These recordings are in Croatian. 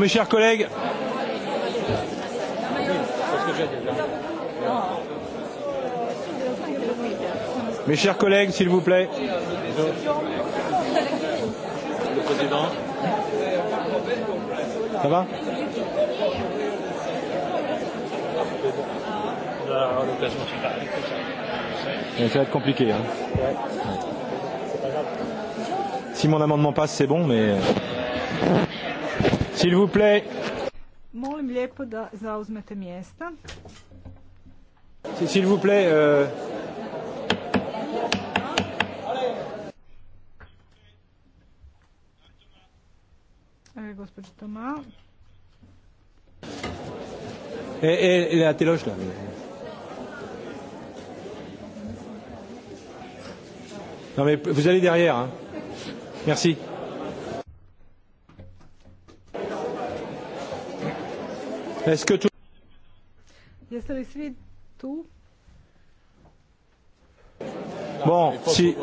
mes chers collègues. Mes chers collègues, s'il vous plaît. Le président. Ça va Ça va être compliqué. Hein. Si mon amendement passe, c'est bon, mais... S'il vous plaît. Molim lijepo da zauzmete mjesta. S'il vous plaît. Euh... E, Toma. E, e, la teloche là. Non mais vous allez derrière. Hein. Merci. Est-ce que tout... Jeste li svi tu? Bon, si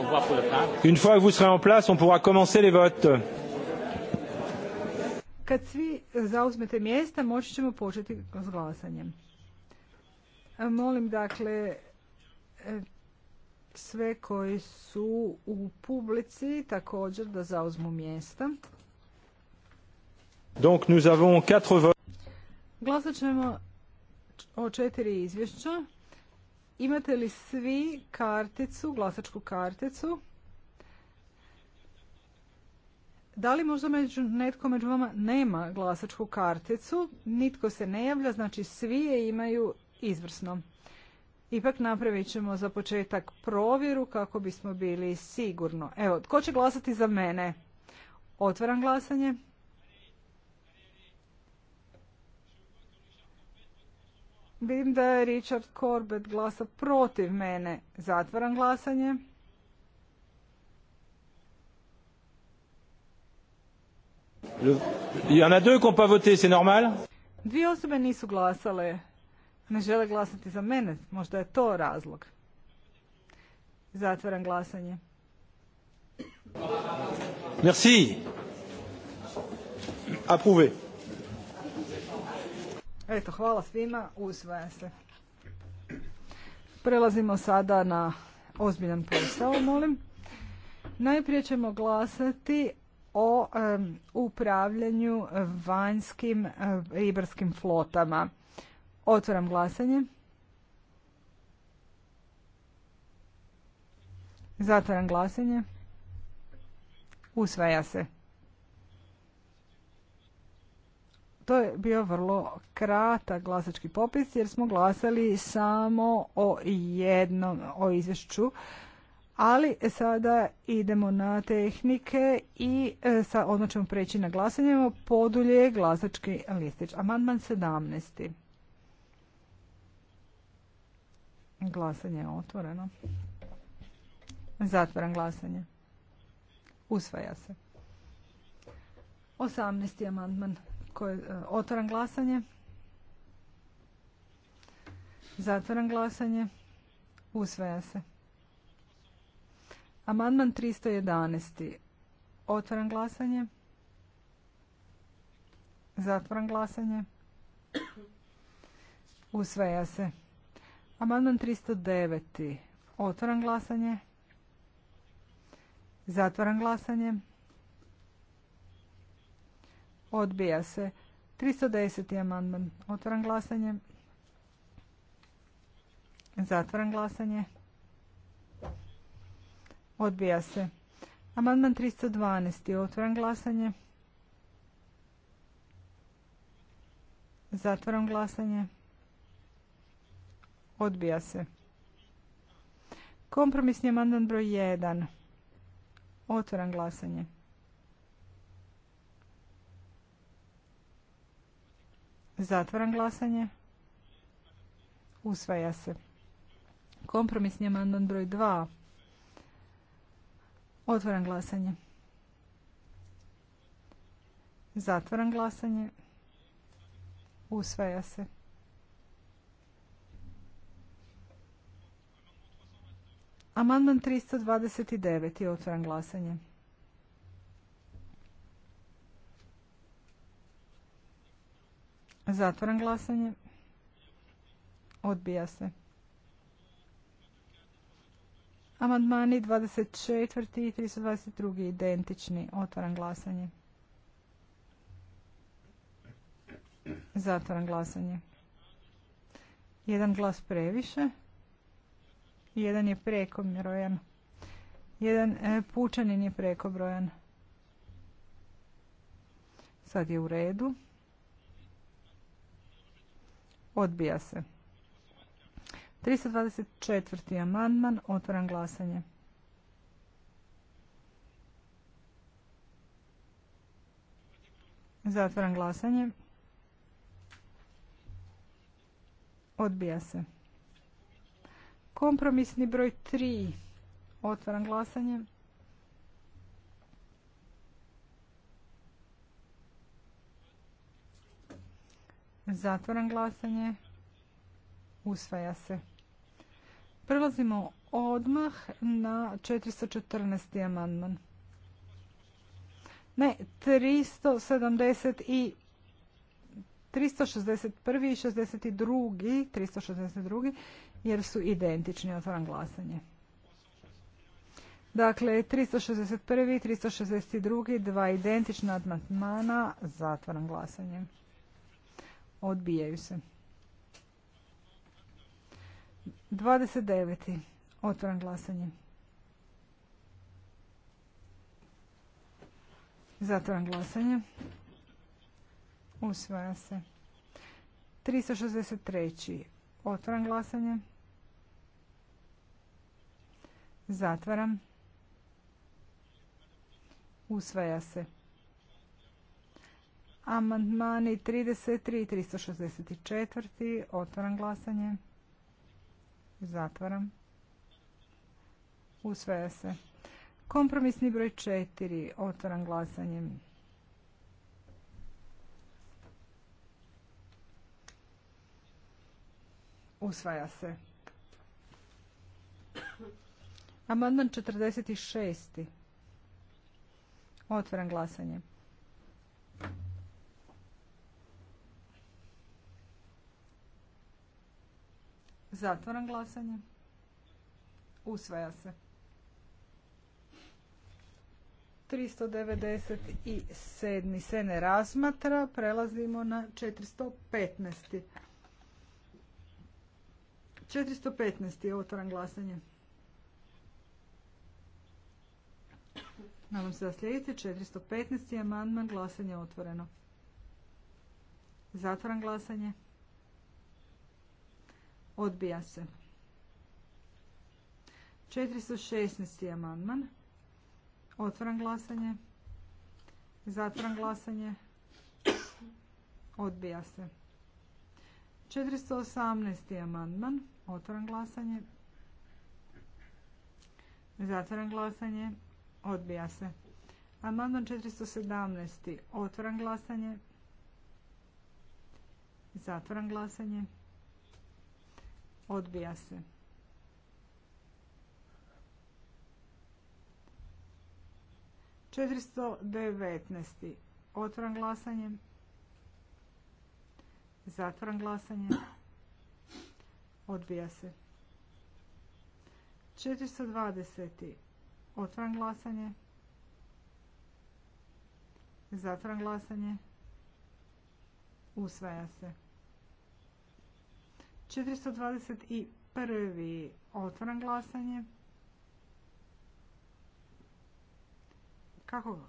une fois que vous serez en place, on pourra commencer les votes. Kad svi zauzmete mjesta, moći ćemo početi s glasanjem. Molim dakle e, sve koji su u publici također da zauzmu mjesta. Donc nous avons quatre votes. Glasat ćemo o četiri izvješća. Imate li svi karticu, glasačku karticu? Da li možda među, netko među vama nema glasačku karticu? Nitko se ne javlja, znači svi je imaju izvrsno. Ipak napravit ćemo za početak provjeru kako bismo bili sigurno. Evo, tko će glasati za mene? Otvaram glasanje. Vidim da je Richard Corbett glasa protiv mene. Zatvaram glasanje. Il normal Dvije osobe nisu glasale. Ne žele glasati za mene. Možda je to razlog. Zatvaram glasanje. Merci. Approuvé. Eto, hvala svima, usvaja se. Prelazimo sada na ozbiljan posao, molim. Najprije ćemo glasati o upravljanju vanjskim ribarskim flotama. Otvaram glasanje. Zatvaram glasanje. Usvaja se. To je bio vrlo kratak glasački popis jer smo glasali samo o jednom o izvješću. Ali sada idemo na tehnike i e, sa, odmah ćemo preći na glasanje. Podulje glasački listić. Amandman 17. Glasanje je otvoreno. Zatvaram glasanje. Usvaja se. 18. amandman E, otvaram glasanje? Zatvoran glasanje. Usvaja se. Amandman 311. Otvaram glasanje. Zatvoran glasanje. Usvaja se. Amandman 309. Otvoran glasanje. Zatvoran glasanje. Odbija se. 310. amandman. Otvaram glasanje. Zatvaram glasanje. Odbija se. Amandman 312. otvoram glasanje. Zatvaram glasanje. Odbija se. Kompromisni amandman broj 1. Otvaram glasanje. Zatvaram glasanje. Usvaja se. Kompromisni amandman broj 2. Otvaram glasanje. Zatvaram glasanje. Usvaja se. Amandman 329. Otvaram glasanje. Zatvoram glasanje. Odbija se. Amandmani 24. i 322. identični. Otvaram glasanje. Zatvaram glasanje. Jedan glas previše. Jedan je prekomjerojan. Jedan e, pučanin je prekobrojan. Sad je u redu. Odbija se. 324. amandman. Otvaram glasanje. Zatvaram glasanje. Odbija se. Kompromisni broj 3. Otvaram glasanje. Zatvoram glasanje. Usvaja se. Prelazimo odmah na 414. amandman. Ne, 370 i 361. i 62. 362. jer su identični. Otvaram glasanje. Dakle, 361. i 362. dva identična amandmana. Zatvaram glasanje. Odbijaju se. 29. Otvoran glasanje. Zatvoran glasanje. Usvaja se. 363. Otvoran glasanje. Zatvaram. Usvaja se. Amandmani 33 i 364. Otvoram glasanje. Zatvaram. Usvaja se. Kompromisni broj 4. Otvoram glasanje. Usvaja se. Amandman 46. Otvoram glasanje. Zatvoram glasanje. Usvaja se. 397. se ne razmatra. Prelazimo na 415. 415. je otvoran glasanje. Nadam se da slijedite. 415. amandman glasanje otvoreno. Zatvoran glasanje. Odbija se. 416. amandman. Otvaram glasanje. Zatvaram glasanje. Odbija se. 418. amandman. otvoram glasanje. Zatvaram glasanje. Odbija se. Amandman 417. Otvaram glasanje. Zatvaram glasanje. Odbija se. Četiristo devetnaest. glasanje. Zatvoram glasanje. Odbija se. 420. Otvaram glasanje. Zatvoram glasanje. Usvaja se. 421. Otvoram glasanje. Kako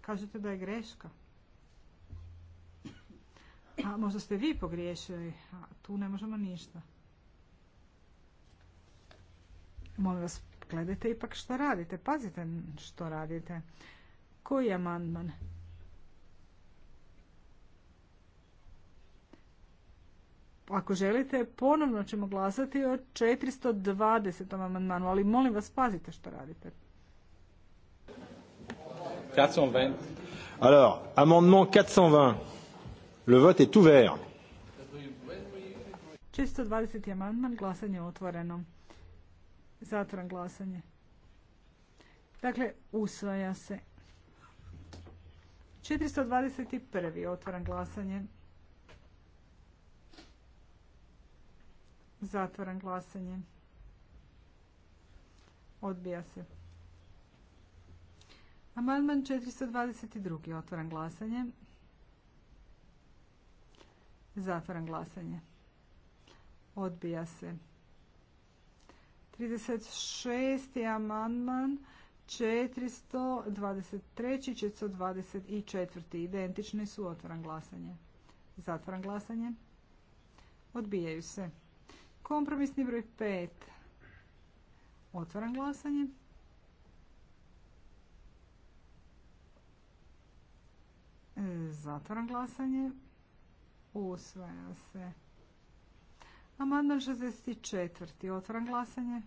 kažete da je greška? A možda ste vi pogriješili, a tu ne možemo ništa. Molim vas, gledajte ipak što radite. Pazite što radite. Koji je amandman? ako želite, ponovno ćemo glasati o 420. amandmanu, ali molim vas pazite što radite. 420. Alors, amendement 420. Le vote est ouvert. 420. amandman, glasanje otvoreno. Zatvoran glasanje. Dakle, usvaja se. 421. otvoran glasanje. Zatvoran glasanje. Odbija se. Amandman 422. Otvoran glasanje. Zatvoran glasanje. Odbija se. 36. amandman 423. 424. Identični su. Otvoran glasanje. Zatvoran glasanje. Odbijaju se. Kompromisni broj 5. E, Otvaram glasanje. Zatvaram glasanje. Usvaja se. Amandman 64. Otvaram glasanje.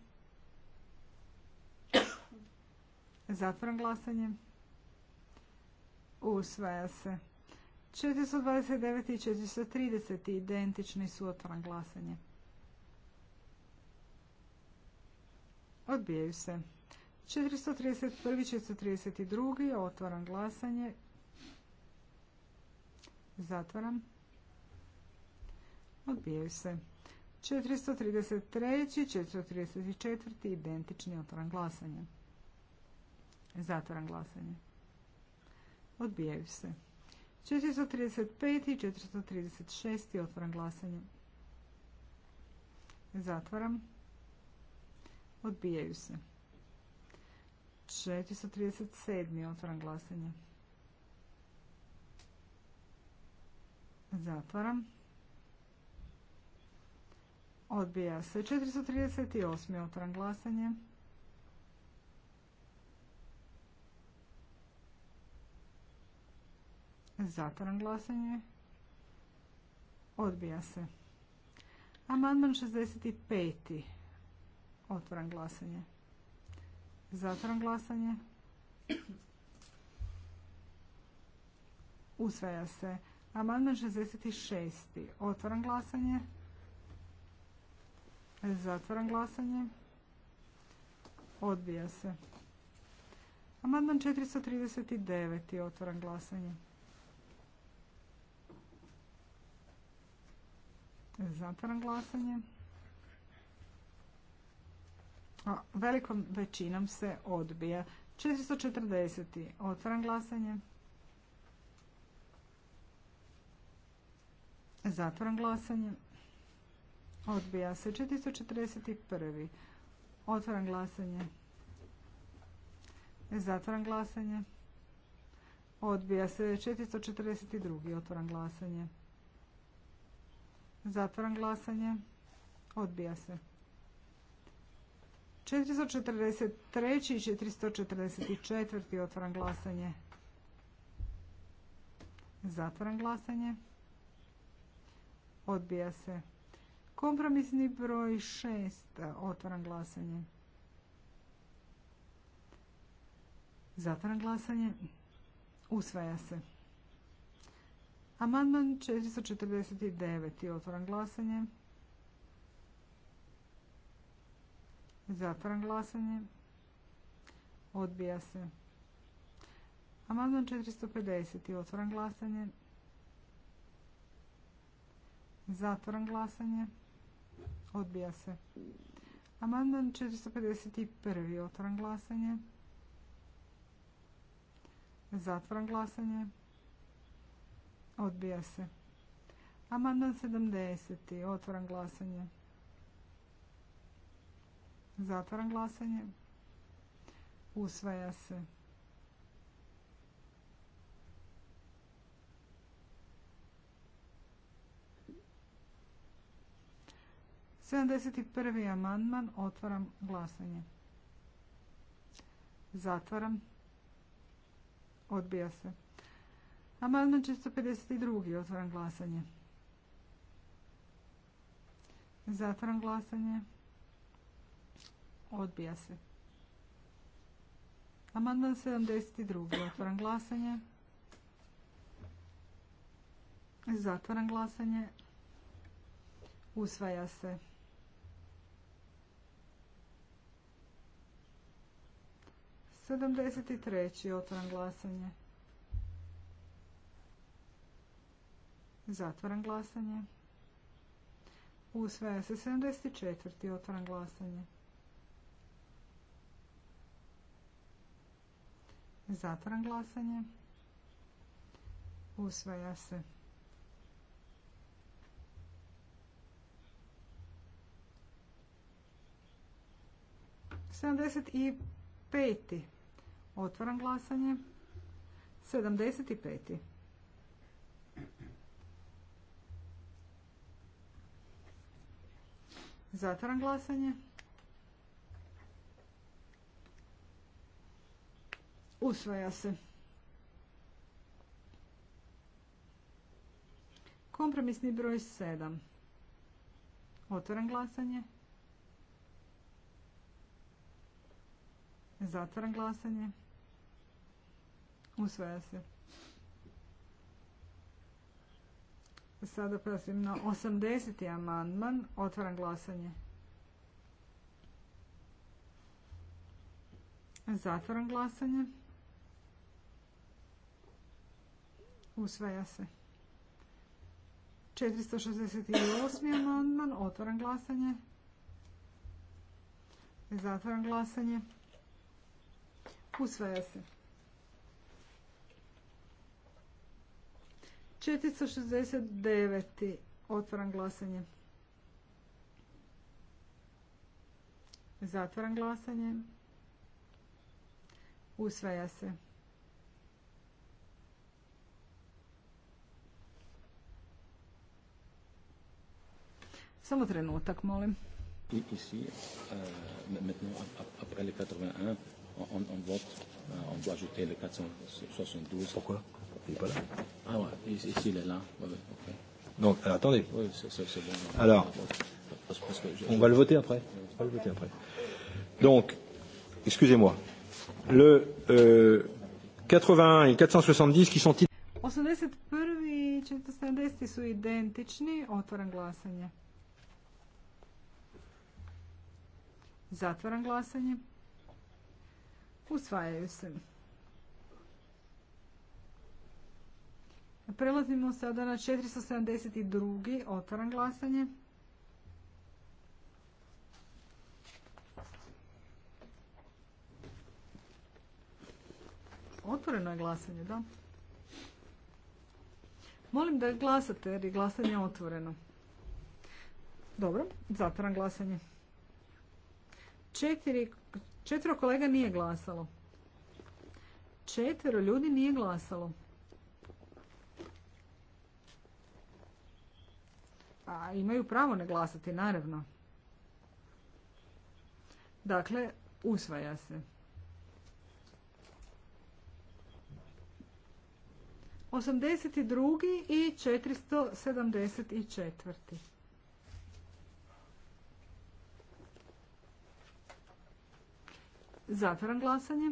Zatvaram glasanje. Usvaja se. 429 i 430 identični su otvoran glasanje. Odbijaju se. 431. 432. Otvaram glasanje. Zatvaram. Odbijaju se. 433. 434. Identični. Otvaram glasanje. Zatvaram glasanje. Odbijaju se. 435. i 436. Otvaram glasanje. Zatvaram. Odbijaju se. 437. Otvaram glasanje. Zatvaram. Odbija se. 438. Otvaram glasanje. Zatvaram glasanje. Odbija se. Amandman 65. Otvoram glasanje. Zatvoram glasanje. Usvaja se. Amandman 66. Otvoram glasanje. Zatvoram glasanje. Odbija se. Amandman 439. Otvoram glasanje. Zatvoram glasanje. Velikom većinom se odbija. 440. Otvaram glasanje. Zatvaram glasanje. Odbija se 441. Otvaram glasanje. Zatvaram glasanje. Odbija se 442. Otvaram glasanje. Zatvaram glasanje. Odbija se. 443. i 444. otvaram glasanje. Zatvaram glasanje. Odbija se. Kompromisni broj 6. Otvaram glasanje. Zatvaram glasanje. Usvaja se. Amandman 449. Otvaram glasanje. Zatvoran glasanje. Odbija se. Amandman 450. Otvoran glasanje. Zatvoran glasanje. Odbija se. Amandman 451. Otvoran glasanje. Zatvaram glasanje. Odbija se. Amandman 70. Otvaram glasanje. Zatvaram glasanje. Usvaja se. Sedamdeset jedan amandman otvaram glasanje. Zatvaram. Odbija se. Amandman dva Otvaram glasanje. Zatvaram glasanje. Odbija se. Amandman 72. Otvoram glasanje. Zatvoran glasanje. Usvaja se. Sedamdeset tri glasanje. Zatvoran glasanje. Usvaja se. Sedamdeset četiri glasanje. Zatvaram glasanje. Usvaja se. Sedamdeset i peti. Otvaram glasanje. Sedamdeset i Zatvaram glasanje. Usvaja se. Kompromisni broj 7. Otvoren glasanje. Zatvaram glasanje. Usvaja se. Sada prelazim na 80. amandman. Otvaram glasanje. Zatvaram glasanje. Usvaja se. 468. amandman. otvoren glasanje. Zatvoren glasanje. Usvaja se. 469. otvoren glasanje. Zatvoren glasanje. Usvaja se. Samo trenutak, molim. I ici, e, maintenant, après le 81, on, on vote, euh, on doit ajouter le 472. Pourquoi Il n'est pas là Ah ouais, ici, il est là. Ouais, okay. Donc, alors, euh, attendez. Oui, c'est, c'est, c'est bon. Alors, on va le voter après. On va le voter après. Donc, excusez-moi. Le euh, 81 et 470 qui sont... 81 i 470 su identični. Otvoram glasanje. Zatvaram glasanje. Usvajaju se. Prelazimo sada na 472. Otvaram glasanje. Otvoreno je glasanje, da. Molim da glasate jer je glasanje otvoreno. Dobro, zatvaram glasanje. Četiri, četiro kolega nije glasalo. Četiro ljudi nije glasalo. A imaju pravo ne glasati, naravno. Dakle, usvaja se. Osamdeset i četiristo četvrti. Zatvaram glasanje.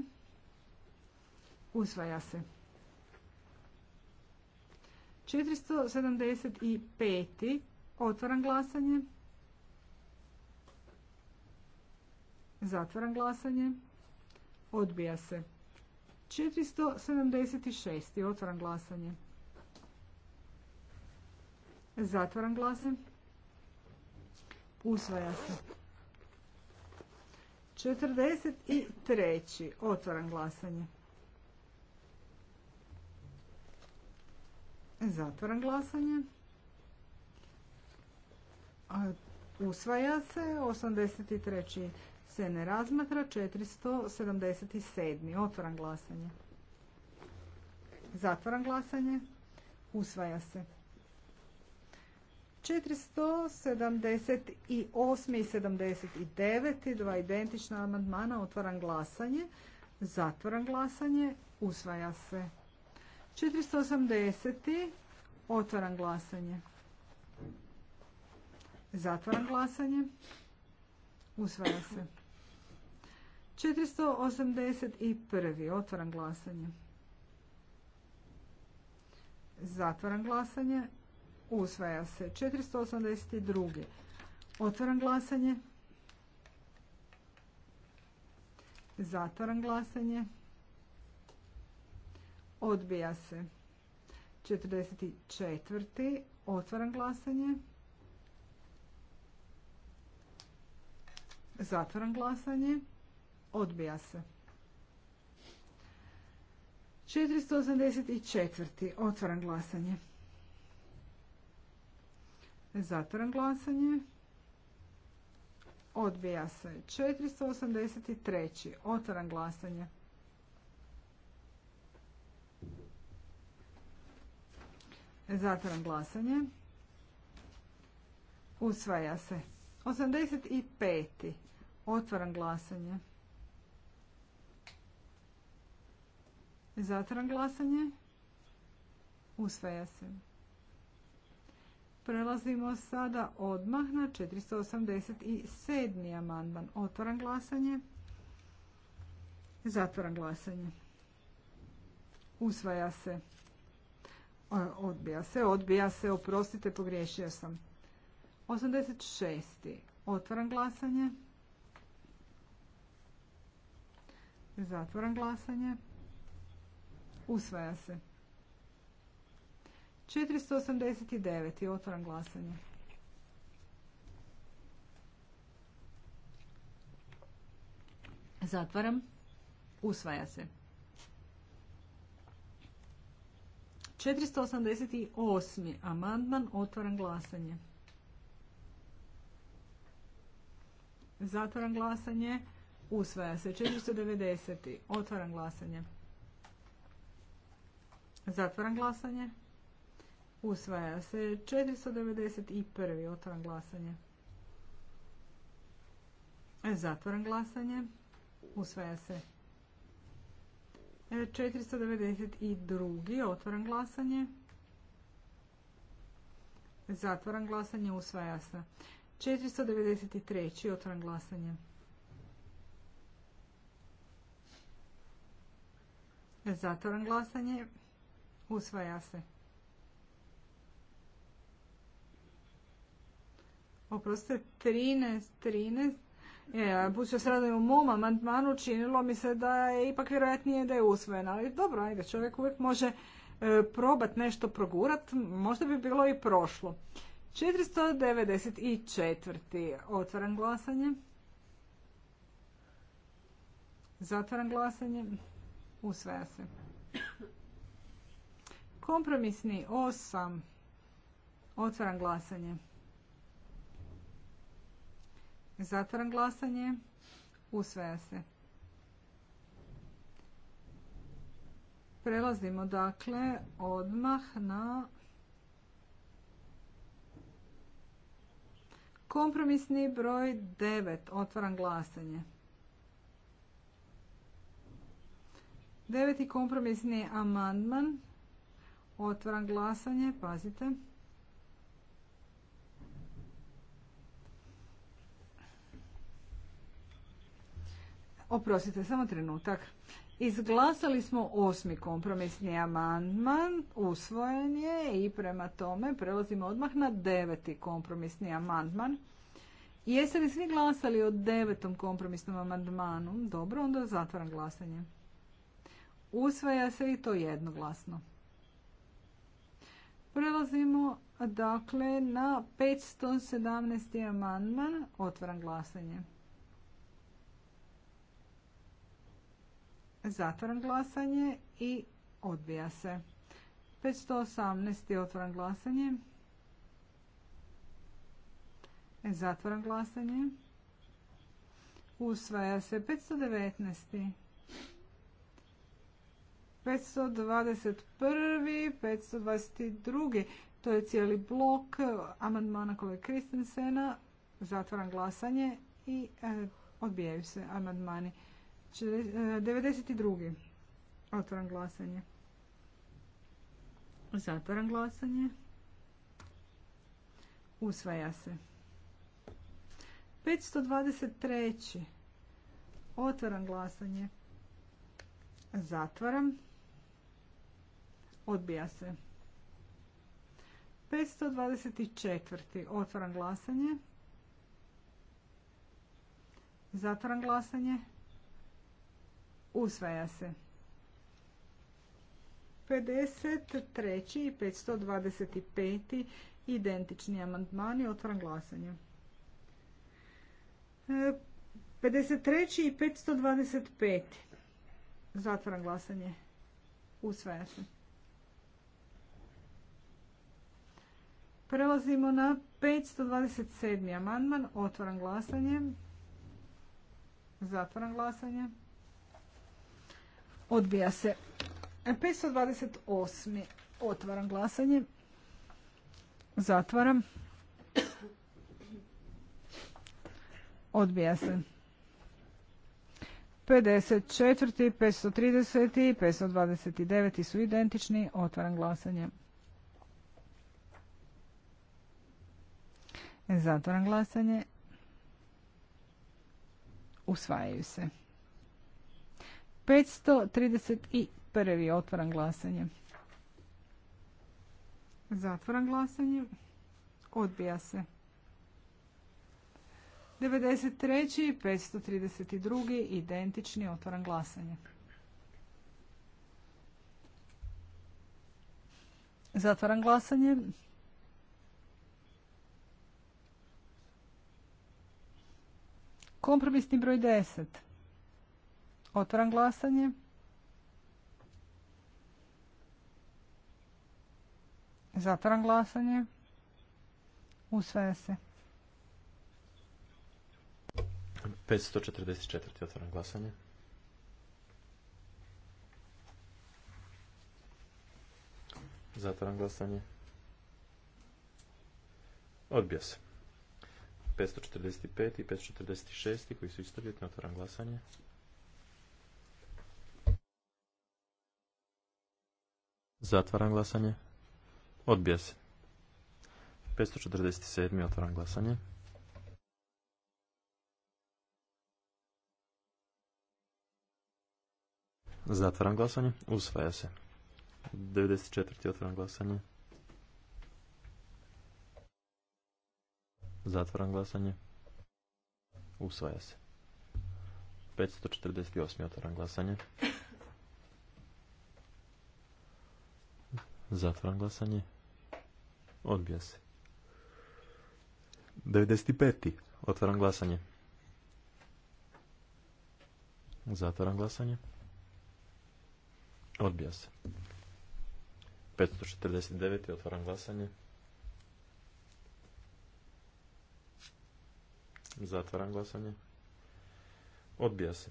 Usvaja se. 475. Otvaram glasanje. Zatvaram glasanje. Odbija se. 476. Otvaram glasanje. Zatvaram glasanje. Usvaja se. 43. Otvaram glasanje. Zatvaram glasanje. Usvaja se. 83. se ne razmatra. 477. otvoram glasanje. Zatvaram glasanje. Usvaja se. 478. i 79. dva identična amandmana. Otvaram glasanje. Zatvoram glasanje. Usvaja se. 480. Otvaram glasanje. Zatvaram glasanje. Usvaja se. 481. Otvaram glasanje. Zatvaram glasanje. Usvaja se. 482. Otvaram glasanje. Zatvaram glasanje. Odbija se. 44. Otvaram glasanje. Zatvaram glasanje. Odbija se. 484. Otvaram glasanje. Zatvoram glasanje. Odbija se. 483. Otvoram glasanje. Zatvoram glasanje. Usvaja se. 85. Otvoram glasanje. Zatvoram glasanje. Usvaja se. Prelazimo sada odmah na 487. amandman. otvaram glasanje. Zatvoran glasanje. Usvaja se. Odbija se, odbija se, oprostite, pogriješio sam. 86. Otvoran glasanje. Zatvoran glasanje. Usvaja se. 489. Otvoram glasanje. Zatvaram. Usvaja se. 488. Amandman. otvaram glasanje. Zatvaram glasanje. Usvaja se. 490. Otvaram glasanje. Zatvaram glasanje. Usvaja se 491. Otvaran glasanje. E, zatvoren glasanje. Usvaja se 492. E, Otvoram glasanje. zatvoren glasanje. Usvaja se 493. Otvaran glasanje. E, Zatvoram glasanje. Usvaja se. oprostite, 13, 13, Ja, budući se radi u mom amandmanu, činilo mi se da je ipak vjerojatnije da je usvojen Ali dobro, ajde, čovjek uvijek može e, probat nešto progurat, možda bi bilo i prošlo. 494. Otvaram glasanje. Zatvaram glasanje. Usvaja se. Kompromisni 8. Otvaram glasanje. Zatvaram glasanje. Usvaja se. Prelazimo dakle odmah na kompromisni broj 9. Otvaram glasanje. Deveti kompromisni amandman. Otvaram glasanje. Pazite. Oprostite, samo trenutak. Izglasali smo osmi kompromisni amandman, usvojen je i prema tome prelazimo odmah na deveti kompromisni amandman. Jeste li svi glasali o devetom kompromisnom amandmanu? Dobro, onda zatvaram glasanje. Usvaja se i to jednoglasno. Prelazimo dakle na 517. amandman. Otvaram glasanje. Zatvaram glasanje i odbija se. 518. Otvaram glasanje. E, zatvaram glasanje. Usvaja se 519. 521. 522. To je cijeli blok amandmana je Kristensena. Zatvaram glasanje i e, odbijaju se amandmani. 92. E, Otvoram glasanje. Zatvoran glasanje. Usvaja se. 523. Otvaram glasanje. Zatvaram. Odbija se. 524. Otvaram glasanje. Zatvaram glasanje. Usvaja se. 53. i 525. identični amandmani. Otvaram glasanje. 53. E, i 525. zatvoram glasanje. Usvaja se. Prelazimo na 527. amandman. Otvaram glasanje. Zatvaram glasanje. Odbija se. 528. Otvaram glasanje. Zatvaram. Odbija se. 54, 530 i 529 su identični. Otvaram glasanje. Zatvaram glasanje. Usvajaju se. 531. otvoram glasanje. zatvoram glasanje. Odbija se. 93. 532. Identični. otvoram glasanje. Zatvaram glasanje. Kompromisni broj 10. Otvaram glasanje. Zatvaram glasanje. Usvaja se. 544. Otvaram glasanje. Zatvaram glasanje. Odbija se. 545 i 546 koji su istovjetni. Otvaram glasanje. Zatvaram glasanje. Odbija se. 547. Otvaram glasanje. Zatvaram glasanje. Usvaja se. 94. Otvaram glasanje. Zatvaram glasanje. Usvaja se. 548. Otvaram glasanje. Zatvaram glasanje. Odbija se. 95. Otvaram glasanje. Zatvaram glasanje. Odbija se. 549. Otvaram glasanje. Zatvaram glasanje. Odbija se.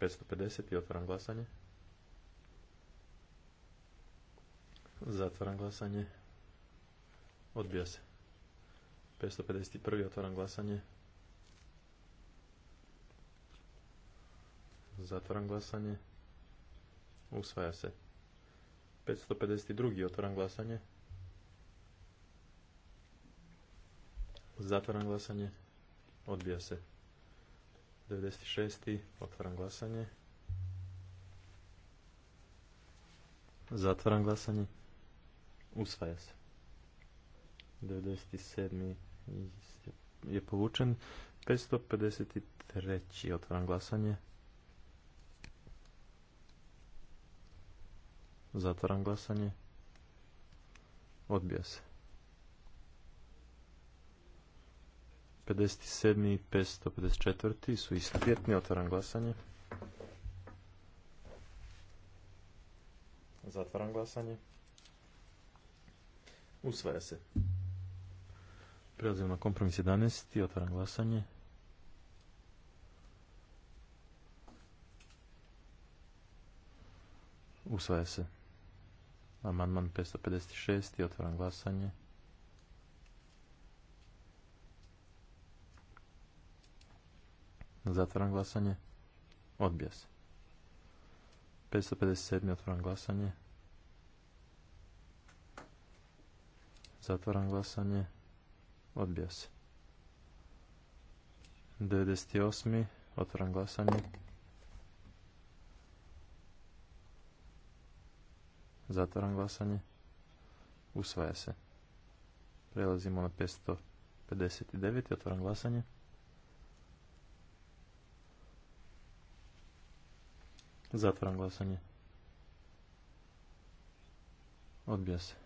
550. Otvaram glasanje. Zatvaram glasanje. Odbija se. 551. Otvaram glasanje. Zatvaram glasanje. Usvaja se. 552. Otvaram glasanje. Zatvaram glasanje. Odbija se. 96. Otvaram glasanje. Zatvaram glasanje. Usvaja se. 97. je povučen. 553. Otvaram glasanje. Zatvaram glasanje. Odbija se. 57. i 554. su istopjetni. Otvaram glasanje. Zatvaram glasanje. Usvaja se. Prelazimo na kompromis 11. i Otvaram glasanje. Usvaja se. Amandman 556. i Otvaram glasanje. Zatvaram glasanje. Odbija se. 557. Otvaram glasanje. Zatvaram glasanje. Odbija se. 98. Otvaram glasanje. Zatvaram glasanje. Usvaja se. Prelazimo na 559. Otvaram glasanje. Zatvaram glasanje. Odbija se.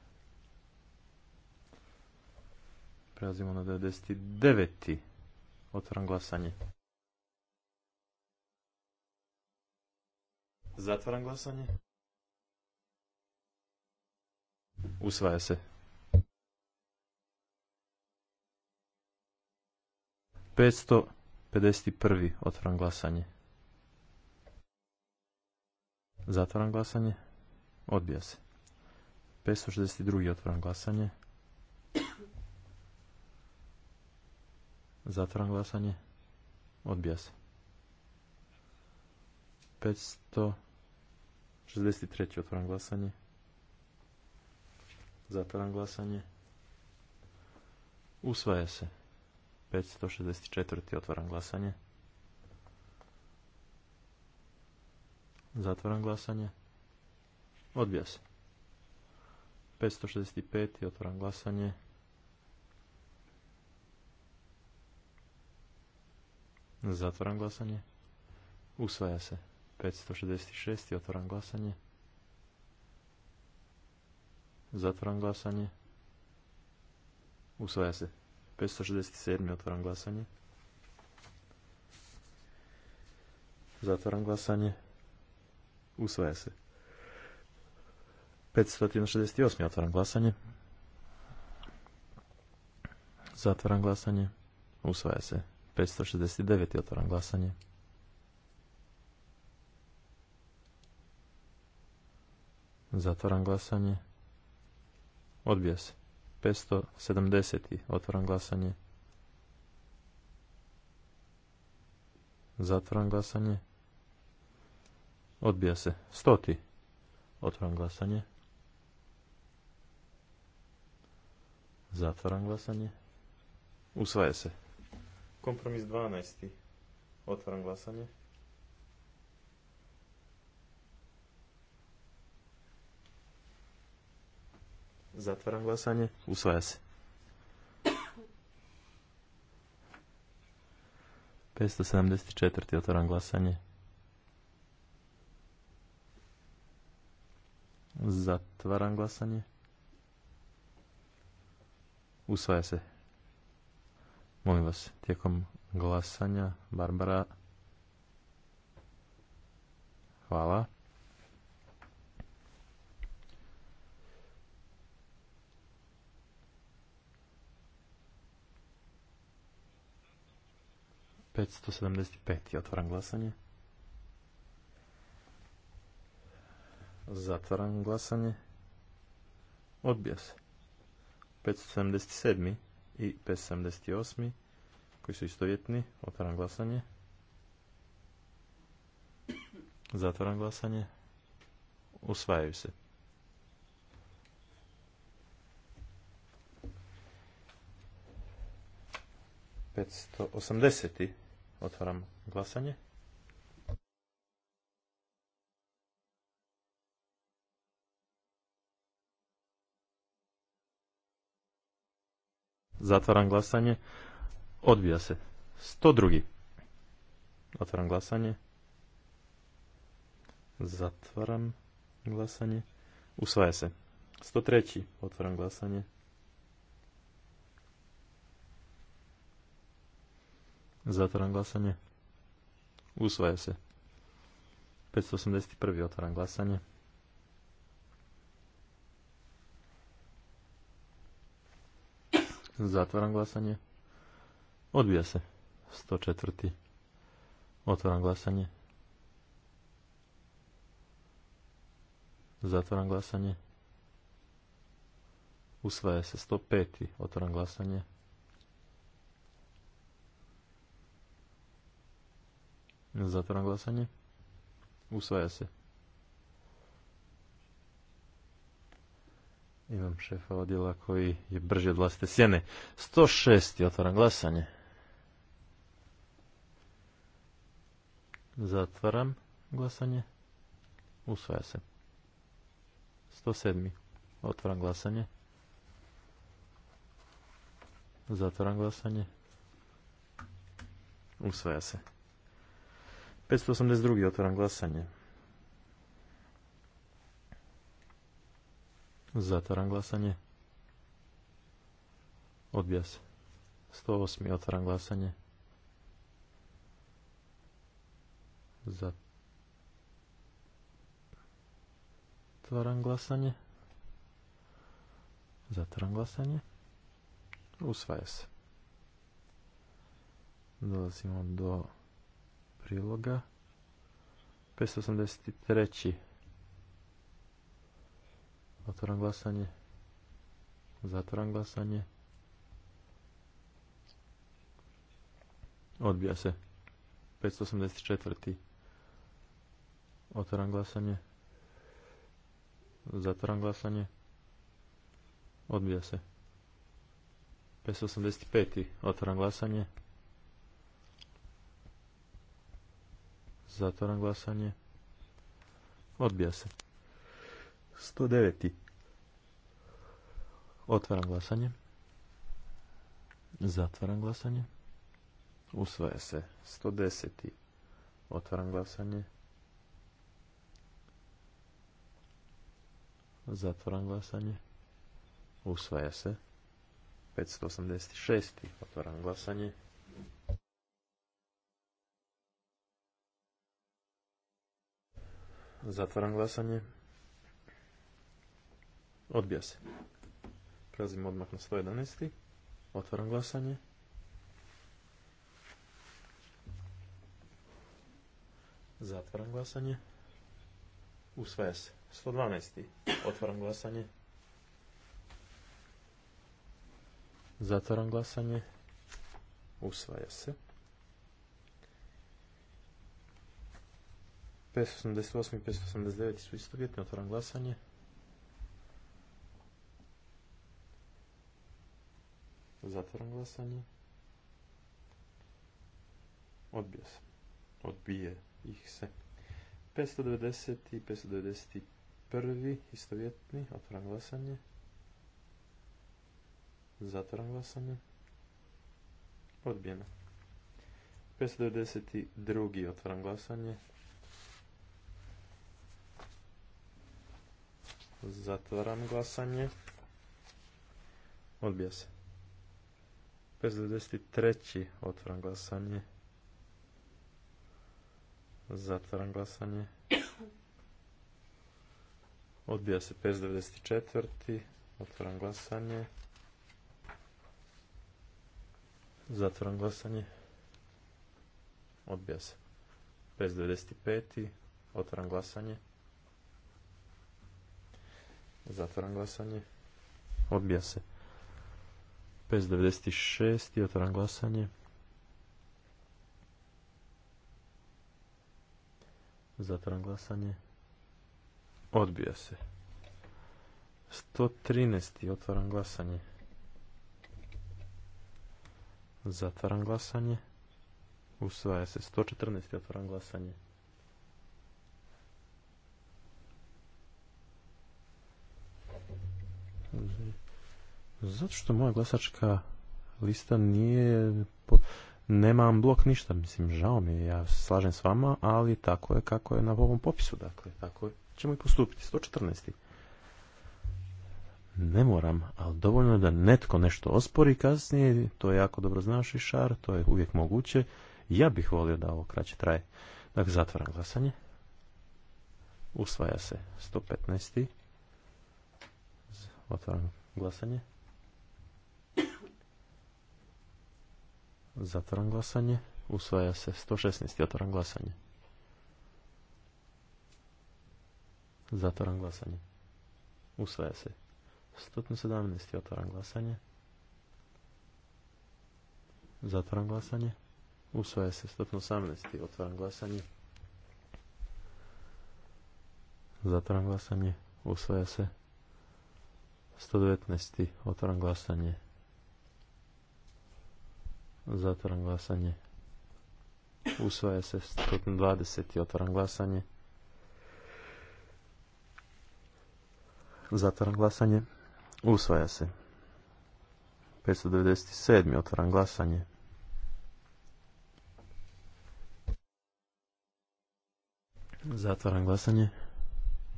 Prelazimo na 99. Otvaram glasanje. Zatvaram glasanje. Usvaja se. 551. pedeset glasanje. Zatvaram glasanje. Odbija se. 562. otvaram glasanje. Zatvaram glasanje. Odbija se. 563. Otvaram glasanje. Zatvaram glasanje. Usvaja se. 564. Otvaram glasanje. Zatvaram glasanje. Odbija se. 565. Otvaram glasanje. Zatvaram glasanje. Usvaja se. 566. Otvaram glasanje. Zatvaram glasanje. Usvaja se. 567. Otvaram glasanje. Zatvaram glasanje. Usvaja se. 568. Otvaram glasanje. Zatvaram glasanje. Usvaja se. 569. Otvaram glasanje. Zatvaram glasanje. Odbija se. 570. Otvaram glasanje. Zatvaram glasanje. Odbija se. Stoti. Otvaram glasanje. Zatvaram glasanje. Usvaja se. Kompromis 12. Otvaram glasanje. Zatvaram glasanje. Usvaja se. 574. Otvaram glasanje. Zatvaram glasanje. Usvaja se. Molim vas, tijekom glasanja, Barbara. Hvala. Petsto sedamdeset pet. Otvaram glasanje. Zatvaram glasanje. Odbija se. 577 i 578 koji su istovjetni. Otvaram glasanje. Zatvaram glasanje. Usvajaju se. Petsto osamdeset Otvaram glasanje. Zatvaram glasanje. Odbija se. 102. Otvaram glasanje. Zatvaram glasanje. Usvaja se. 103. Otvaram glasanje. Zatvaram glasanje. Usvaja se. 581. Otvaram glasanje. Zatvaram glasanje. Odbija se. 104. Otvaram glasanje. Zatvaram glasanje. Usvaja se 105. Otvaram glasanje. Zatvaram glasanje. Usvaja se. Imam šefa odjela koji je brži od vlastite sjene. 106. Otvaram glasanje. Zatvaram glasanje. Usvaja se. 107. Otvaram glasanje. Zatvaram glasanje. Usvaja se. 582. Otvaram glasanje. Zatvaram glasanje. Odbija se. 108. Otvaram glasanje. Zatvaram glasanje. Zatvaram glasanje. Usvaja se. Dolazimo do priloga. 583. Otvoram glasanje. Zatvoram glasanje. Odbija se. 584. Otvoram glasanje. Zatvoram glasanje. Odbija se. 585. Otvoram glasanje. Zatvoram glasanje. Odbija se. 109. Otvaram glasanje. Zatvaram glasanje. Usvaja se. 110. Otvaram glasanje. Zatvaram glasanje. Usvaja se. 586. Otvaram glasanje. Zatvaram glasanje. Odbija se. Prelazimo odmah na 111. Otvaram glasanje. Zatvaram glasanje. Usvaja se. 112. Otvaram glasanje. Zatvaram glasanje. Usvaja se. 588 i 589 su istovjetni. Otvaram glasanje. Zatvaram glasanje. Odbija se. Odbije ih se. 590 i 591. Istovjetni. Otvaram glasanje. Zatvaram glasanje. Odbijeno. 592. Otvaram glasanje. Zatvaram glasanje. Odbija se. 593. Otvaram glasanje. Zatvaram glasanje. Odbija se 594. Otvaram glasanje. Zatvaram glasanje. Odbija se. 595. Otvaram glasanje. Zatvaram glasanje. Odbija se. 596. Otvaram glasanje. Zatvaram glasanje. Odbija se. 113. Otvaram glasanje. Zatvaram glasanje. Usvaja se. 114. Otvaram glasanje. Zato što moja glasačka lista nije... Nemam blok ništa, mislim, žao mi je, ja slažem s vama, ali tako je kako je na ovom popisu, dakle, tako ćemo i postupiti, 114. Ne moram, ali dovoljno je da netko nešto ospori kasnije, to je jako dobro znaš i šar, to je uvijek moguće, ja bih volio da ovo kraće traje. Dakle, zatvaram glasanje. Usvaja se 115. Otvaram glasanje. Zatvaram glasanje. Usvaja se 116. Otvaram glasanje. Zatvaram glasanje. Usvaja se. 117. Otvaram glasanje. Zatvaram glasanje. Usvaja se. 118. Otvaram glasanje. Zatvaram glasanje. Usvaja se. 119. Otvaram glasanje. Zatvaram glasanje. Usvaja se 120. Otvaram glasanje. Zatvaram glasanje. Usvaja se. 597. Otvaram glasanje. Zatvaram glasanje.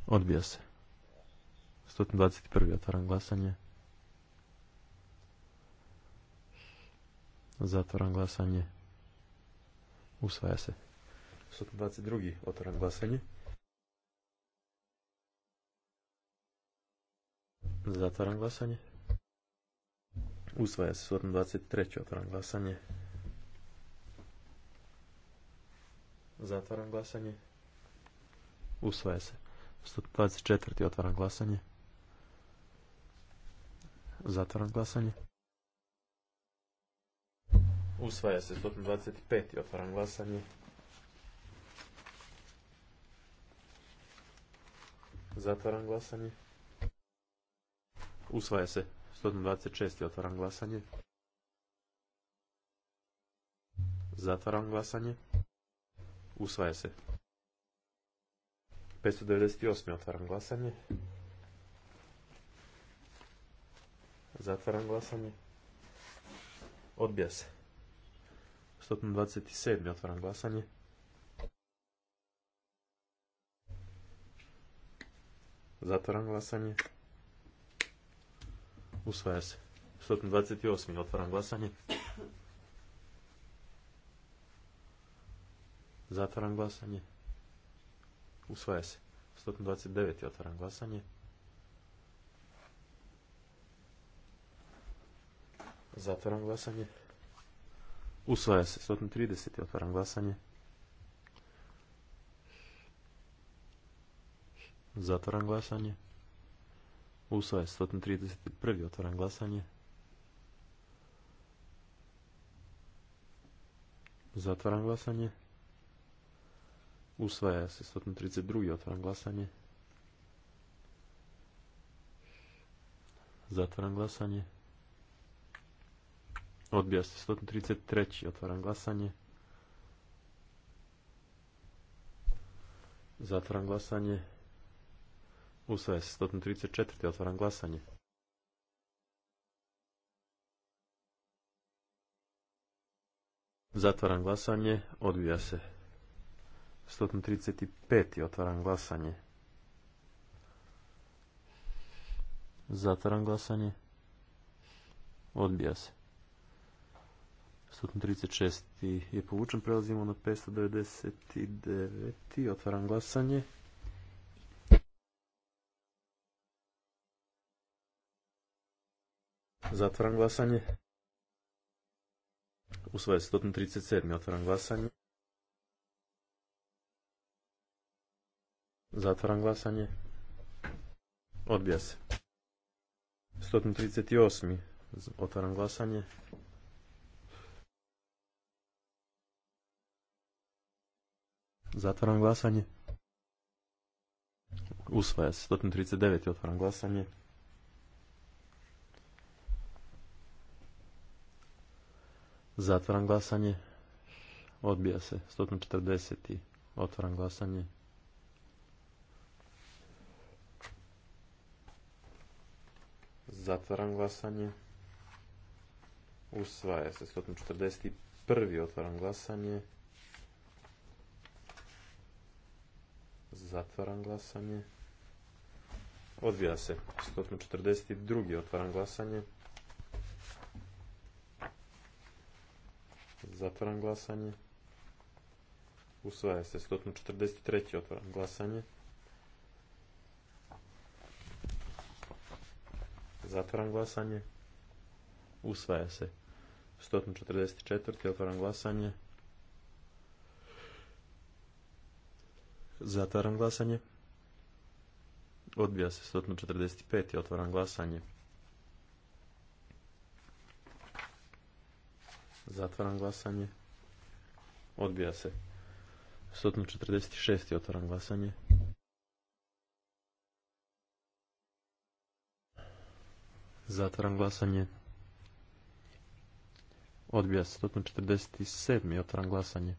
Odbija se. 121. Otvaram glasanje. Zatvaram glasanje. Usvaja se. 122. Otvoram glasanje. Zatvaram glasanje. Usvaja se 123. Otvaram glasanje. Zatvaram glasanje. Usvaja se. 124. Otvaram glasanje. Zatvaram glasanje. Usvaja se 125. Otvaram glasanje. Zatvaram glasanje. Usvaja se 126. Otvaram glasanje. Zatvaram glasanje. Usvaja se. 598. Otvaram glasanje. Zatvaram glasanje. Odbija se. 127. Otvaram glasanje. Zatvaram glasanje. Usvaja se. 128. Otvaram glasanje. Zatvaram glasanje. Usvaja se. 129. Otvaram glasanje. Zatvaram glasanje. Usvaja se 130. Otvaram glasanje. Zatvaram glasanje. Usvaja se 131. Otvaram glasanje. Zatvaram glasanje. Usvaja se 132. Otvaram glasanje. Zatvaram glasanje. Odbija se 133. Otvaram glasanje. Zatvaram glasanje. Usvaja se 134. Otvaram glasanje. Zatvaram glasanje. Odbija se 135. Otvaram glasanje. Zatvaram glasanje. Odbija se. 136. je povučen, prelazimo na 599. Otvaram glasanje. Zatvaram glasanje. U 137. Otvaram glasanje. Zatvaram glasanje. Odbija se. 138. Otvaram glasanje. Zatvaram glasanje. Usvaja se. 139. Otvaram glasanje. Zatvaram glasanje. Odbija se. 140. Otvaram glasanje. Zatvaram glasanje. Usvaja se. 141. Otvaram glasanje. Zatvaram glasanje. Odvija se. 142. Otvaram glasanje. Zatvaram glasanje. Usvaja se. 143. Otvaram glasanje. Zatvaram glasanje. Usvaja se. 144. Otvaram glasanje. Zatvaram glasanje. Odbija se 145. Otvaram glasanje. Zatvaram glasanje. Odbija se. 146. Otvaram glasanje. Zatvaram glasanje. Odbija se 147. Otvaram glasanje.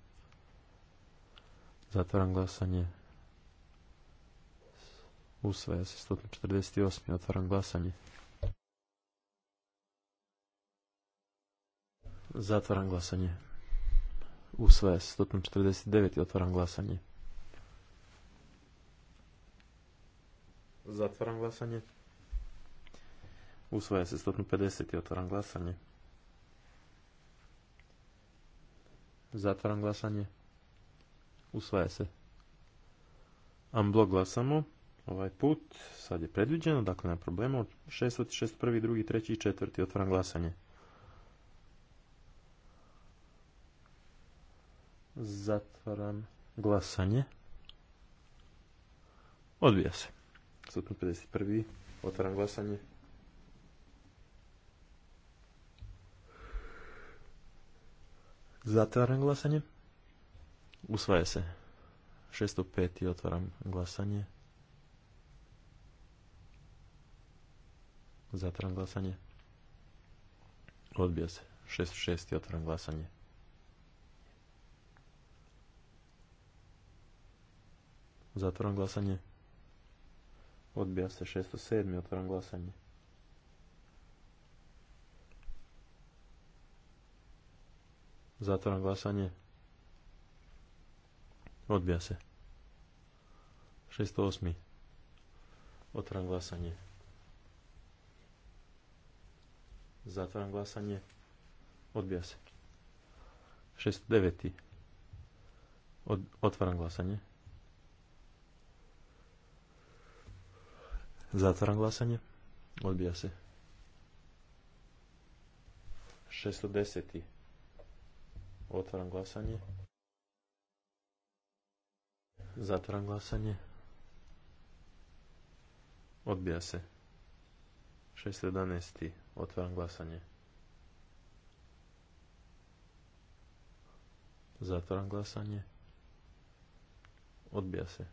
Zatvaram glasanje. Usvaja se 148. Otvaram glasanje. Zatvaram glasanje. Usvaja se 149. Otvaram glasanje. Zatvaram glasanje. Usvaja se 150. Otvaram glasanje. Zatvaram glasanje. Usvaja se. Unblock glasamo. Ovaj put sad je predviđeno, dakle nema problema. 6, 6, prvi, drugi, treći i četvrti. Otvaram glasanje. Zatvaram glasanje. Odvija se. 51. Otvaram glasanje. Zatvaram glasanje. Usvaja se. 605 i otvaram glasanje. Zatvaram glasanje. Odbija se. 606 i otvaram glasanje. Zatvaram glasanje. Odbija se 607. Otvaram glasanje. Zatvaram glasanje. Odbija se. 608. Otvaram glasanje. Zatvaram glasanje. Odbija se. 609. otvaram glasanje. Zatvaram glasanje. Odbija se. 610. Otvaram glasanje. Zatvaram glasanje. Odbija se. 611. Otvaram glasanje. Zatvaram glasanje. Odbija se.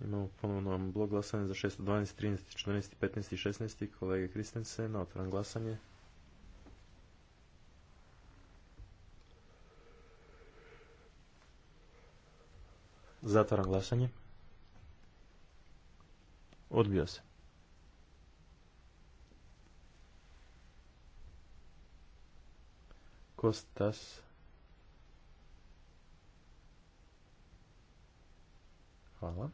Imamo ponovno blok glasanje za 612, 13, 14, 15 i 16. Kolege Kristensena. Otvaram glasanje. Zatvaram glasanje. Odbio se. Kostas. Hvala.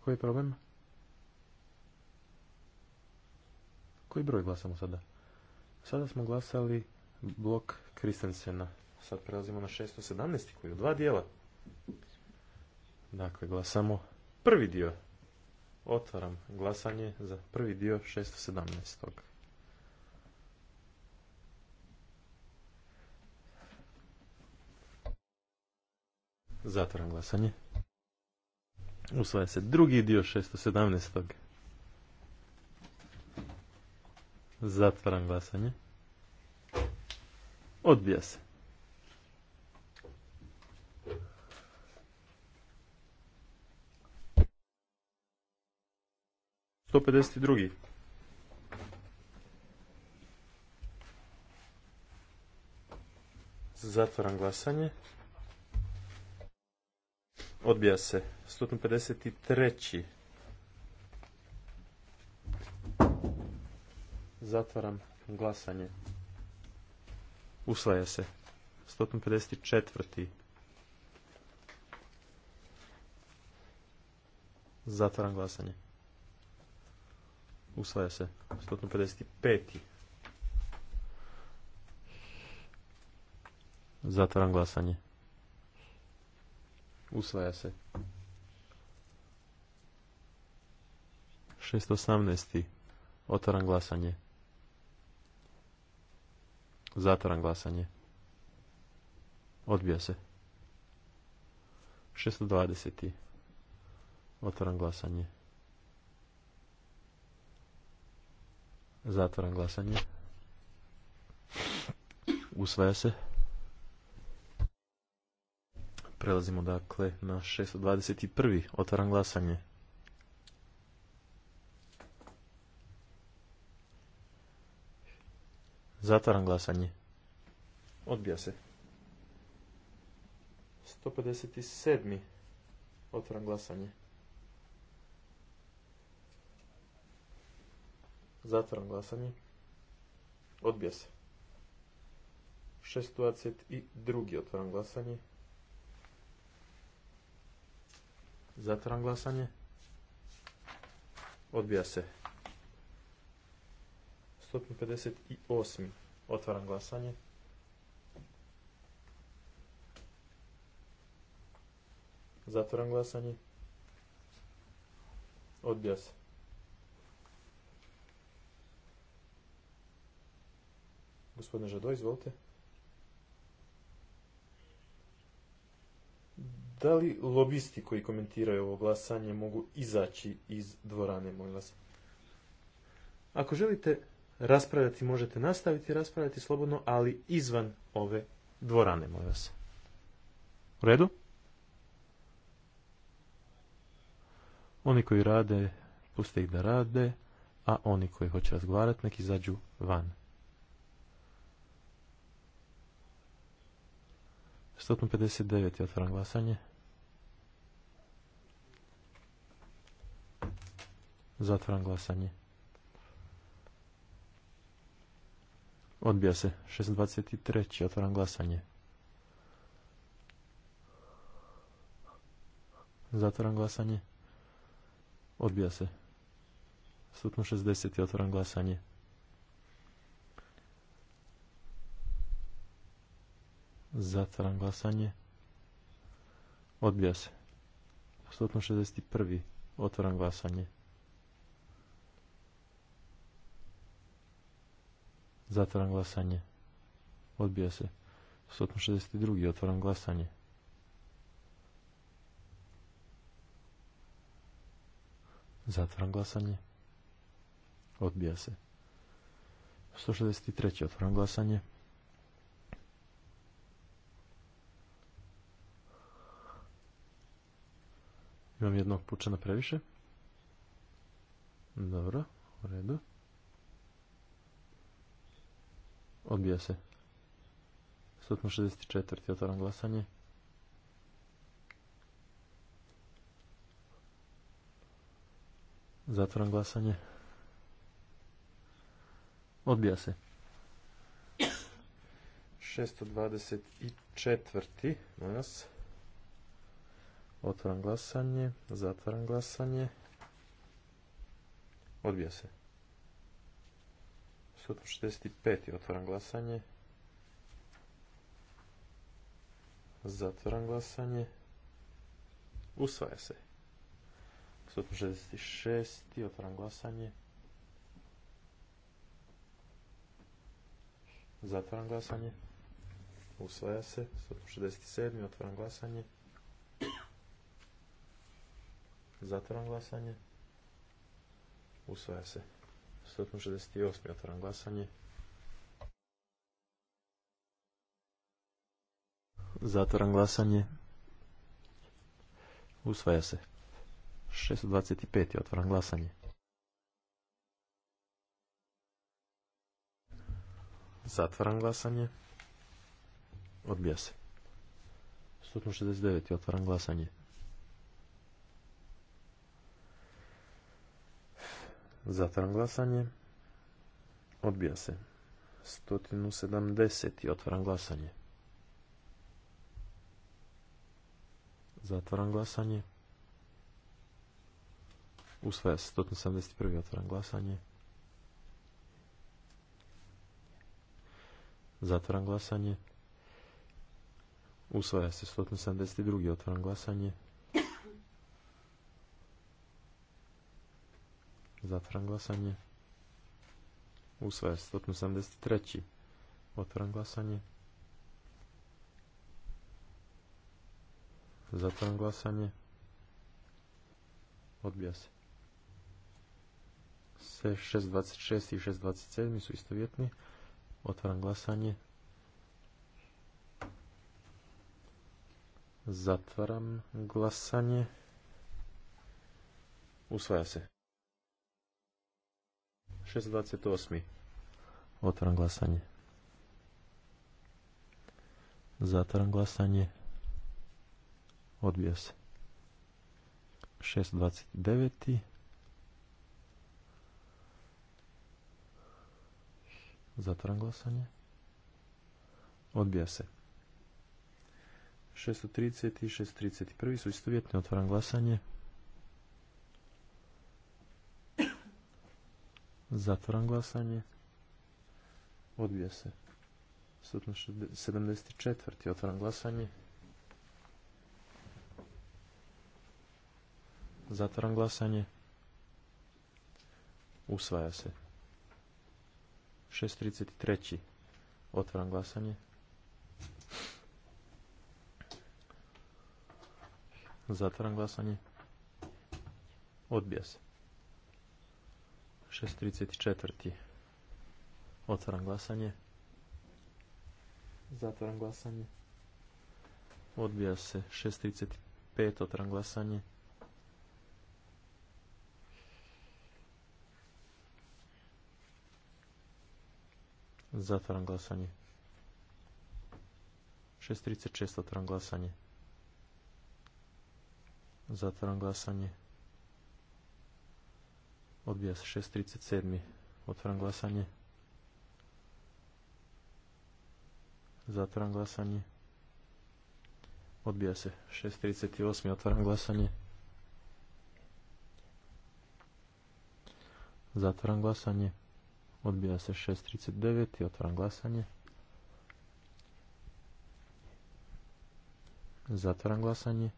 Koji je problem? Koji broj glasamo sada? Sada smo glasali blok Kristensena. Sad prelazimo na 617. koji je u dva dijela. Dakle, glasamo prvi dio. Otvaram glasanje za prvi dio 617. Zatvaram glasanje. Usvaja se drugi dio 617. Zatvaram glasanje. Odbija se. Sto pedeset drugi. Zatvaram glasanje. Odbija se. 153. Zatvaram glasanje. Usvaja se. 154. Zatvaram glasanje. Usvaja se. 155. Zatvaram glasanje. Usvaja se. 618. Otvaram glasanje. Zatvaram glasanje. Odbija se. 620. Otvaram glasanje. Zatvaram glasanje. Usvaja se. Prelazimo dakle na 621. Otvaram glasanje. Zatvaram glasanje. Odbija se. 157. Otvaram glasanje. Zatvaram glasanje. Odbija se. 622. Otvaram glasanje. Zatvaram glasanje. Odbija se. 158. Otvaram glasanje. Zatvaram glasanje. Odbija se. Gospodine Žado, izvolite. Da li lobisti koji komentiraju ovo glasanje mogu izaći iz dvorane, molim vas? Ako želite raspravljati možete nastaviti raspravljati slobodno, ali izvan ove dvorane, molim vas. U redu? Oni koji rade, puste ih da rade, a oni koji hoće razgovarati, neki izađu van. 159 je otvoran glasanje. Zatvoran glasanje. Odbija se. 623. Otvaram glasanje. Zatvaram glasanje. Odbija se. Sutno 60. Otvaram glasanje. Zatvaram glasanje. Odbija se. 161. Otvaram glasanje. Zatvaram glasanje. Odbija se. 162. Otvaram glasanje. Zatvaram glasanje. Odbija se. 163. Otvaram glasanje. Imam jednog pučana previše. Dobro, u redu. Odbija se. 64. Otvaram glasanje. Zatvoram glasanje. Odbija se. 624. četiri danas. Otvaram glasanje. zatvoram glasanje. Odbija se. 165. Otvaram glasanje. Zatvaram glasanje. Usvaja se. 166. Otvaram glasanje. Zatvaram glasanje. Usvaja se. 167. Otvaram glasanje. Zatvaram glasanje. Usvaja se. 168. Otvaram glasanje. Zatvaram glasanje. Usvaja se. 625. Otvaram glasanje. Zatvaram glasanje. Odbija se. 169. Otvaram glasanje. Zatvaram glasanje. Odbija se. 170. Otvaram glasanje. Zatvaram glasanje. Usvaja se. 171. Otvaram glasanje. Zatvaram glasanje. Usvaja se. 172. Otvaram glasanje. Zatvaram glasanje. Usvaja se 173. Otvaram glasanje. Zatvaram glasanje. Odbija se. Se 626 i 627 su istovjetni. Otvaram glasanje. Zatvaram glasanje. Usvaja se. 628. Otvaram glasanje. Zatvaram glasanje. Odbija se. 629. Zatvaram glasanje. Odbija se. 630 i 631 su istovjetni. Otvaram glasanje. Zatvoram glasanje. Odbija se. 74. Otvoram glasanje. Zatvoram glasanje. Usvaja se. 633. Otvoram glasanje. Zatvoram glasanje. Odbija se. 634. Otvaram glasanje. Zatvaram glasanje. Odbija se 635. Otvaram glasanje. Zatvaram glasanje. 636. Otvaram glasanje. Zatvaram glasanje. Odbija se 637. Otvaram glasanje. Zatvaram glasanje. Odbija se 638. Otvaram glasanje. Zatvaram glasanje. Odbija se 639. Otvaram glasanje. Zatvaram glasanje.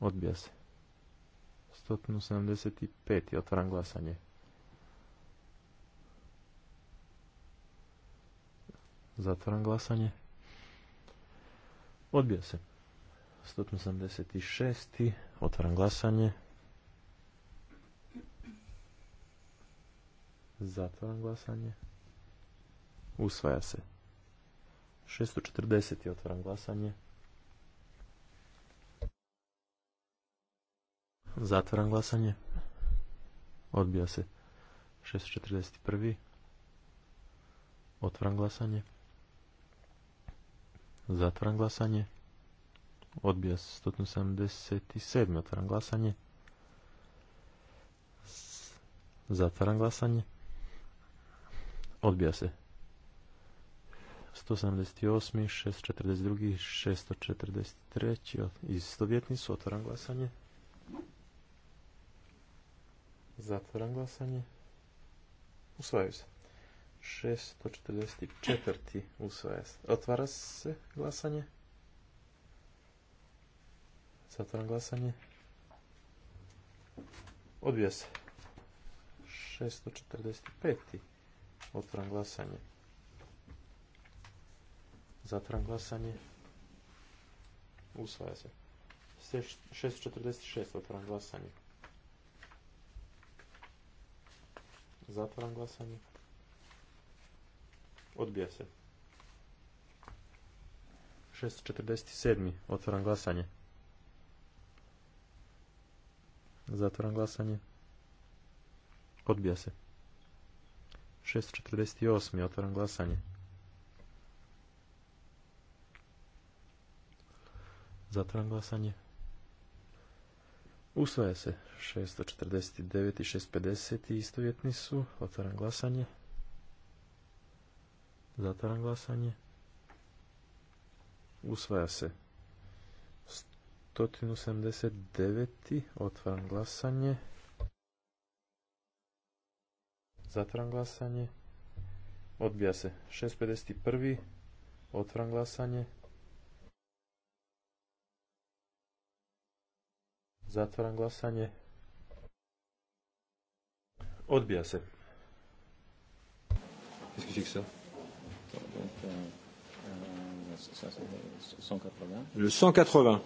Odbija se 175. Otvaram glasanje. Zatvaram glasanje. Odbija se. 176. Otvaram glasanje. Zatvaram glasanje. Usvaja se. 640. Otvaram glasanje. Zatvaram glasanje. Odbija se. 641. Otvaram glasanje. Zatvaram glasanje. Odbija se 177. Otvaram glasanje. Zatvaram glasanje. Odbija se. 178. 642. 643. Istovjetni su. Otvaram glasanje. Zatvaram glasanje. Usvaju se. 644. Usvaja se. Otvara se glasanje. Zatvaram glasanje. Odbija se. 645. Otvaram glasanje. Zatvaram glasanje. Usvaja se. 646. Otvaram glasanje. Zatvaram glasanje. Odbija se. 647. Otvaram glasanje. Zatvaram glasanje. Odbija se. 648. Otvaram glasanje. Zatvaram glasanje. Usvaja se 649 i 650 i istovjetni su. Otvaram glasanje. Zatvaram glasanje. Usvaja se 179. Otvaram glasanje. Zatvaram glasanje. Odbija se 651. Otvaram glasanje. Zatvaram glasanje. Odbija se. Le 180.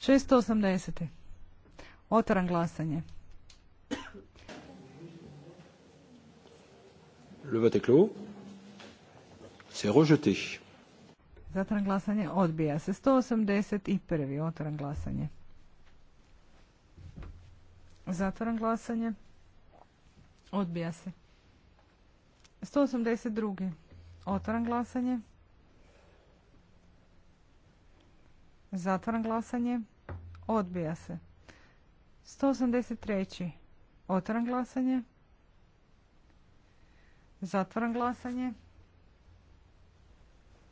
680. Otvaram glasanje. Le vote est clos. C'est rejeté. Zatvaram glasanje. Odbija se. 181. Otvaram glasanje. Zatvoram glasanje. Odbija se. 182. Otvaram glasanje. Zatvaram glasanje. Odbija se. 183. Otvaram glasanje. Zatvaram glasanje.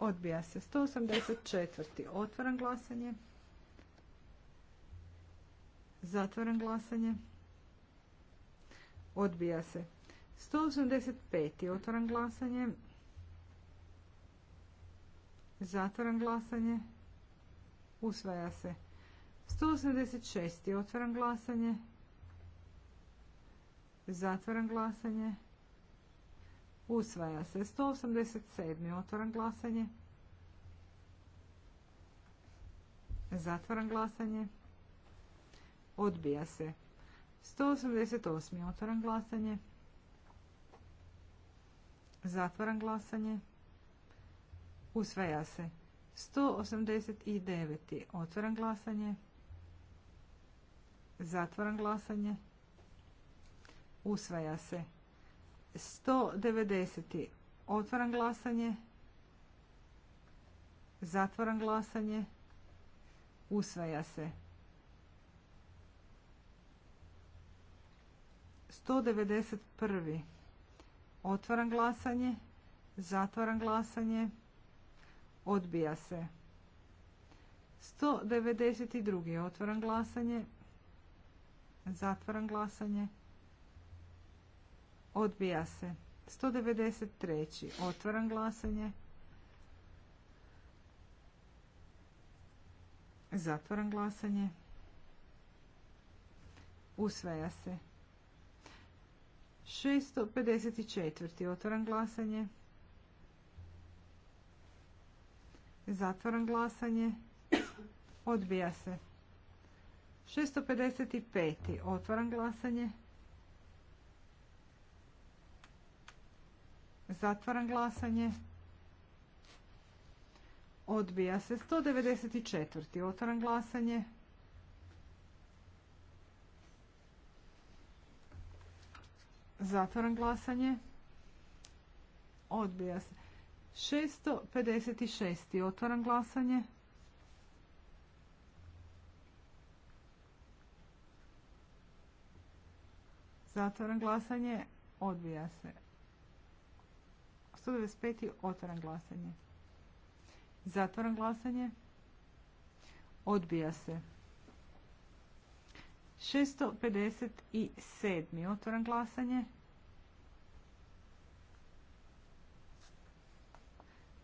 Odbija se. 184. Otvaram glasanje. Zatvoren glasanje. Odbija se. 185. Otvoren glasanje. Zatvoren glasanje. Usvaja se. 186. Otvoren glasanje. Zatvoren glasanje. Usvaja se. 187. Otvoren glasanje. Zatvoren glasanje odbija se. 188. Otvaram glasanje. Zatvaram glasanje. Usvaja se. 189. Otvaram glasanje. Zatvaram glasanje. Usvaja se. 190. Otvaram glasanje. Zatvaram glasanje. Usvaja se. 191. Otvaram glasanje. Zatvaram glasanje. Odbija se. 192. Otvaram glasanje. Zatvaram glasanje. Odbija se. 193. Otvaram glasanje. Zatvaram glasanje. Usvaja se. 654. Otvoram glasanje. Zatvoram glasanje. Odbija se. 655. Otvoram glasanje. Zatvoram glasanje. Odbija se. 194. Otvoram glasanje. Zatvoram glasanje. Odbija se. 656. otvoram glasanje. Zatvoram glasanje. Odbija se. 195. otvoram glasanje. Zatvoram glasanje. Odbija se. 657. Otvoram glasanje.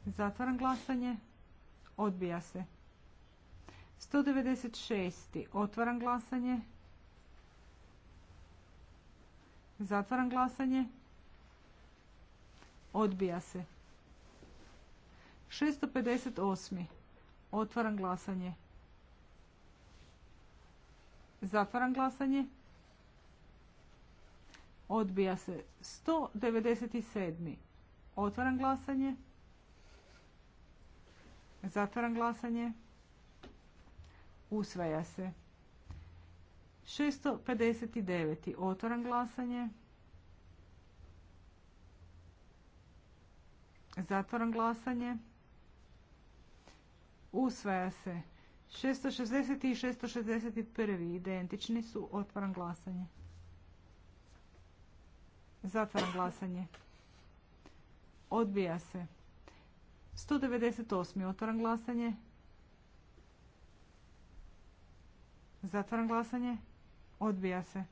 Zatvaram glasanje. Odbija se. 196. Otvaram glasanje. Zatvaram glasanje. Odbija se. 658. Otvaram glasanje. Zatvaram glasanje. Odbija se 197. Otvaram glasanje. Zatvaram glasanje. Usvaja se. 659. Otvaram glasanje. Zatvaram glasanje. Usvaja se. 660. i 661. identični su. Otvaram glasanje. Zatvaram glasanje. Odbija se. 198. Otvaram glasanje. Zatvaram glasanje. Odbija se.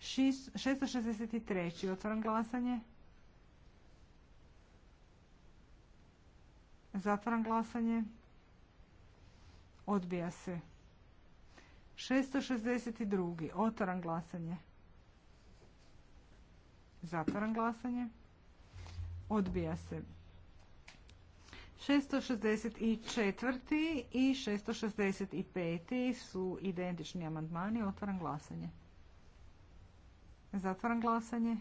663. Otvaram glasanje. Zatvaram glasanje. Odbija se. 662. Otvaram glasanje. Zatvaram glasanje. Odbija se. 664. i 665. su identični amandmani. Otvaram glasanje. Zatvaram glasanje.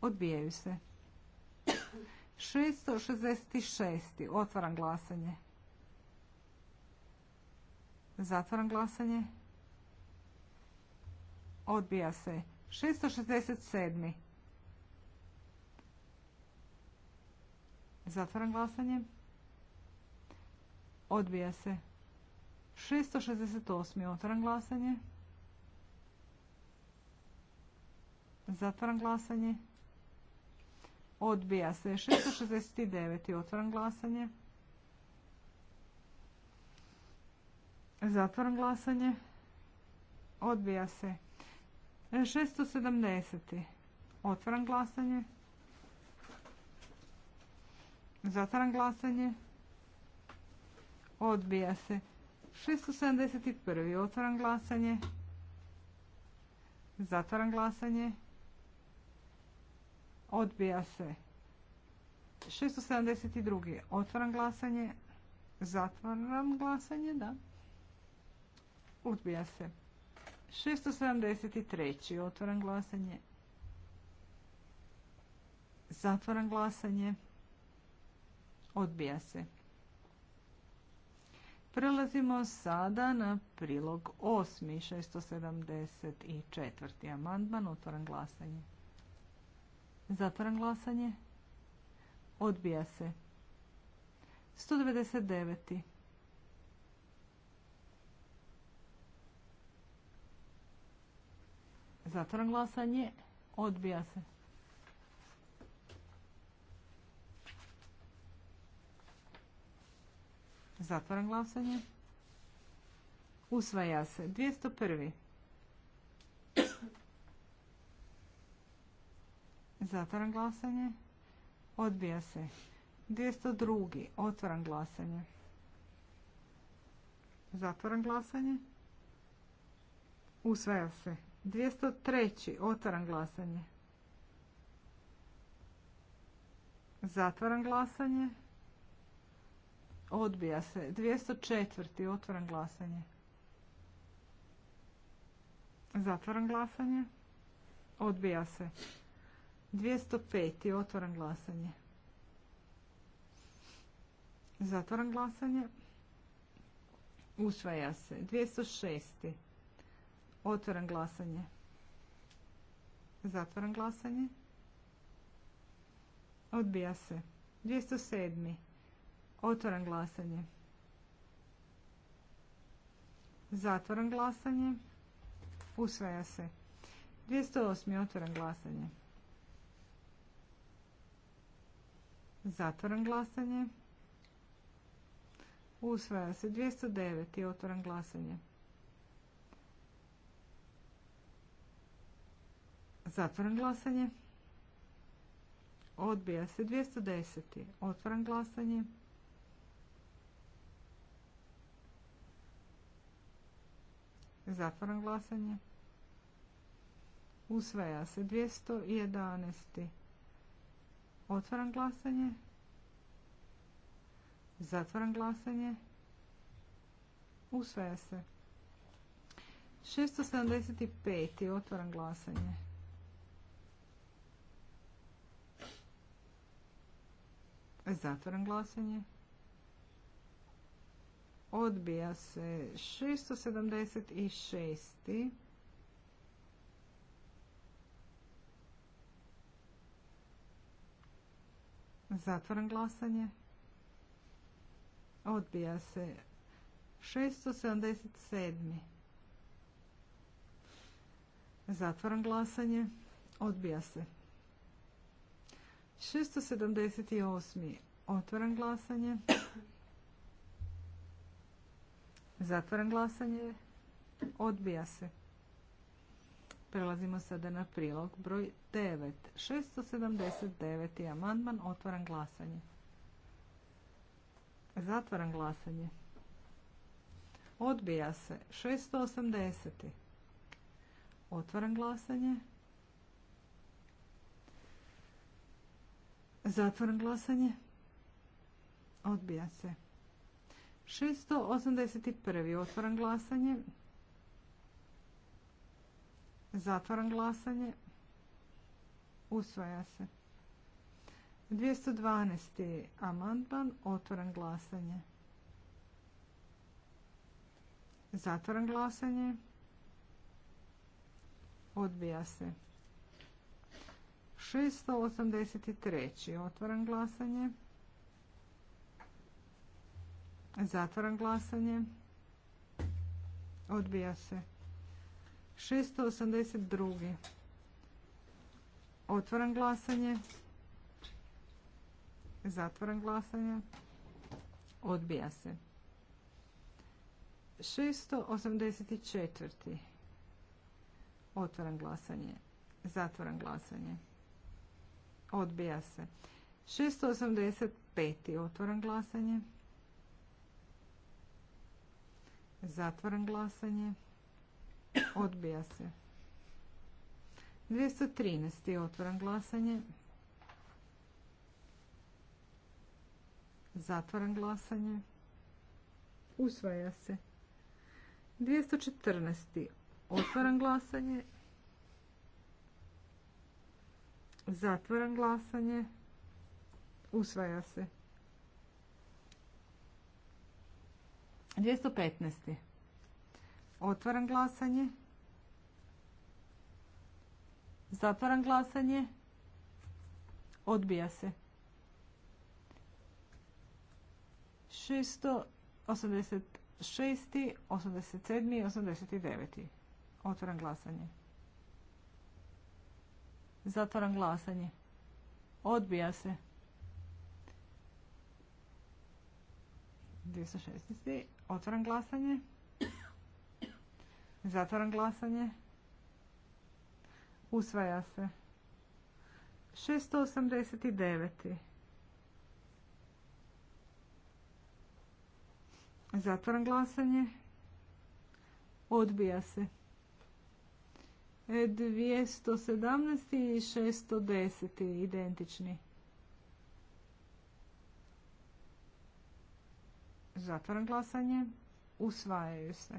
Odbijaju se. 666. Otvaram glasanje. Zatvaram glasanje. Odbija se. 667. Zatvaram glasanje. Odbija se. 668. Otvaram glasanje. Zatvaram glasanje. Odbija se. 669. Otvaram glasanje. Zatvoram glasanje. Odbija se. 670. E, Otvaram glasanje. Zatvaram glasanje. Odbija se. 671. Otvaram glasanje. Zatvaram glasanje. Odbija se. 672. Otvaram glasanje. Zatvaram glasanje, da. Odbija se. 673. Otvoran glasanje. Zatvoran glasanje. Odbija se. Prelazimo sada na prilog 8. 674. amandman. Otvoran glasanje. Zatvoran glasanje. Odbija se. 199. Zatvoram glasanje. Odbija se. Zatvoram glasanje. Usvaja se. 201. Zatvoram glasanje. Odbija se. 202. Otvoram glasanje. Zatvoram glasanje. Usvaja se. 203. Otvaram glasanje. Zatvaram glasanje. Odbija se. 204. Otvaram glasanje. Zatvaram glasanje. Odbija se. 205. Otvaram glasanje. Zatvaram glasanje. Usvaja se. 206 otvoren glasanje. Zatvoram glasanje. Odbija se. 207. otvoren glasanje. zatvoren glasanje. Usvaja se. 208. otvoren glasanje. zatvoren glasanje. Usvaja se. 209. Otvoram glasanje. Zatvoram glasanje. Odbija se 210. Otvoram glasanje. Zatvoram glasanje. Usvaja se 211. Otvaram glasanje. Zatvaram glasanje. Usvaja se. 675. Otvaram glasanje. Zatvoram glasanje. Odbija se 676. Zatvoram glasanje. Odbija se 677. Zatvoram glasanje. Odbija se 678. Otvaram glasanje. Zatvaram glasanje. Odbija se. Prelazimo sada na prilog broj 9. 679. amandman. Otvaram glasanje. Zatvaram glasanje. Odbija se. 680. Otvoram glasanje. zatvoren glasanje. Odbija se. 681. otvoren glasanje. Zatvoram glasanje. Usvaja se. 212. amandman. otvoren glasanje. zatvoren glasanje. Odbija se. 683. Otvaram glasanje. Zatvaram glasanje. Odbija se. 682. Otvaram glasanje. Zatvaram glasanje. Odbija se. 684. Otvaram glasanje. Zatvaram glasanje. Odbija se. 685. Otvoran glasanje. Zatvoran glasanje. Odbija se. 213. Otvoran glasanje. Zatvoran glasanje. Usvaja se. 214. Otvoran glasanje. Zatvoran glasanje. Usvaja se. 215. Otvaram glasanje. Zatvaram glasanje. Odbija se. 686. 87. i 89. Otvaram glasanje. Zatvaram glasanje. Odbija se. 216. Otvaram glasanje. Zatvaram glasanje. Usvaja se. 689. Zatvaram glasanje. Odbija se. 217 i 610 identični. Zatvoram glasanje. Usvajaju se.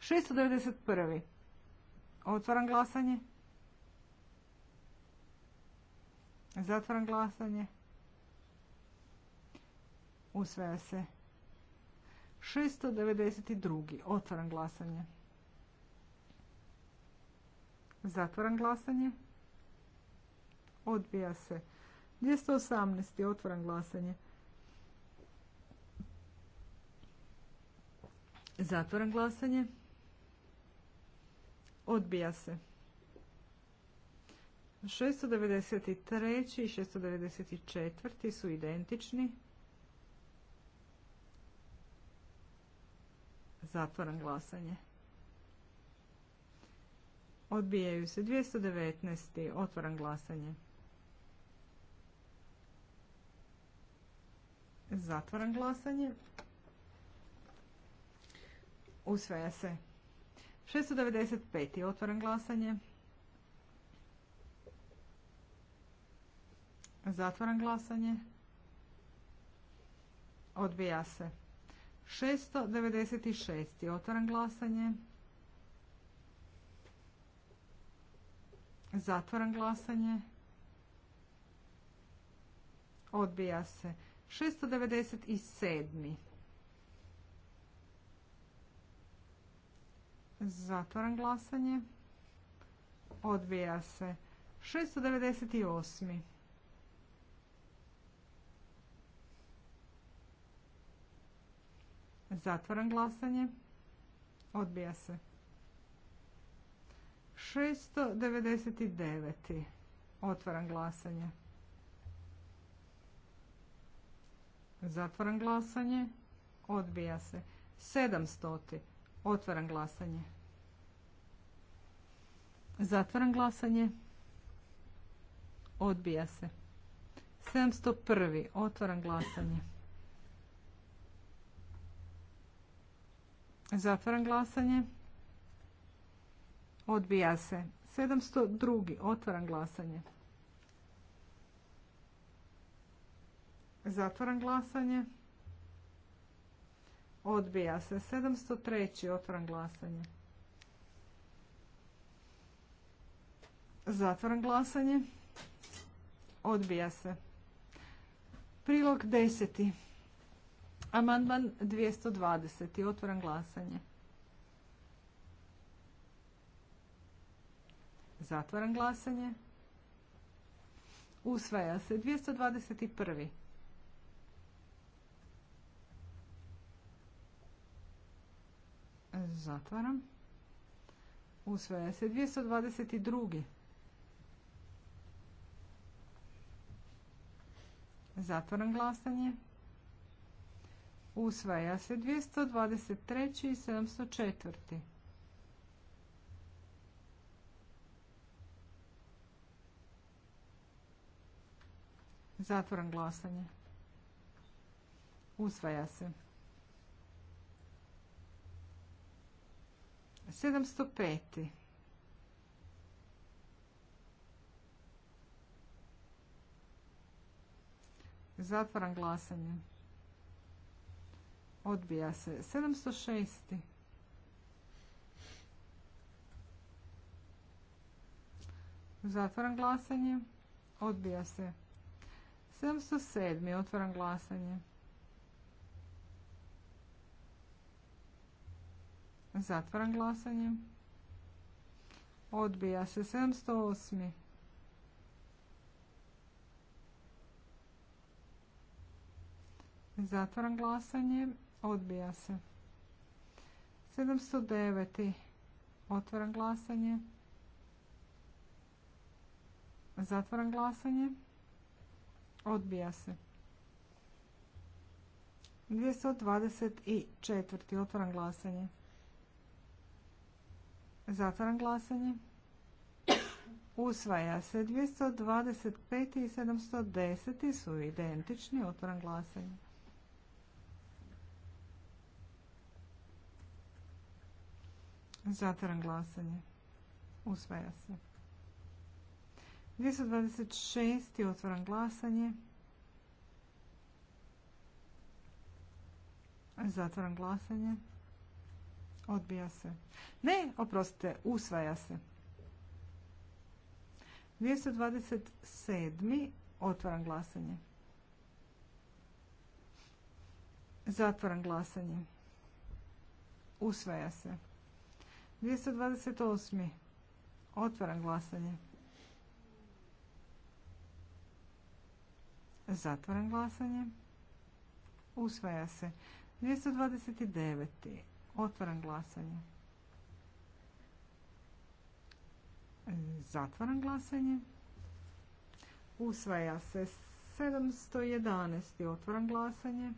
Šesto devedeset Otvaram glasanje. Zatvaram glasanje. Usvaja se. 692. Otvaram glasanje. Zatvaram glasanje. Odbija se. 218. Otvaram glasanje. Zatvaram glasanje. Odbija se. 693. i 694. su identični. Zatvoram glasanje. Odbijaju se 219. Otvoram glasanje. Zatvoram glasanje. Usvaja se. 695. Otvoram glasanje. Zatvoram glasanje. Odbija se. 696. Otvaram glasanje. Zatvaram glasanje. Odbija se. 697. Zatvaram glasanje. Odbija se. 698. Zatvaram glasanje. Odbija se. 699. Otvaram glasanje. Zatvaram glasanje. Odbija se. 700. Otvaram glasanje. Zatvaram glasanje. Odbija se. 701. Otvaram glasanje. Zatvaram glasanje. Odbija se. 702. Otvaram glasanje. Zatvaram glasanje. Odbija se. 703. Otvaram glasanje. Zatvaram glasanje. Odbija se. Prilog deseti. Amandman 220. Otvoram glasanje. Zatvaram glasanje. Usvaja se 221. Zatvaram. Usvaja se 222. Zatvaram glasanje. Usvaja se 223. i 704. Zatvoran glasanje. Usvaja se. 705. Zatvoran glasanje odbija se. 706. Zatvoram glasanje. Odbija se. 707. Otvaram glasanje. Zatvoram glasanje. Odbija se. 708. Zatvoram glasanje. Odbija se. 709. Otvaram glasanje. Zatvaram glasanje. Odbija se. 224. Otvaram glasanje. Zatvaram glasanje. Usvaja se. 225. i 710. su identični. Otvaram glasanje. Zatvaram glasanje. Usvaja se. 226. Otvaram glasanje. Zatvaram glasanje. Odbija se. Ne, oprostite, usvaja se. 227. Otvaram glasanje. Zatvaram glasanje. Usvaja se. 228. Otvoren glasanje. Zatvaram glasanje. Usvaja se. 229. Otvaram glasanje. Zatvoram glasanje. Usvaja se. 711. Otvoren glasanje.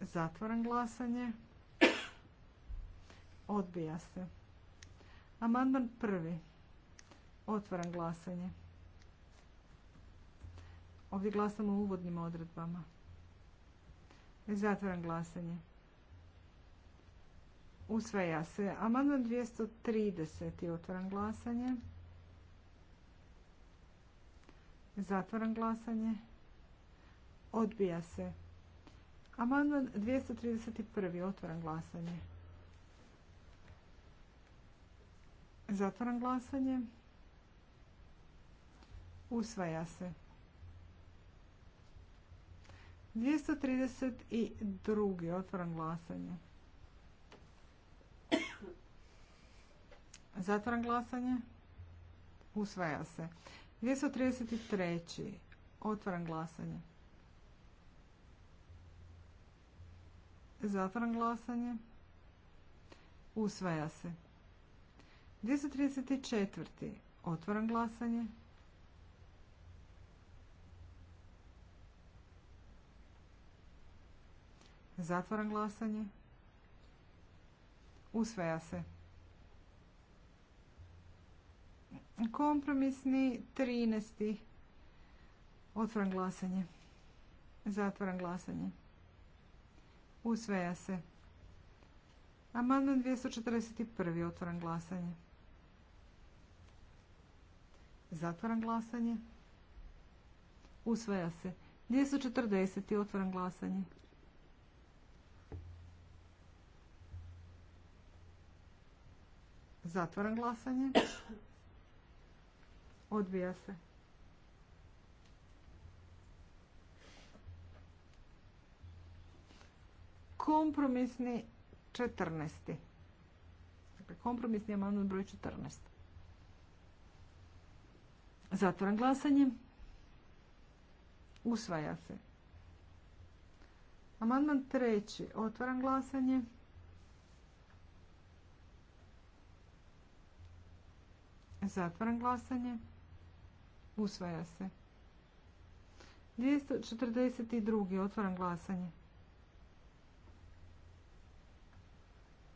Zatvoram glasanje. Odbija se. Amandman prvi. Otvaram glasanje. Ovdje glasamo u uvodnim odredbama. Zatvaram glasanje. Usvaja se. Amandman 230. Otvoran glasanje. Zatvaram glasanje. Odbija se. Amandman 231. Otvoran glasanje. Zatvoram glasanje. Usvaja se. 232. Otvoram glasanje. Zatvoram glasanje. Usvaja se. 233. Otvoram glasanje. Zatvoram glasanje. Usvaja se. 234. Otvoram glasanje. Zatvoram glasanje. Usveja se. Kompromisni 13. Otvoram glasanje. Zatvoram glasanje. Usveja se. Amandman 241. Otvoram glasanje. Zatvaram glasanje. Usvaja se. 240. Otvaram glasanje. Zatvaram glasanje. Odbija se. Kompromisni 14. Dakle, kompromisni amandman broj 14. Zatvoran glasanje. Usvaja se. Amandman treći. Otvaram glasanje. Zatvaram glasanje. Usvaja se. 242. Otvaram glasanje.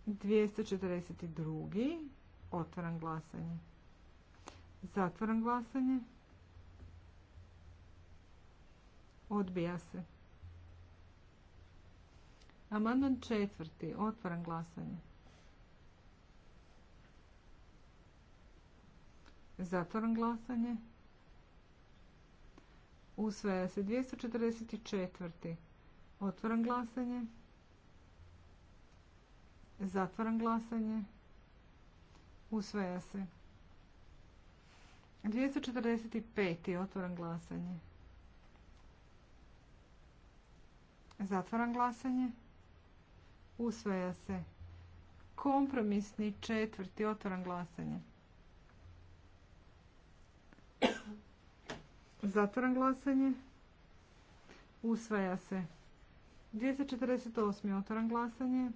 242. Otvaram glasanje. Zatvaram glasanje. Odbija se. Amandman četvrti. Otvaram glasanje. Zatvaram glasanje. Usvaja se 244. Otvaram glasanje. Zatvaram glasanje. Usvaja se 245. Otvoram glasanje. Zatvoran glasanje. Usvaja se. Kompromisni četvrti. Otvoram glasanje. Zatvoran glasanje. Usvaja se. 248. Otvoram glasanje.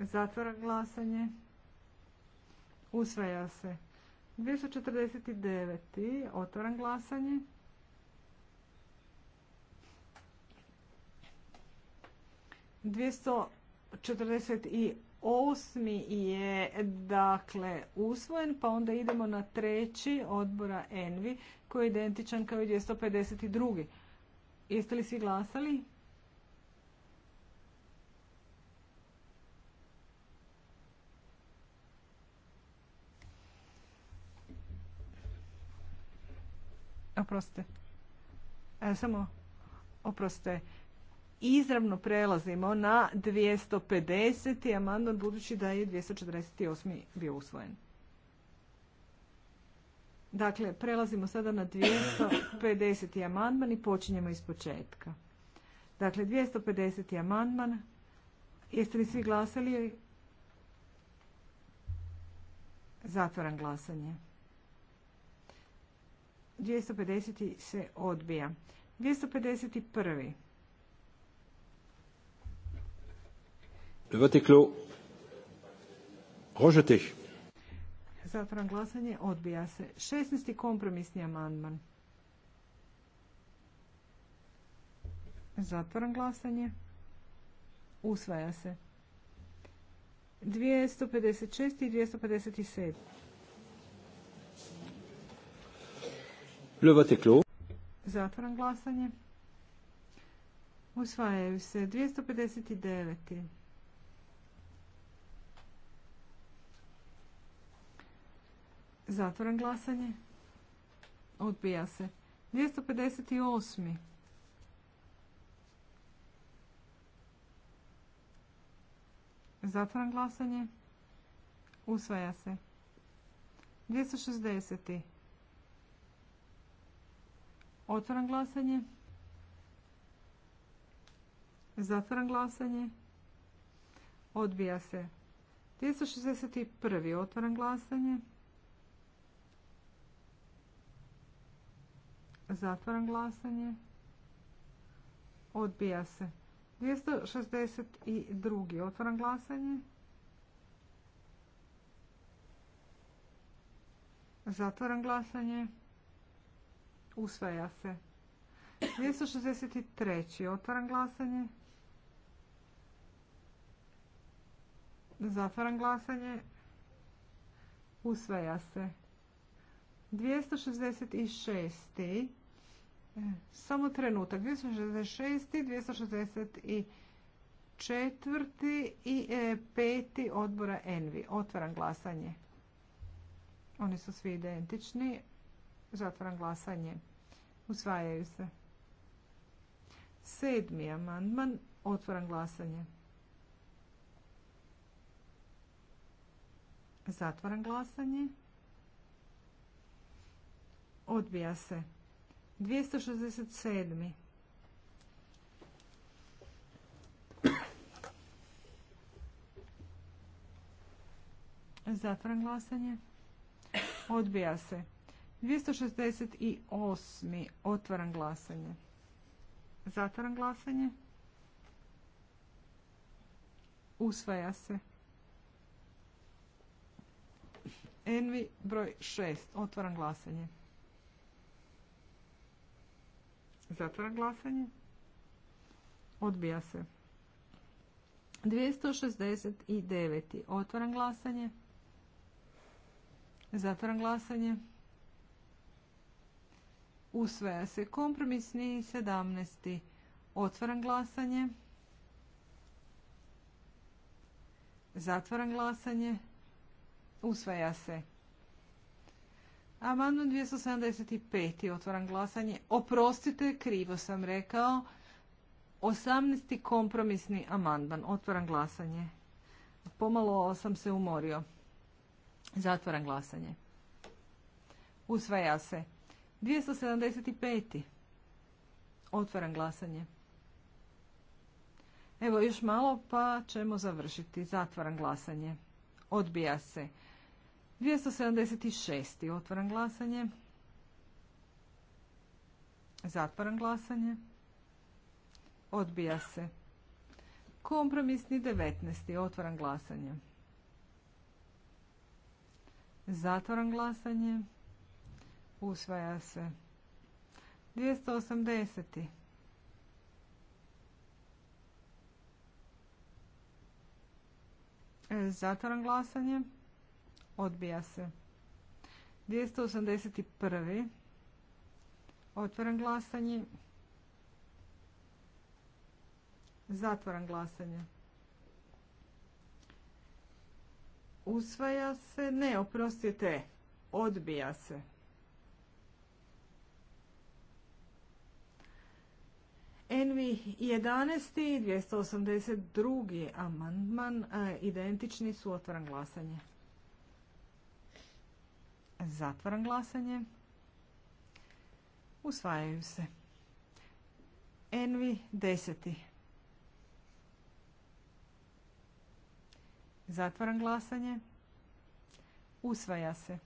Zatvoran glasanje. Usvaja se. 249. Otvaram glasanje. 248. četrdeset osmi je dakle usvojen, pa onda idemo na treći odbora Envi koji je identičan kao i 252. Jeste li svi glasali? oprostite, e, samo, oprostite, izravno prelazimo na 250. amandman budući da je 248. bio usvojen. Dakle, prelazimo sada na 250. amandman i počinjemo iz početka. Dakle, 250. amandman. Jeste li svi glasali? Zatvoran glasanje. 250. se odbija. 251. Le vote clos. Rejeté. glasanje. Odbija se. 16. kompromisni amandman. Zatvaram glasanje. Usvaja se. 256. i 257. Le vote est clos. Zatvoram glasanje. Usvajaju se 259. Zatvoram glasanje. Odbija se. 258. Zatvoram glasanje. Usvaja se. 260. Otvaram glasanje. Zatvaram glasanje. Odbija se. 261. Otvaram glasanje. Zatvaram glasanje. Odbija se. 262. Otvaram glasanje. Zatvaram glasanje. Usvaja se. 263. Otvaram glasanje. Zatvaram glasanje. Usvaja se. 266. Samo trenutak. 266. 264. i e, peti odbora Envi. Otvaram glasanje. Oni su svi identični. Zatvaram glasanje. Usvajaju se. Sedmi amandman. Otvaram glasanje. Zatvaram glasanje. Odbija se. 267. Zatvaram glasanje. Odbija se. 268. Otvaram glasanje. Zatvaram glasanje. Usvaja se. Envi broj 6. Otvaram glasanje. Zatvaram glasanje. Odbija se. 269. Otvaram glasanje. Zatvaram glasanje. Usvaja se kompromisni 17. Otvaram glasanje. Zatvaram glasanje. Usvaja se. Amandman 275. Otvaram glasanje. Oprostite, krivo sam rekao. 18. kompromisni amandman. Otvaram glasanje. Pomalo sam se umorio. Zatvaram glasanje. Usvaja se. 275. Otvaram glasanje. Evo još malo pa ćemo završiti. Zatvaram glasanje. Odbija se. 276. Otvaram glasanje. Zatvaram glasanje. Odbija se. Kompromisni 19. Otvaram glasanje. Zatvaram glasanje. Usvaja se. 280. E, Zatvoran glasanje. Odbija se. 281. Otvoran glasanje. Zatvoran glasanje. Usvaja se. Ne, oprostite. Odbija se. Envi 11. i 282. amandman e, identični su otvoran glasanje. Zatvoran glasanje. Usvajaju se. Envi 10. Zatvoran glasanje. Usvaja se.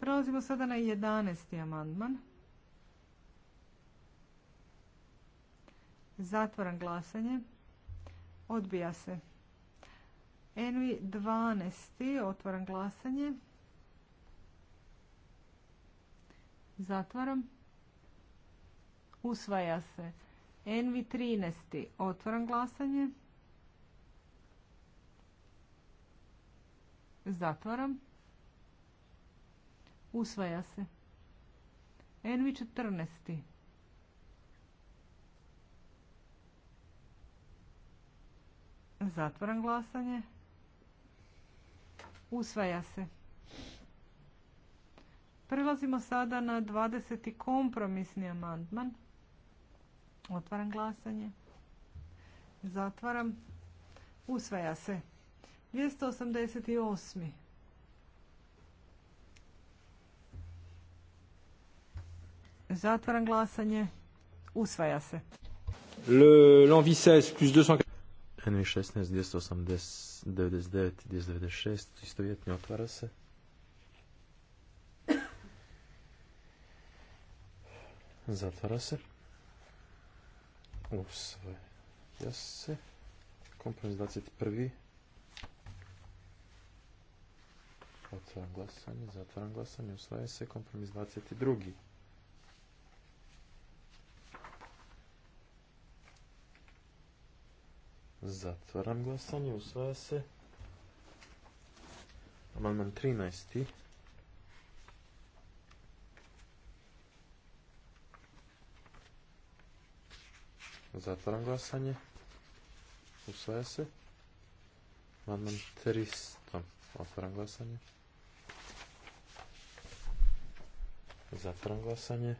Prelazimo sada na 11. amandman. Zatvoran glasanje. Odbija se. Envi 12. Otvoran glasanje. Zatvaram. Usvaja se. Envi 13. Otvoran glasanje. Zatvaram. Usvaja se. Envi 14. Zatvoram glasanje. Usvaja se. Prelazimo sada na 20. kompromisni amandman. Otvaram glasanje. Zatvaram. Usvaja se. 288. Zatvaram glasanje. Usvaja se. 16 plus NV16 299 296 istovjetni otvara se. Zatvara se. Usvaja se. Kompromis 21. Otvaram glasanje, zatvaram glasanje, usvaja se. Kompromis 22. Zatvaram glasanje, usvaja se. Amandman 13. Zatvaram glasanje. Usvaja se. Amandman 300. Otvaram glasanje. Zatvaram glasanje.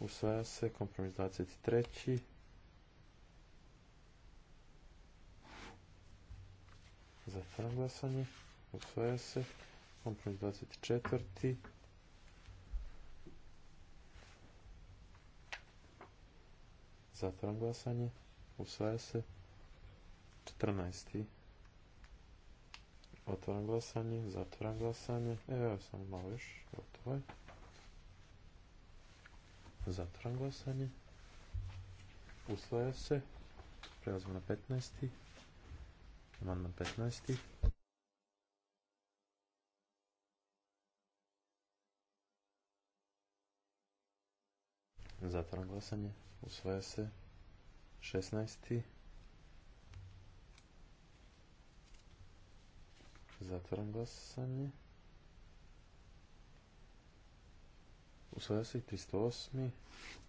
Usvaja se kompromis 23. Zatvaram glasanje. Usvaja se. Kompromis 24. Zatvaram glasanje. Usvaja se. 14. Otvaram glasanje. Zatvaram glasanje. Evo, sam malo još. Gotovo je. Zatvaram glasanje. Usvaja se. Prelazimo na 15. Amandman 15. Zatvaram glasanje. Usvaja se. 16. Zatvaram glasanje. Usvaja se i 308.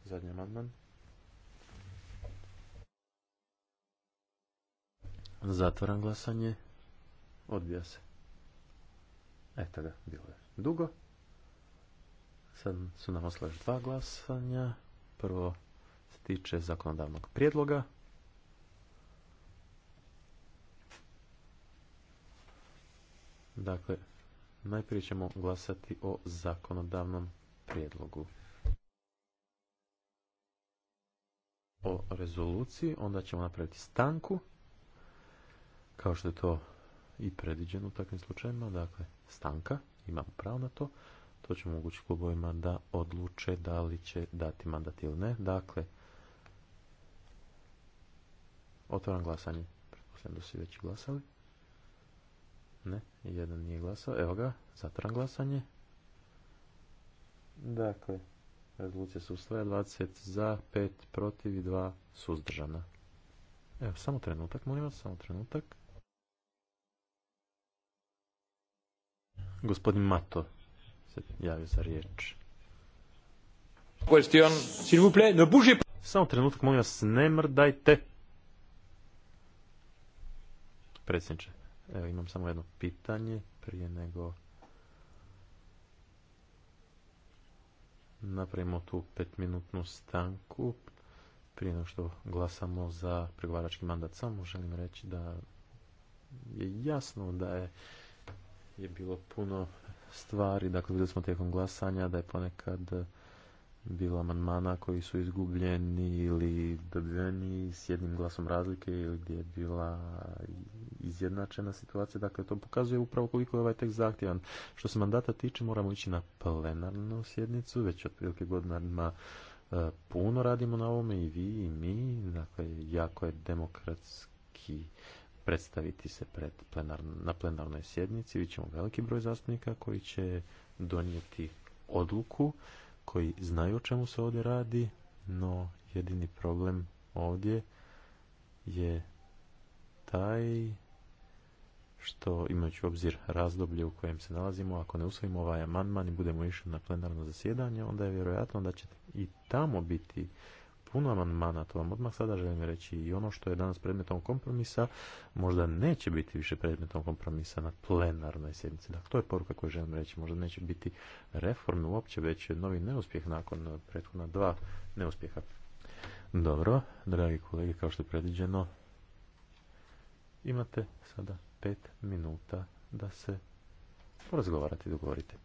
Zadnji amandman. Zatvaram glasanje. Odbija se. Eto ga, bilo je dugo. Sad su nam ostale dva glasanja. Prvo se tiče zakonodavnog prijedloga. Dakle, najprije ćemo glasati o zakonodavnom prijedlogu. O rezoluciji, onda ćemo napraviti stanku kao što je to i predviđeno u takvim slučajima, dakle stanka, imamo pravo na to, to će mogući klubovima da odluče da li će dati mandat ili ne. Dakle, otvaram glasanje. Pretpostavljam da su već glasali. Ne, jedan nije glasao. Evo ga, zatvaram glasanje. Dakle, rezolucija su usvaja 20 za, 5 protiv i 2 suzdržana. Evo, samo trenutak, molim vas, samo trenutak. Gospodin Mato se javio za riječ. Samo trenutak, molim vas, ne mrdajte. Predsjedniče, evo imam samo jedno pitanje prije nego napravimo tu petminutnu stanku prije nego što glasamo za pregovarački mandat. Samo želim reći da je jasno da je je bilo puno stvari, dakle vidjeli smo tijekom glasanja da je ponekad bilo amandmana koji su izgubljeni ili dobiveni s jednim glasom razlike ili gdje je bila izjednačena situacija. Dakle, to pokazuje upravo koliko je ovaj tekst zahtjevan. Što se mandata tiče, moramo ići na plenarnu sjednicu, već otprilike godinama e, puno radimo na ovome i vi i mi. Dakle, jako je demokratski predstaviti se pred na plenarnoj sjednici. Vi ćemo veliki broj zastupnika koji će donijeti odluku, koji znaju o čemu se ovdje radi, no jedini problem ovdje je taj što imajući u obzir razdoblje u kojem se nalazimo, ako ne usvojimo ovaj amandman i budemo išli na plenarno zasjedanje, onda je vjerojatno da će i tamo biti puno amandmana, to vam odmah sada želim reći i ono što je danas predmetom kompromisa možda neće biti više predmetom kompromisa na plenarnoj sjednici. Dakle, to je poruka koju želim reći. Možda neće biti reforme uopće, već novi neuspjeh nakon prethodna dva neuspjeha. Dobro, dragi kolege, kao što je predviđeno, imate sada pet minuta da se porazgovarate i dogovorite.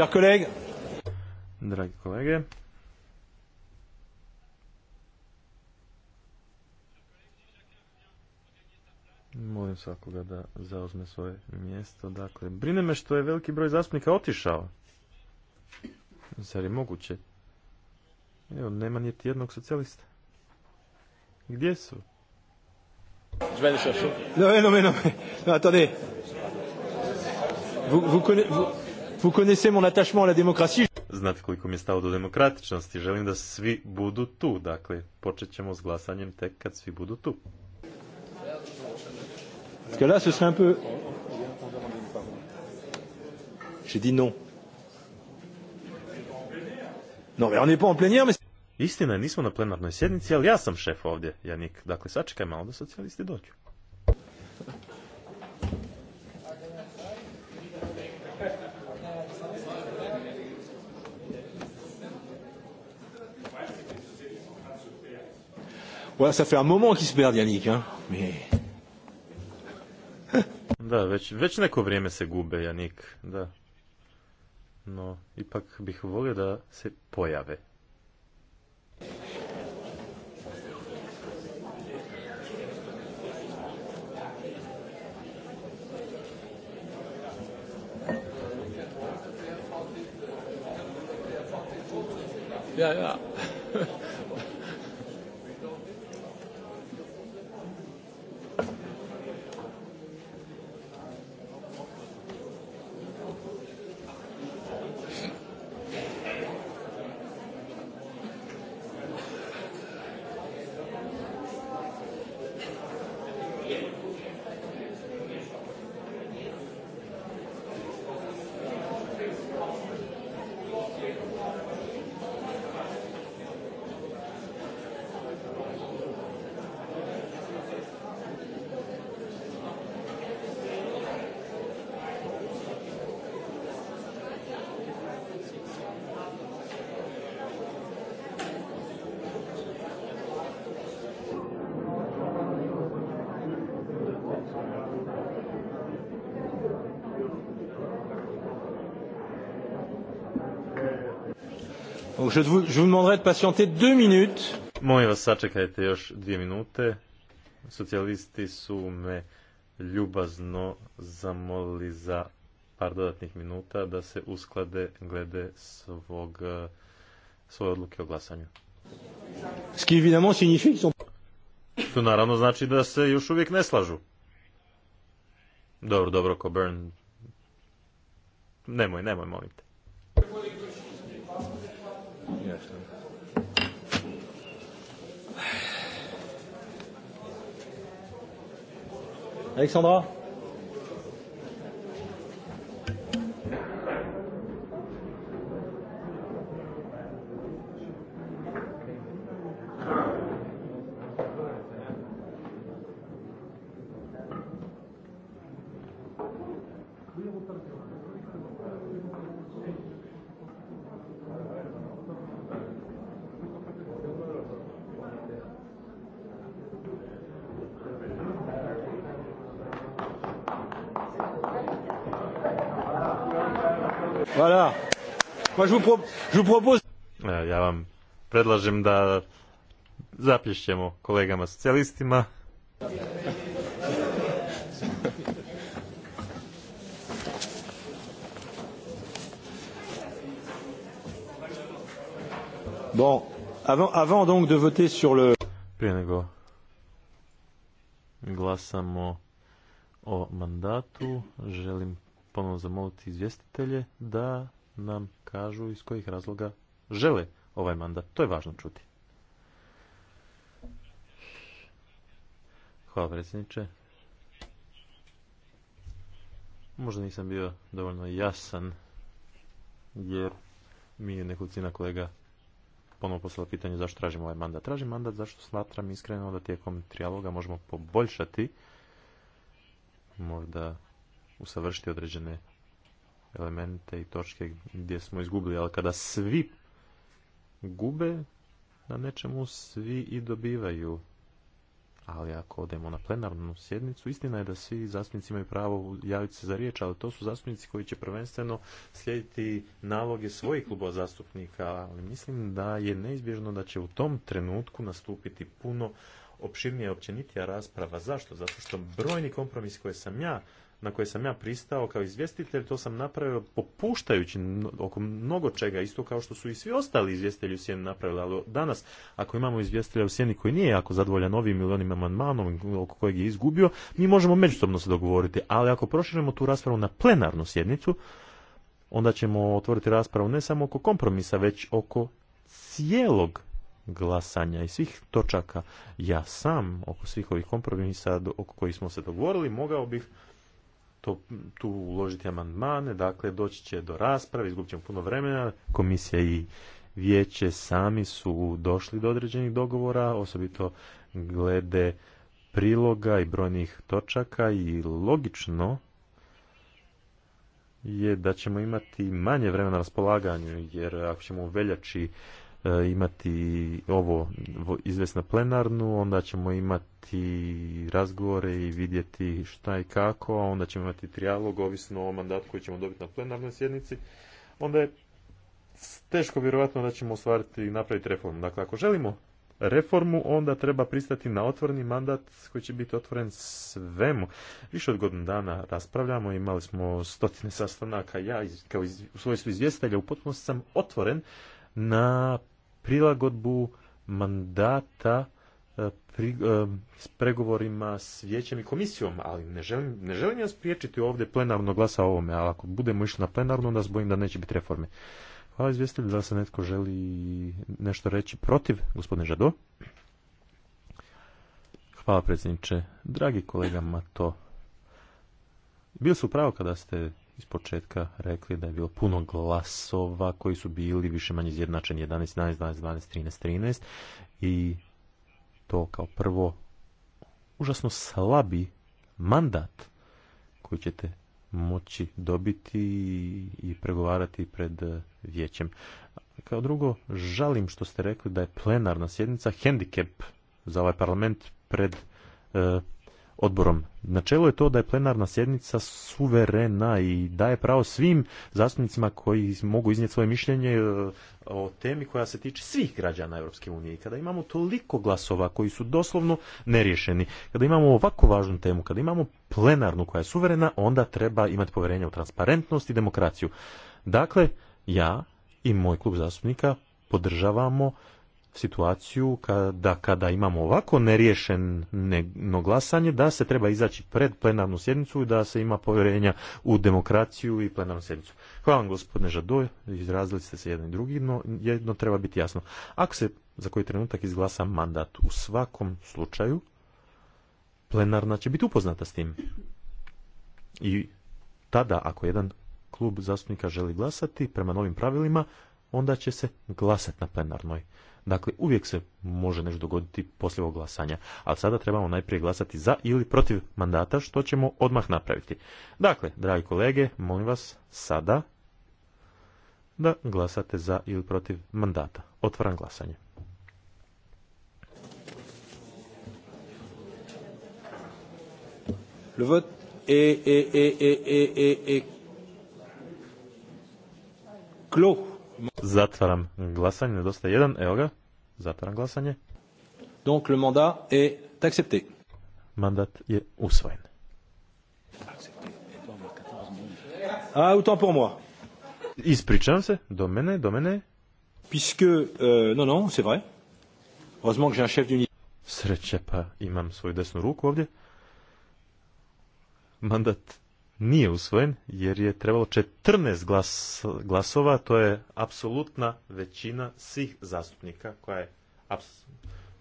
Chers collègues. Dragi kolege. Molim svakoga da zauzme svoje mjesto. Dakle, brine me što je veliki broj zastupnika otišao. Zar je moguće? Evo, nema niti jednog socijalista. Gdje su? attendez. vous connaissez... Vous connaissez mon attachement à la démocratie. Znate koliko mi je stalo do demokratičnosti. Želim da svi budu tu. Dakle, počet ćemo s glasanjem tek kad svi budu tu. Parce là, ce serait un peu... J'ai dit non. Non, mais on n'est pas en plénière, mais... Istina je, nismo na plenarnoj sjednici, ali ja sam šef ovdje, Janik. Dakle, sačekaj malo da socijalisti dođu. Voilà, ça fait un moment qu'ils se perdent, Yannick. Hein, mais... da, već, već neko vrijeme se gube, Janik, da. No, ipak bih volio da se pojave. Ja, ja. vous, je vous Molim vas, sačekajte još dvije minute. Socijalisti su me ljubazno zamolili za par dodatnih minuta da se usklade glede svog, eh, svoje odluke o glasanju. To naravno znači da se još uvijek ne slažu. Dobro, dobro, Coburn. Nemoj, nemoj, molim Alexandra E, ja vam predlažem da zaplješćemo kolegama socijalistima. Bon, avant, avant donc de voter sur le... Prije nego glasamo o mandatu, želim ponovno zamoliti izvjestitelje da nam kažu iz kojih razloga žele ovaj mandat. To je važno čuti. Hvala predsjedniče. Možda nisam bio dovoljno jasan, jer mi je nekolicina kolega ponovno poslala pitanje zašto tražim ovaj mandat. Tražim mandat zašto smatram iskreno da tijekom trijaloga možemo poboljšati, možda usavršiti određene elemente i točke gdje smo izgubili, ali kada svi gube na nečemu, svi i dobivaju. Ali ako odemo na plenarnu sjednicu, istina je da svi zastupnici imaju pravo javiti se za riječ, ali to su zastupnici koji će prvenstveno slijediti naloge svojih klubova zastupnika, ali mislim da je neizbježno da će u tom trenutku nastupiti puno opširnija, općenitija rasprava. Zašto? Zato što brojni kompromis koje sam ja na koje sam ja pristao kao izvjestitelj, to sam napravio popuštajući oko mnogo čega, isto kao što su i svi ostali izvjestitelji u sjeni napravili, ali danas ako imamo izvjestitelja u sjeni koji nije jako zadovoljan ovim ili onim amandmanom oko kojeg je izgubio, mi možemo međusobno se dogovoriti, ali ako proširimo tu raspravu na plenarnu sjednicu, onda ćemo otvoriti raspravu ne samo oko kompromisa, već oko cijelog glasanja i svih točaka. Ja sam oko svih ovih kompromisa oko kojih smo se dogovorili mogao bih to, tu uložiti amandmane, dakle doći će do rasprave, izgubit ćemo puno vremena, komisija i vijeće sami su došli do određenih dogovora, osobito glede priloga i brojnih točaka i logično je da ćemo imati manje vremena na raspolaganju, jer ako ćemo u veljači E, imati ovo izvest na plenarnu, onda ćemo imati razgovore i vidjeti šta i kako, a onda ćemo imati trijalog ovisno o mandatu koji ćemo dobiti na plenarnoj sjednici. Onda je teško vjerojatno da ćemo ostvariti i napraviti reformu. Dakle, ako želimo reformu, onda treba pristati na otvorni mandat koji će biti otvoren svemu. Više od godinu dana raspravljamo, imali smo stotine sastanaka, ja kao iz, u svojstvu izvjestelja u potpunosti sam otvoren na prilagodbu mandata e, pri, e, s pregovorima s vijećem i komisijom, ali ne želim, ne želim spriječiti ovdje plenarno glasa o ovome, ali ako budemo išli na plenarno, onda se da neće biti reforme. Hvala izvjestitelju, da se netko želi nešto reći protiv, gospodine Žado. Hvala predsjedniče. Dragi kolega Mato, bili su pravo kada ste iz početka rekli da je bilo puno glasova koji su bili više manje izjednačeni 11, 11, 12, 12, 13, 13 i to kao prvo užasno slabi mandat koji ćete moći dobiti i pregovarati pred vijećem. Kao drugo, žalim što ste rekli da je plenarna sjednica hendikep za ovaj parlament pred e, odborom. Načelo je to da je plenarna sjednica suverena i daje pravo svim zastupnicima koji mogu iznijeti svoje mišljenje e, o temi koja se tiče svih građana Europske unije. kada imamo toliko glasova koji su doslovno neriješeni, kada imamo ovako važnu temu, kada imamo plenarnu koja je suverena, onda treba imati povjerenje u transparentnost i demokraciju. Dakle, ja i moj klub zastupnika podržavamo situaciju da kada imamo ovako neriješeno glasanje da se treba izaći pred plenarnu sjednicu i da se ima povjerenja u demokraciju i plenarnu sjednicu. Hvala vam gospodine Žadoj, izrazili ste se jedno i drugi, no jedno treba biti jasno. Ako se za koji trenutak izglasa mandat u svakom slučaju, plenarna će biti upoznata s tim. I tada ako jedan klub zastupnika želi glasati prema novim pravilima, onda će se glasati na plenarnoj. Dakle, uvijek se može nešto dogoditi poslije ovog glasanja, ali sada trebamo najprije glasati za ili protiv mandata, što ćemo odmah napraviti. Dakle, dragi kolege, molim vas sada da glasate za ili protiv mandata. Otvaram glasanje. Le vote Zatvaram glasanje, nedostaje jedan, evo ga. Zatvaram glasanje. Donc le mandat est accepté. Mandat je usvojen. A, ah, autant pour moi. Ispričam se, do mene, do mene. Puisque, euh, non, non, c'est vrai. Heureusement que j'ai un chef d'unité. Sreće pa imam svoju desnu ruku ovdje. Mandat nije usvojen jer je trebalo 14 glas, glasova, to je apsolutna većina svih zastupnika koja je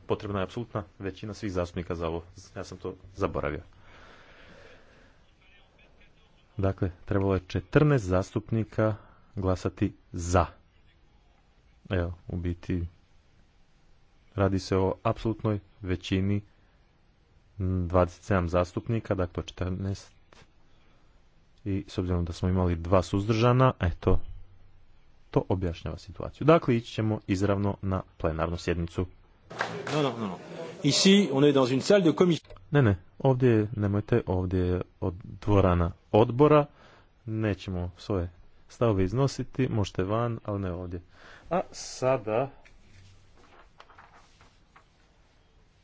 potrebna je apsolutna većina svih zastupnika za ovo. Ja sam to zaboravio. Dakle, trebalo je 14 zastupnika glasati za. Evo, u biti radi se o apsolutnoj većini 27 zastupnika, dakle 14 i s obzirom da smo imali dva suzdržana, eto, to objašnjava situaciju. Dakle, ići ćemo izravno na plenarnu sjednicu. No, no, no. Ici, on dans une salle de Ne, ne, ovdje nemojte, ovdje je od dvorana odbora, nećemo svoje stavove iznositi, možete van, ali ne ovdje. A sada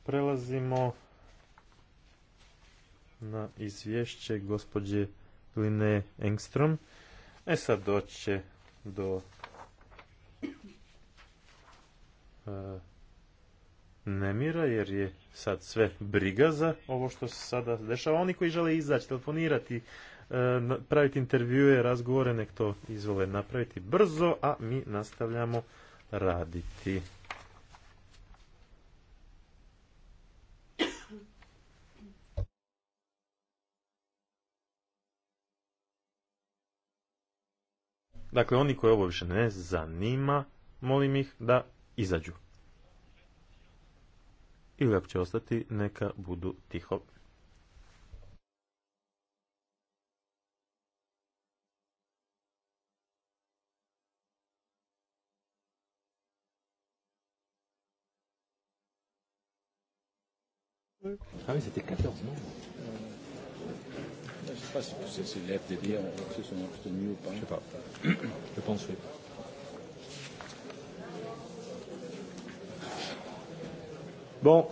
prelazimo na izvješće gospođe Line Engstrom. E sad doće do e, nemira jer je sad sve briga za ovo što se sada dešava. Oni koji žele izaći, telefonirati, e, praviti intervjue, razgovore, nek to izvole napraviti brzo, a mi nastavljamo raditi. Dakle, oni koji ovo više ne zanima, molim ih da izađu. Ili ako će ostati, neka budu tiho. Ah oui, 14 pas si c'est les FDD se sont abstenus ou pas. Je sais pas. Je pense oui. Bon.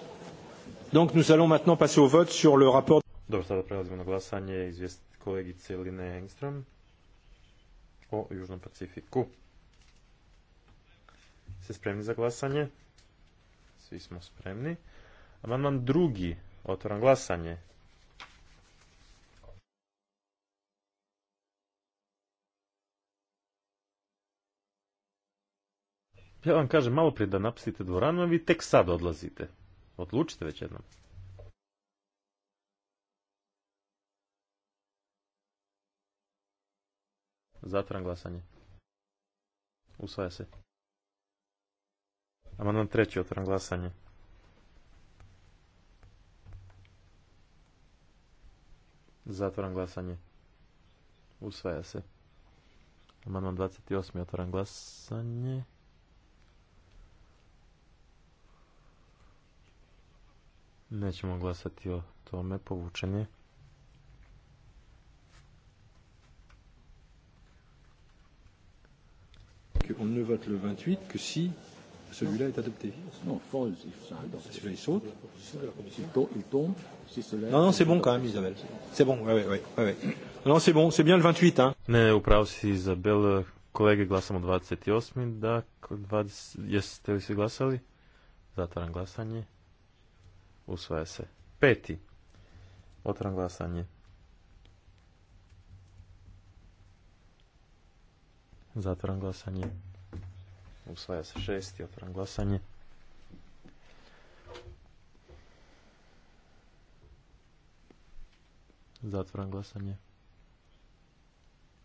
Donc nous allons maintenant passer au vote sur le rapport. Dobro, sada prelazimo na glasanje izvijest kolegice Line Engström o Južnom Pacifiku. Se spremni za glasanje? Svi smo spremni. Amandman drugi, otvoram glasanje. Ja vam kažem malo prije da napustite dvoranu, a vi tek sad odlazite. Odlučite već jednom. Zatvaram glasanje. Usvaja se. Amandman treći, otvaram glasanje. Zatvaram glasanje. Usvaja se. Amandman 28. otvaram glasanje. Nećemo glasati o tome, povučen je. On ne vote le 28 que si celui-là est adopté. Non, false, if ça Celui-là, il saute. Il tombe. Il tombe si cela non, non, c'est bon quand même, Isabelle. C'est bon, oui, oui, oui. ouais. Non, c'est bon, c'est bien le 28, hein. au upravo si, Isabelle, kolege, glasamo 28. da, 20, jeste li se glasali? Zatvaram glasanje. Usvaja se. Peti. Otvaram glasanje. Zatvaram glasanje. Usvaja se šesti. Otvaram glasanje. Zatvaram glasanje.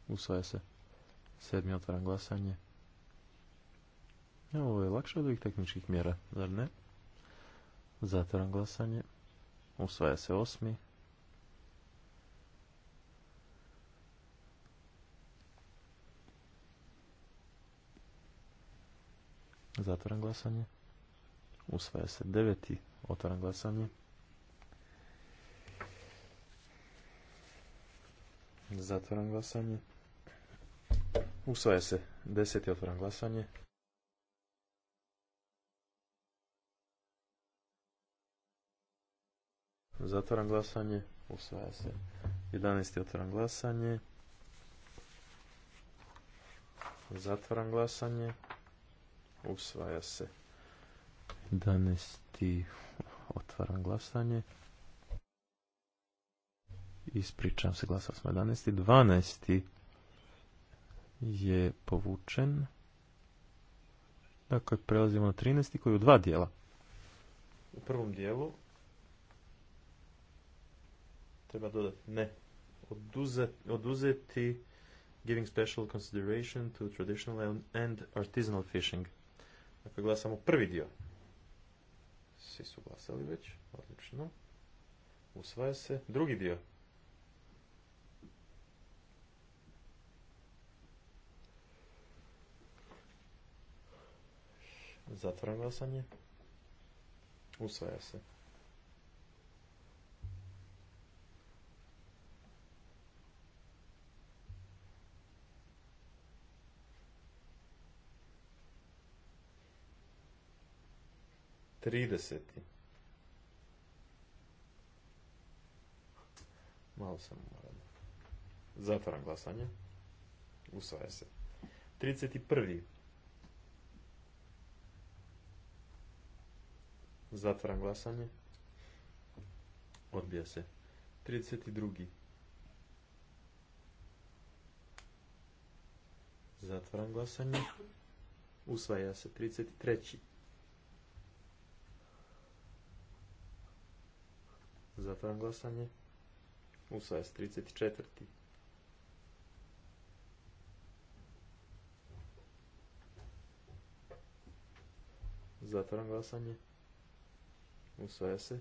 Usvaja se. Sedmi otvaram glasanje. Ovo je lakše od ovih tehničkih mjera, zar ne? Zatvoram glasanje. Usvaja se osmi. Zatvoram glasanje. Usvaja se deveti. Otvaram glasanje. Zatvaram glasanje. Usvaja se deseti. Otvaram glasanje. Zatvaram glasanje. Usvaja se. 11. Otvaram glasanje. Zatvaram glasanje. Usvaja se. 11. Otvaram glasanje. ispričam se, glasao smo 11. 12. je povučen. Dakle, prelazimo na 13. koji je u dva dijela. U prvom dijelu treba dodati ne oduzeti, oduzeti giving special consideration to traditional and artisanal fishing. Dakle, glasamo prvi dio. Svi su glasali već, odlično. Usvaja se drugi dio. Zatvaram glasanje. Usvaja se. 30. Malo sam moram. Zatvaram glasanje. Usvaja se. 31. Zatvaram glasanje. Odbija se. 32. Zatvaram glasanje. Usvaja se. 33. Zatvaram glasanje. Usvaja se 34. Zatvaram glasanje. Usvaja se.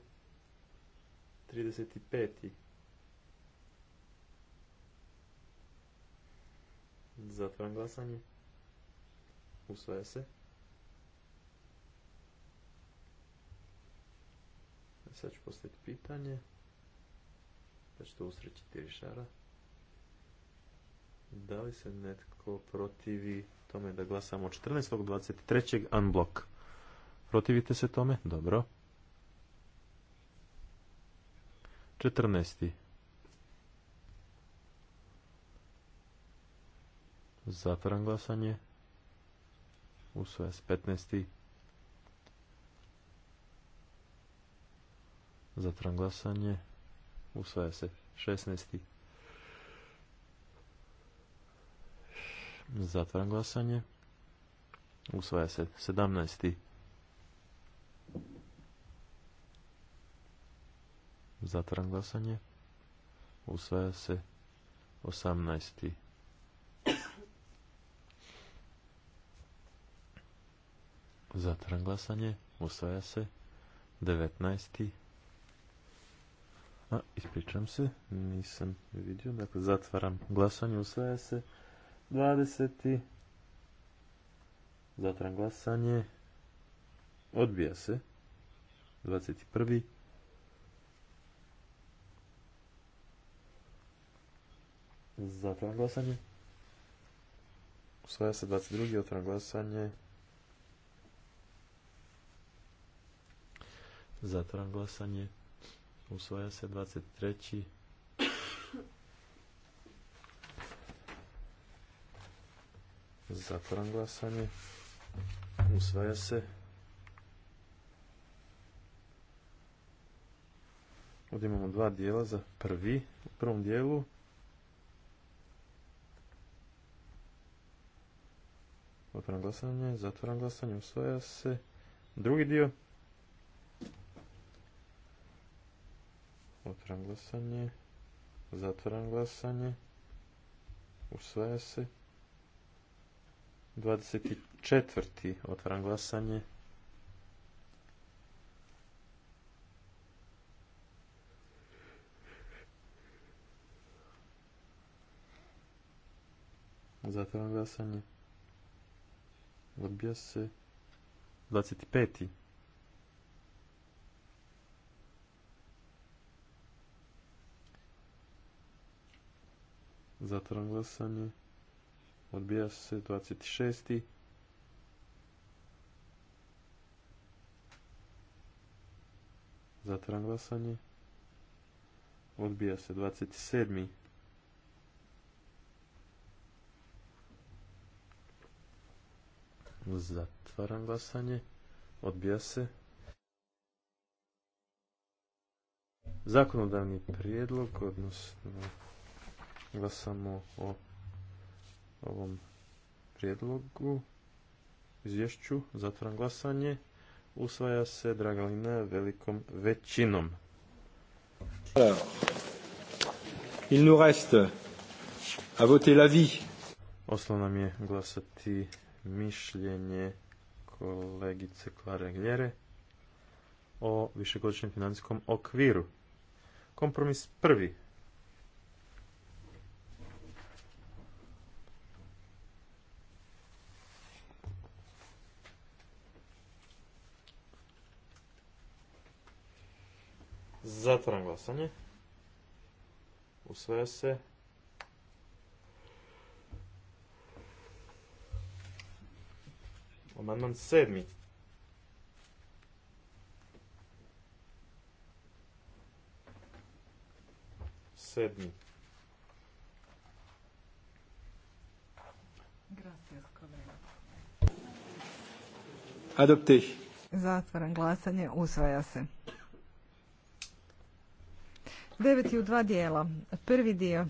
35. Zatvaram glasanje. Usvaja se. Sad ću postaviti pitanje. Da ćete usreći tirišara. Da li se netko protivi tome da glasamo 14.23. unblock? Protivite se tome? Dobro. 14. Zatvaram glasanje. Usvaja se 15. Zatvaram glasanje. Usvaja se 16. Zatvaram glasanje. Usvaja se 17. Zatvaram glasanje. Usvaja se 18. Zatvaram glasanje. Usvaja se 19. A, ispričam se, nisam vidio. Dakle, zatvaram glasanje, usvaja se. 20. Zatvaram glasanje. Odbija se. 21. Zatvaram glasanje. Usvaja se 22. Otvaram glasanje. Zatvaram glasanje usvaja se 23. Zatvoram glasanje. Usvaja se. Ovdje imamo dva dijela za prvi. U prvom dijelu otvoram glasanje, zatvoram glasanje, usvaja se. Drugi dio. Otvaram glasanje. Zatvaram glasanje. Usvaja se. 24. Otvaram glasanje. Zatvaram glasanje. Odbija se. 25. Zatvaram glasanje. Odbija se 26. Zatvaram glasanje. Odbija se 27. Zatvaram glasanje. Odbija se. Zakonodavni prijedlog, odnosno glasamo o ovom prijedlogu izvješću. Zatvaram glasanje. Usvaja se Dragalina velikom većinom. il nous reste voter Oslo nam je glasati mišljenje kolegice Klare Gljere o višegodišnjem financijskom okviru. Kompromis prvi glasanje. Usvaja se. Amandman sedmi. Sedmi. Adoptih. Zatvaram glasanje. Usvaja se deveti u dva dijela. Prvi dio.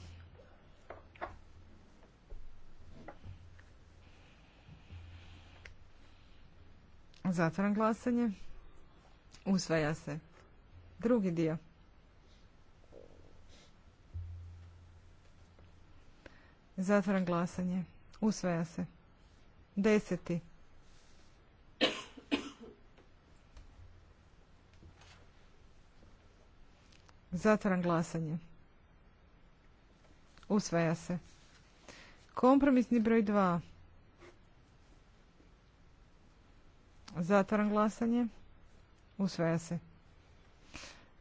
Zatvaram glasanje. Usvaja se. Drugi dio. Zatvaram glasanje. Usvaja se. Deseti. Zatvaram glasanje. Usvaja se. Kompromisni broj 2. Zatvaram glasanje. Usvaja se.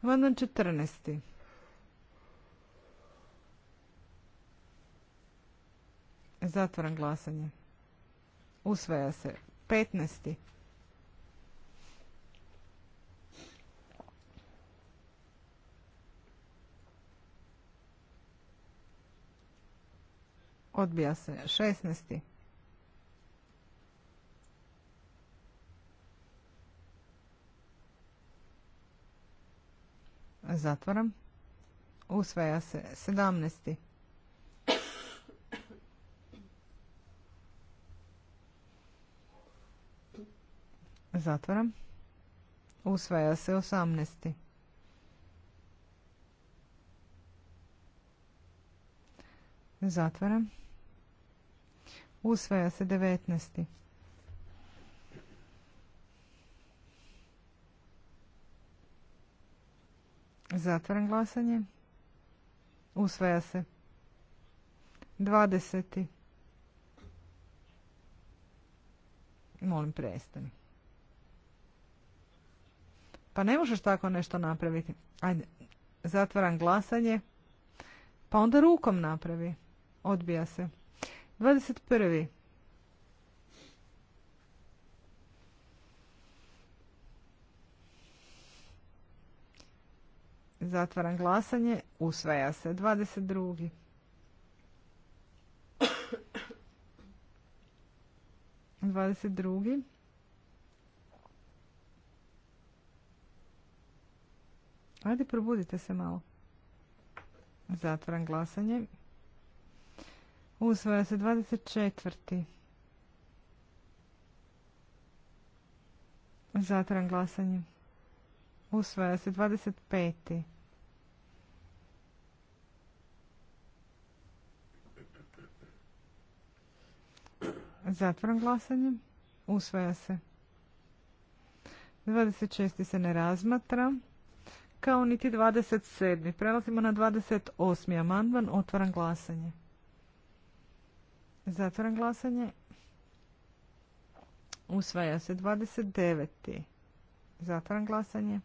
Amandman 14. Zatvaram glasanje. Usvaja se. 15. Odbija se 16. Zatvaram. Usvaja se 17. Zatvaram. Usvaja se 18. Zatvaram. Usvaja se 19. Zatvaram glasanje. Usvaja se. 20. Molim, prestani. Pa ne možeš tako nešto napraviti. Ajde, zatvaram glasanje. Pa onda rukom napravi. Odbija se. 21. Zatvaram glasanje. Usvaja se. 22. Dvadeset drugi. Ajde, probudite se malo. Zatvaram glasanje. Usvaja se 24. Zatran glasanje. Usvaja se 25. zatvaram glasanje. Usvaja se. 26. se ne razmatra. Kao niti 27. Prelazimo na 28. amandman. Otvaram glasanje. Zatvoram glasanje. Usvaja se 29. Zatvoram glasanje.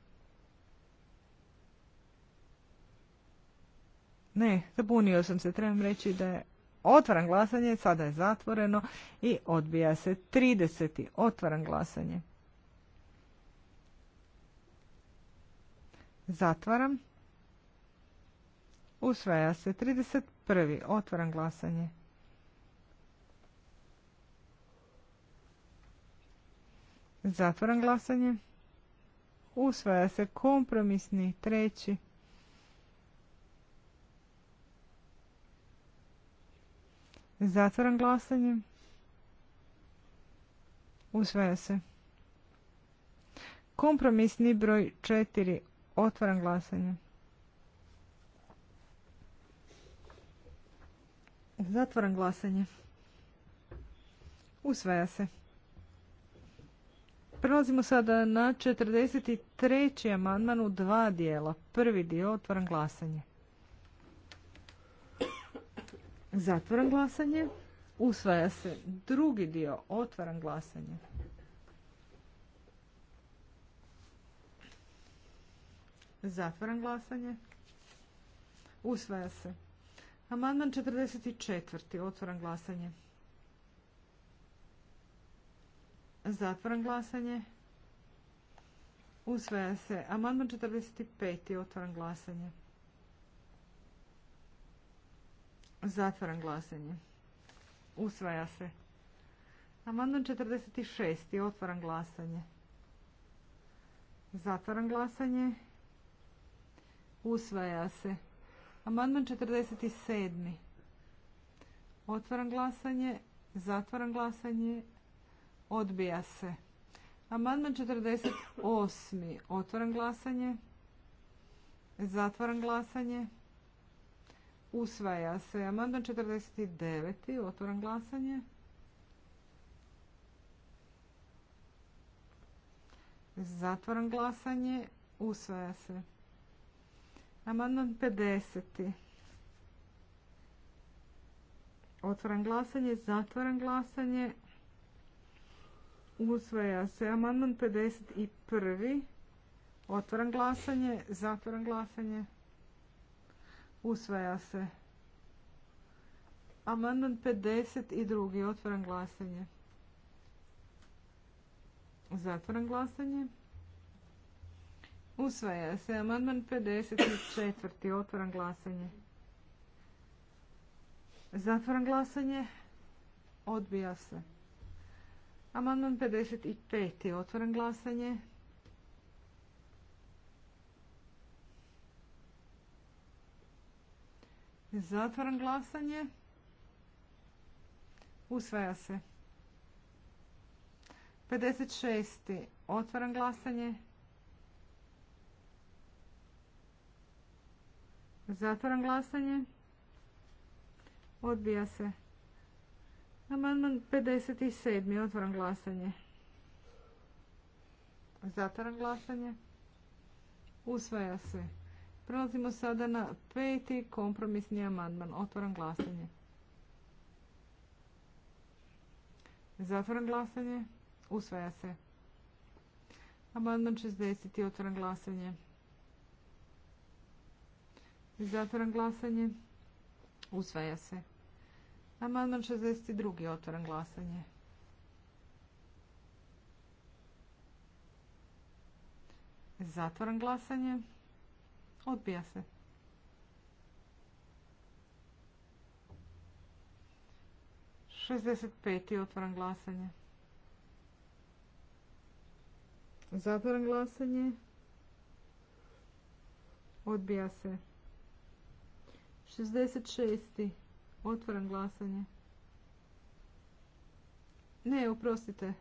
Ne, zabunio sam se. Trebam reći da je otvaram glasanje, sada je zatvoreno i odbija se 30. Otvaram glasanje. Zatvaram. Usvaja se 31. Otvaram glasanje. Zatvoram glasanje. Usvaja se kompromisni treći. Zatvoram glasanje. Usvaja se. Kompromisni broj četiri. Otvaram glasanje. Zatvaram glasanje. Usvaja se. Prelazimo sada na 43. amandman u dva dijela. Prvi dio otvoran glasanje. Zatvoran glasanje. Usvaja se drugi dio otvaran glasanje. Zatvoran glasanje. Usvaja se. Amandman 44. otvoran glasanje. Zatvoram glasanje. Usvaja se. Amandman 45. Otvoram glasanje. Zatvoram glasanje. Usvaja se. Amandman 46. Otvoram glasanje. Zatvoram glasanje. Usvaja se. Amandman 47. Otvoram glasanje. Zatvoram glasanje. Odbija se. Amandman 48. otvoran glasanje. Zatvoran glasanje. Usvaja se. Amandman 49. otvoran glasanje. Zatvoran glasanje. Usvaja se. Amandman 50. Otvoran glasanje. zatvoran glasanje. Usvaja se amandman 51. Otvaram glasanje. Zatvaram glasanje. Usvaja se. Amandman 52. Otvaram glasanje. Zatvaram glasanje. Usvaja se. Amandman 54. Otvaram glasanje. Zatvaram glasanje. Odbija se. Amandman 55. Otvoren glasanje. Zatvoren glasanje. Usvaja se. 56. Otvoren glasanje. Zatvoren glasanje. Odbija se. Amandman 57. Otvoram glasanje. Zatvaram glasanje. Usvaja se. Prelazimo sada na peti kompromisni amandman. Otvoram glasanje. Zatvoram glasanje. Usvaja se. Amandman 60. Otvoram glasanje. Zatvoram glasanje. Usvaja se. Amandman 62. Otvoren glasanje. Zatvoren glasanje. Odbija se. Šestdeset pet otvoran glasanje. Zatvoran glasanje. Odbija se. Šestdeset šesti. Otvaram glasanje. Ne, oprostite.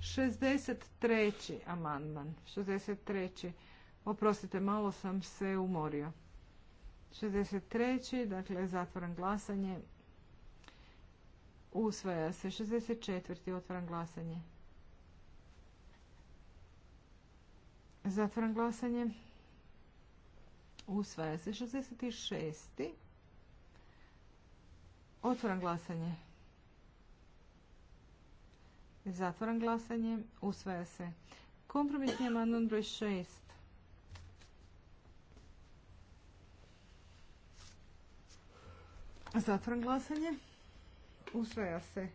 63. amandman. 63. Oprostite, malo sam se umorio. 63. Dakle, zatvoran glasanje. Usvaja se. 64. otvoram glasanje. Zatvoran glasanje. Usvaja se. 66. Otvoram glasanje. Zatvoram glasanje. Usvaja se. Kompromisni amandman broj 6. Zatvoram glasanje. Usvaja se.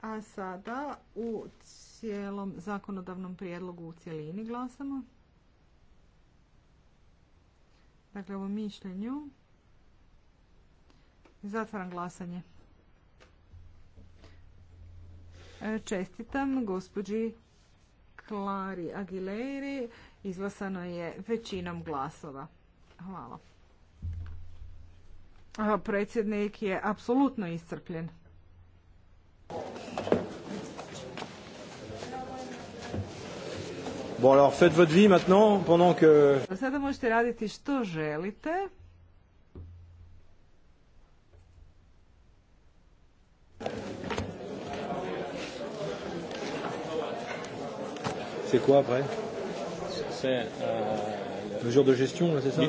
A sada u cijelom zakonodavnom prijedlogu u cijelini glasamo. Dakle, ovom mišljenju. Zatvaram glasanje. E, čestitam gospođi Klari Aguileri. Izglasano je većinom glasova. Hvala. predsjednik je apsolutno iscrpljen. Sada možete raditi što želite. C'est quoi après C'est euh, mesure de gestion, c'est ça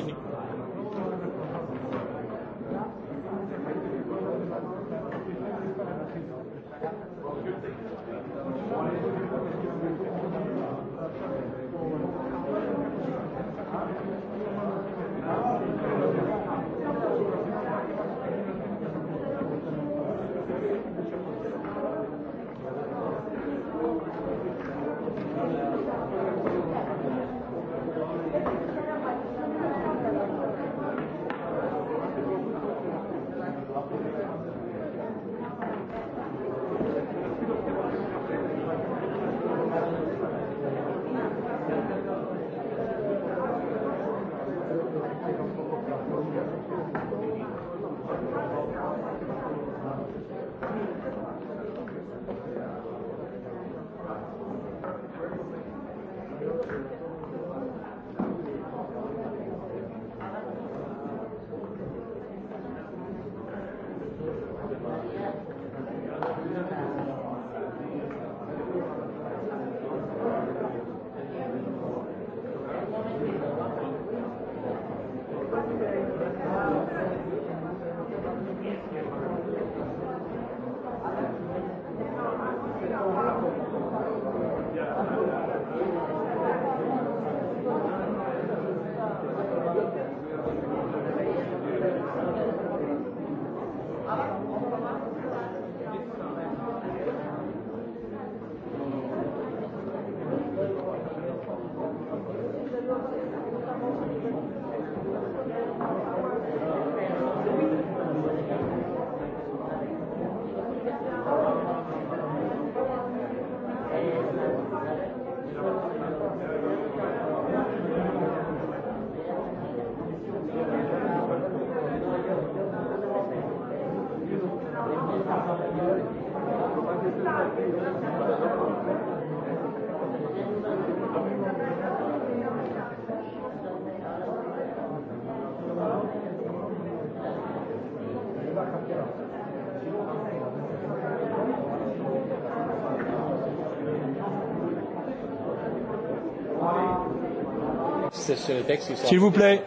S'il vous plaît.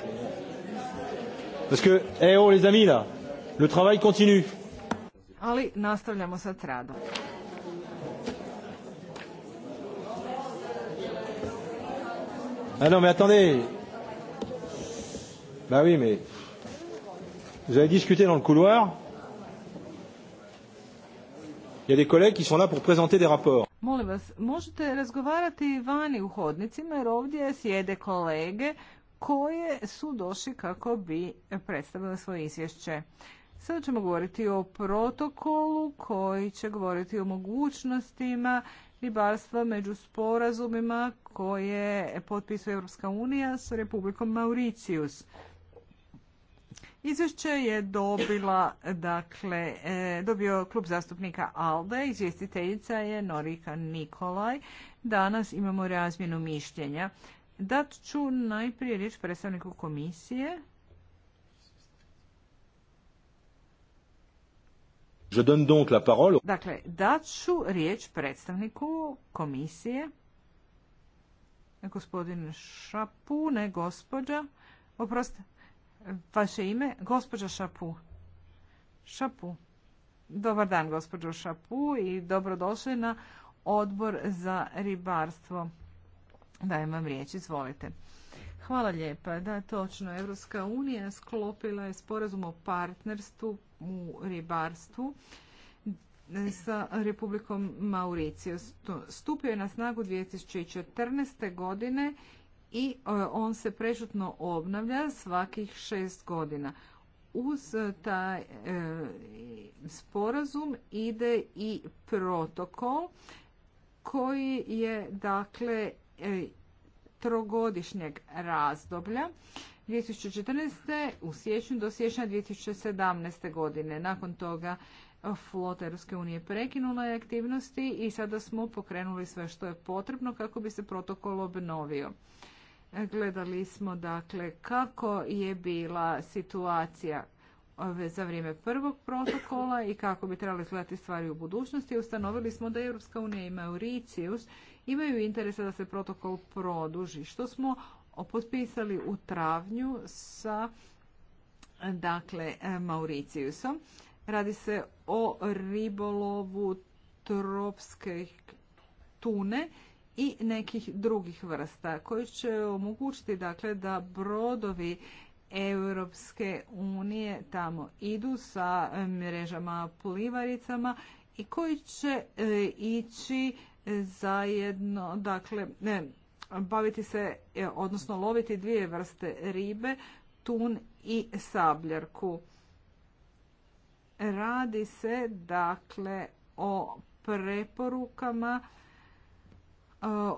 Parce que, eh oh les amis là, le travail continue. Ali nastavljamo sad radom. Ah non mais attendez. Bah oui mais vous avez discuté dans le couloir. Il y a des collègues qui sont là pour présenter des rapports. Molim vas, možete razgovarati vani u hodnicima jer ovdje sjede kolege koje su došli kako bi predstavili svoje izvješće. Sada ćemo govoriti o protokolu koji će govoriti o mogućnostima ribarstva među sporazumima koje potpisuje Europska unija s Republikom Mauritius. Izvješće je dobila, dakle, e, dobio klub zastupnika ALDE, izvjestiteljica je Norika Nikolaj. Danas imamo razmjenu mišljenja. Dat ću najprije riječ predstavniku komisije. Je donne donc la parole. Dakle, dat ću riječ predstavniku komisije. Gospodin Šapu, ne gospođa. Oprostite. Vaše ime? Gospođa Šapu. Šapu. Dobar dan, gospođo Šapu i dobrodošli na odbor za ribarstvo. Dajem vam riječ, izvolite. Hvala lijepa. Da, točno. Evropska unija sklopila je sporazum o partnerstvu u ribarstvu sa Republikom Mauricijos. Stupio je na snagu 2014. godine i e, on se prešutno obnavlja svakih šest godina. Uz taj e, sporazum ide i protokol koji je dakle e, trogodišnjeg razdoblja 2014. u siječnju do siječnja 2017. godine. Nakon toga flota Europske unije prekinula je aktivnosti i sada smo pokrenuli sve što je potrebno kako bi se protokol obnovio. Gledali smo dakle kako je bila situacija e, za vrijeme prvog protokola i kako bi trebali gledati stvari u budućnosti. Ustanovili smo da Europska unija i Mauricius imaju interese da se protokol produži, što smo potpisali u travnju sa dakle, e, Mauriciusom. Radi se o ribolovu tropske tune i nekih drugih vrsta koji će omogućiti dakle da brodovi Europske unije tamo idu sa mrežama plivaricama i koji će e, ići zajedno, dakle, ne, baviti se, e, odnosno loviti dvije vrste ribe, tun i sabljarku. Radi se, dakle, o preporukama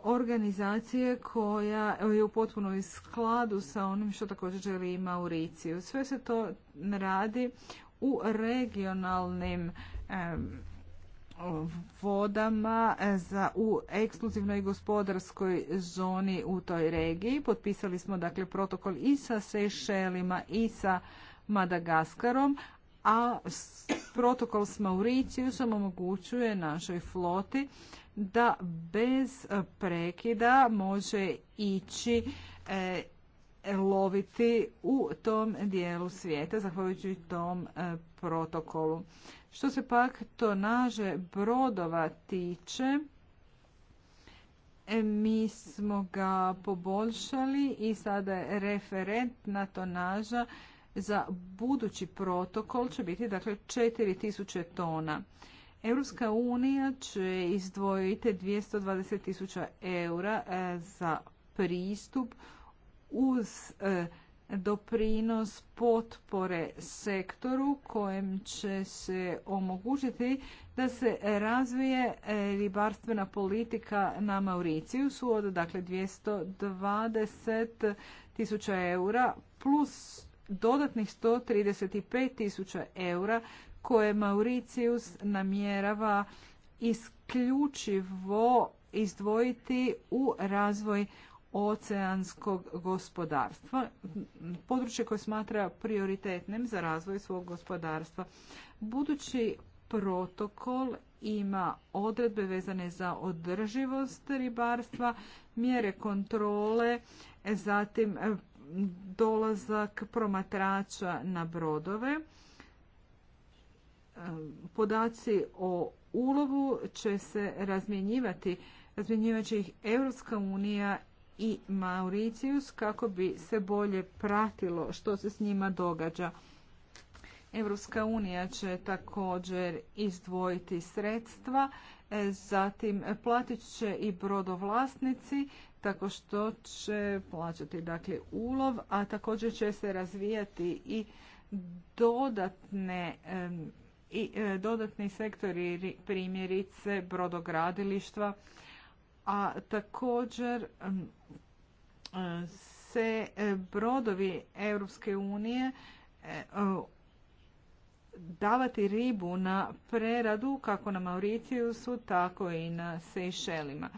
organizacije koja je u potpuno skladu sa onim što također želi Mauriciju. Sve se to radi u regionalnim vodama e, za, u ekskluzivnoj gospodarskoj zoni u toj regiji. Potpisali smo dakle protokol i sa Sešelima i sa Madagaskarom, a protokol s Mauricijusom omogućuje našoj floti da bez e, prekida može ići e, loviti u tom dijelu svijeta, zahvaljujući tom e, protokolu. Što se pak tonaže brodova tiče, mi smo ga poboljšali i sada je referentna tonaža za budući protokol će biti dakle 4000 tona. Europska unija će izdvojiti 220.000 eura e, za pristup uz e, doprinos potpore sektoru kojem će se omogućiti da se razvije e, ribarstvena politika na su od dakle 220.000 tisuća eura plus dodatnih 135 tisuća eura koje Mauricius namjerava isključivo izdvojiti u razvoj oceanskog gospodarstva, područje koje smatra prioritetnim za razvoj svog gospodarstva. Budući protokol ima odredbe vezane za održivost ribarstva, mjere kontrole, zatim dolazak promatrača na brodove. E, podaci o ulovu će se razmjenjivati. Razmjenjivat će ih Europska unija i Mauricijus kako bi se bolje pratilo što se s njima događa. Europska unija će također izdvojiti sredstva, e, zatim platit će i brodovlasnici tako što će plaćati dakle, ulov, a također će se razvijati i dodatne i e, dodatni sektori primjerice brodogradilišta, a također se e, brodovi Europske unije e, davati ribu na preradu kako na Mauricijusu, tako i na Sejšelima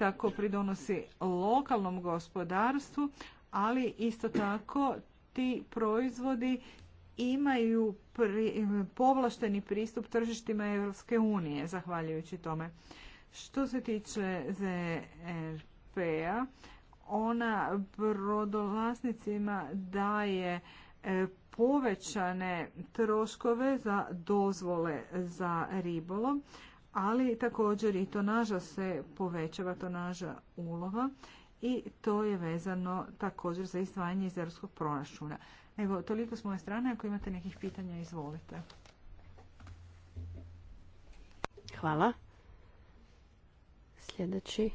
tako pridonosi lokalnom gospodarstvu, ali isto tako ti proizvodi imaju povlašteni pristup tržištima Europske unije, zahvaljujući tome. Što se tiče ZRP-a, ona brodovlasnicima daje e, povećane troškove za dozvole za ribolov, ali također i tonaža se povećava, tonaža ulova i to je vezano također za izdvajanje iz europskog proračuna. Evo, toliko s moje strane. Ako imate nekih pitanja, izvolite. Hvala. Sljedeći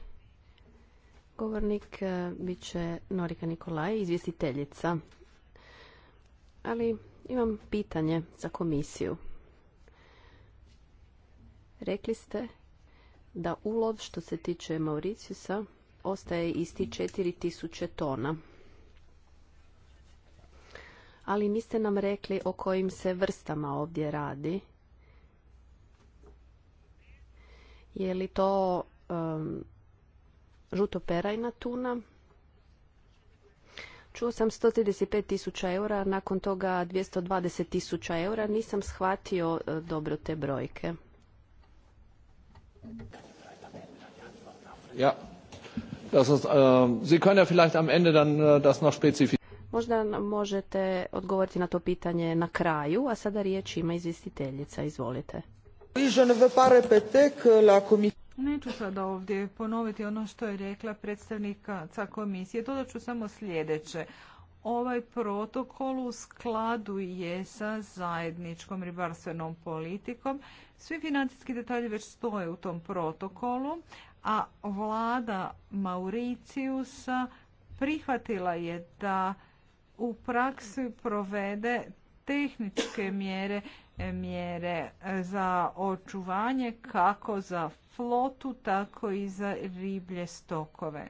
govornik e, bit će Norika Nikolaj, izvjestiteljica. Ali imam pitanje za komisiju. Rekli ste da ulov što se tiče Mauricijusa ostaje isti 4000 tona. Ali niste nam rekli o kojim se vrstama ovdje radi. Je li to um, žutoperajna tuna? Čuo sam 135.000 tisuća eura, nakon toga 220.000 tisuća eura. Nisam shvatio e, dobro te brojke. Ja. Das ist, ähm, Sie können ja vielleicht am Ende dann äh, das noch spezifizieren. Možda možete odgovoriti na to pitanje na kraju, a sada riječ ima izvjestiteljica. Izvolite. Neću sada ovdje ponoviti ono što je rekla predstavnica komisije. Dodat ću samo sljedeće ovaj protokol u skladu je sa zajedničkom ribarstvenom politikom. Svi financijski detalji već stoje u tom protokolu, a vlada Mauricijusa prihvatila je da u praksi provede tehničke mjere, mjere za očuvanje kako za flotu, tako i za riblje stokove.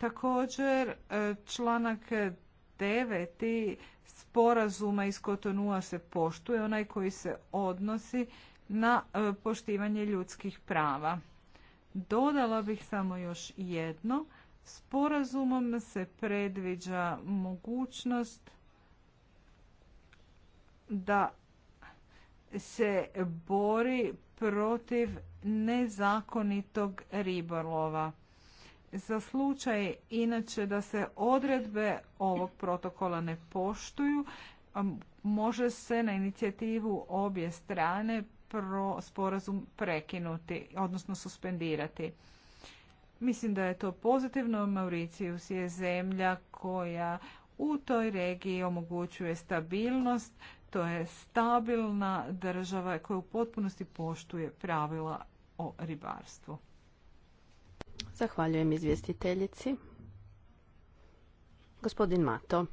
Također e, članak 9. sporazuma iz Kotonua se poštuje, onaj koji se odnosi na e, poštivanje ljudskih prava. Dodala bih samo još jedno. Sporazumom se predviđa mogućnost da se bori protiv nezakonitog ribolova. Za slučaj inače da se odredbe ovog protokola ne poštuju, može se na inicijativu obje strane pro sporazum prekinuti, odnosno suspendirati. Mislim da je to pozitivno. Mauricijus je zemlja koja u toj regiji omogućuje stabilnost. To je stabilna država koja u potpunosti poštuje pravila o ribarstvu. Zahvaljujem izvjestiteljici. Gospodin Mato,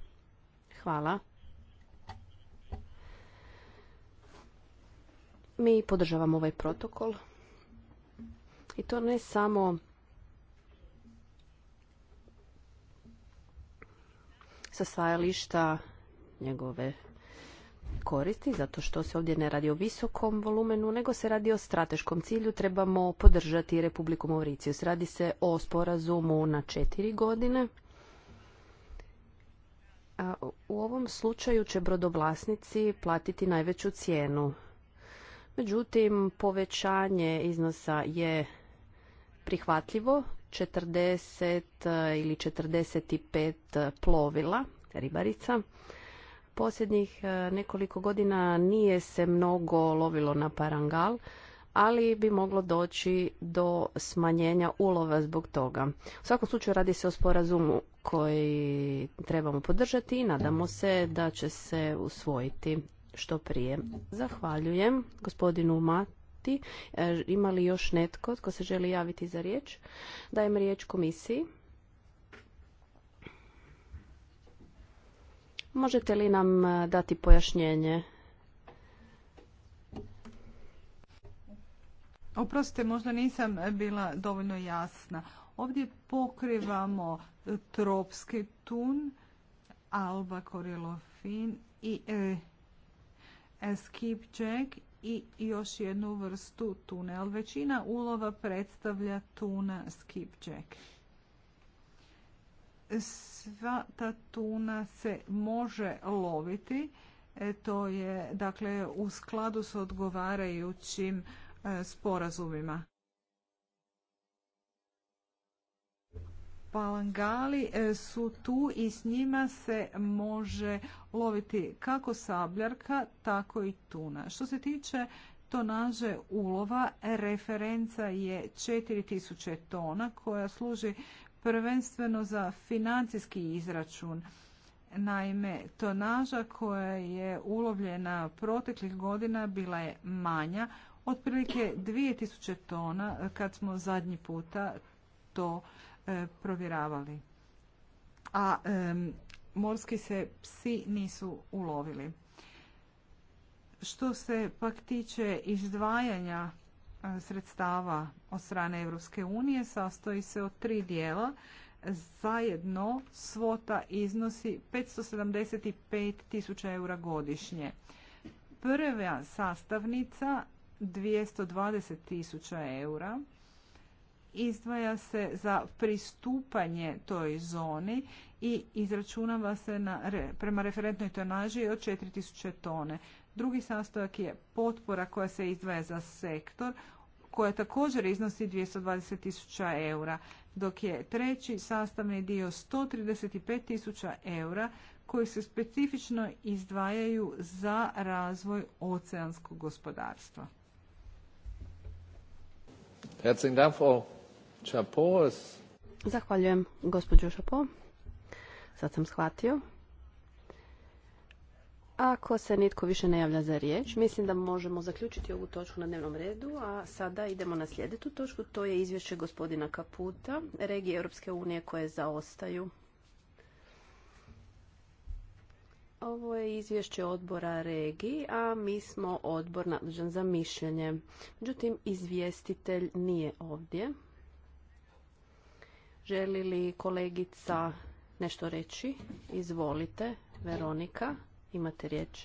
hvala. Mi podržavamo ovaj protokol i to ne samo sa stajališta njegove koristi, zato što se ovdje ne radi o visokom volumenu, nego se radi o strateškom cilju. Trebamo podržati Republiku Mauricius. Radi se o sporazumu na četiri godine. A u ovom slučaju će brodovlasnici platiti najveću cijenu. Međutim, povećanje iznosa je prihvatljivo. 40 eh, ili 45 plovila, ribarica, Posljednjih e, nekoliko godina nije se mnogo lovilo na parangal, ali bi moglo doći do smanjenja ulova zbog toga. U svakom slučaju radi se o sporazumu koji trebamo podržati i nadamo se da će se usvojiti što prije. Zahvaljujem gospodinu Mati. E, ima li još netko tko se želi javiti za riječ? Dajem riječ komisiji. Možete li nam e, dati pojašnjenje? Oprostite, možda nisam bila dovoljno jasna. Ovdje pokrivamo tropski tun, alba korilofin i e, skip skipjack i još jednu vrstu tune. većina ulova predstavlja tuna skipjack sva ta tuna se može loviti. E, to je dakle u skladu s odgovarajućim e, sporazumima. palangali e, su tu i s njima se može loviti kako sabljarka, tako i tuna. Što se tiče tonaže ulova, referenca je 4000 tona koja služi prvenstveno za financijski izračun. Naime, tonaža koja je ulovljena proteklih godina bila je manja, otprilike 2000 tona kad smo zadnji puta to e, provjeravali. A morski se psi nisu ulovili. Što se pak tiče izdvajanja sredstava od strane Europske unije sastoji se od tri dijela. Zajedno svota iznosi 575 tisuća eura godišnje. Prva sastavnica 220 tisuća eura izdvaja se za pristupanje toj zoni i izračunava se prema referentnoj tonaži od 4000 tone. Drugi sastojak je potpora koja se izdvaja za sektor koja također iznosi 220 tisuća eura, dok je treći sastavni dio 135 tisuća eura koji se specifično izdvajaju za razvoj oceanskog gospodarstva. Zahvaljujem gospođu Šapo. Sad sam shvatio ako se nitko više ne javlja za riječ, mislim da možemo zaključiti ovu točku na dnevnom redu, a sada idemo na sljedeću točku, to je izvješće gospodina Kaputa, regije Europske unije koje zaostaju. Ovo je izvješće odbora regiji, a mi smo odbor nadležan za mišljenje. Međutim, izvjestitelj nije ovdje. Želi li kolegica nešto reći? Izvolite, Veronika. Imate riječ.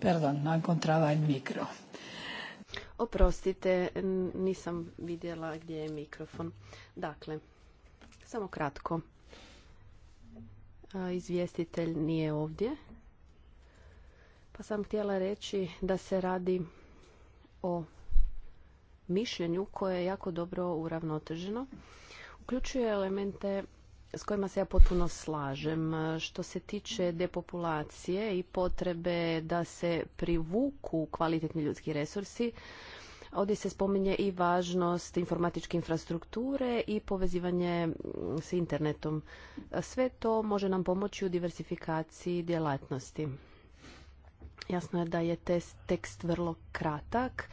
Perdon, no Oprostite, nisam vidjela gdje je mikrofon. Dakle, samo kratko. Izvjestitelj nije ovdje. Pa sam htjela reći da se radi o mišljenju koje je jako dobro uravnoteženo. Uključuje elemente s kojima se ja potpuno slažem. Što se tiče depopulacije i potrebe da se privuku kvalitetni ljudski resursi, Ovdje se spominje i važnost informatičke infrastrukture i povezivanje s internetom. Sve to može nam pomoći u diversifikaciji djelatnosti. Jasno je da je tekst vrlo kratak,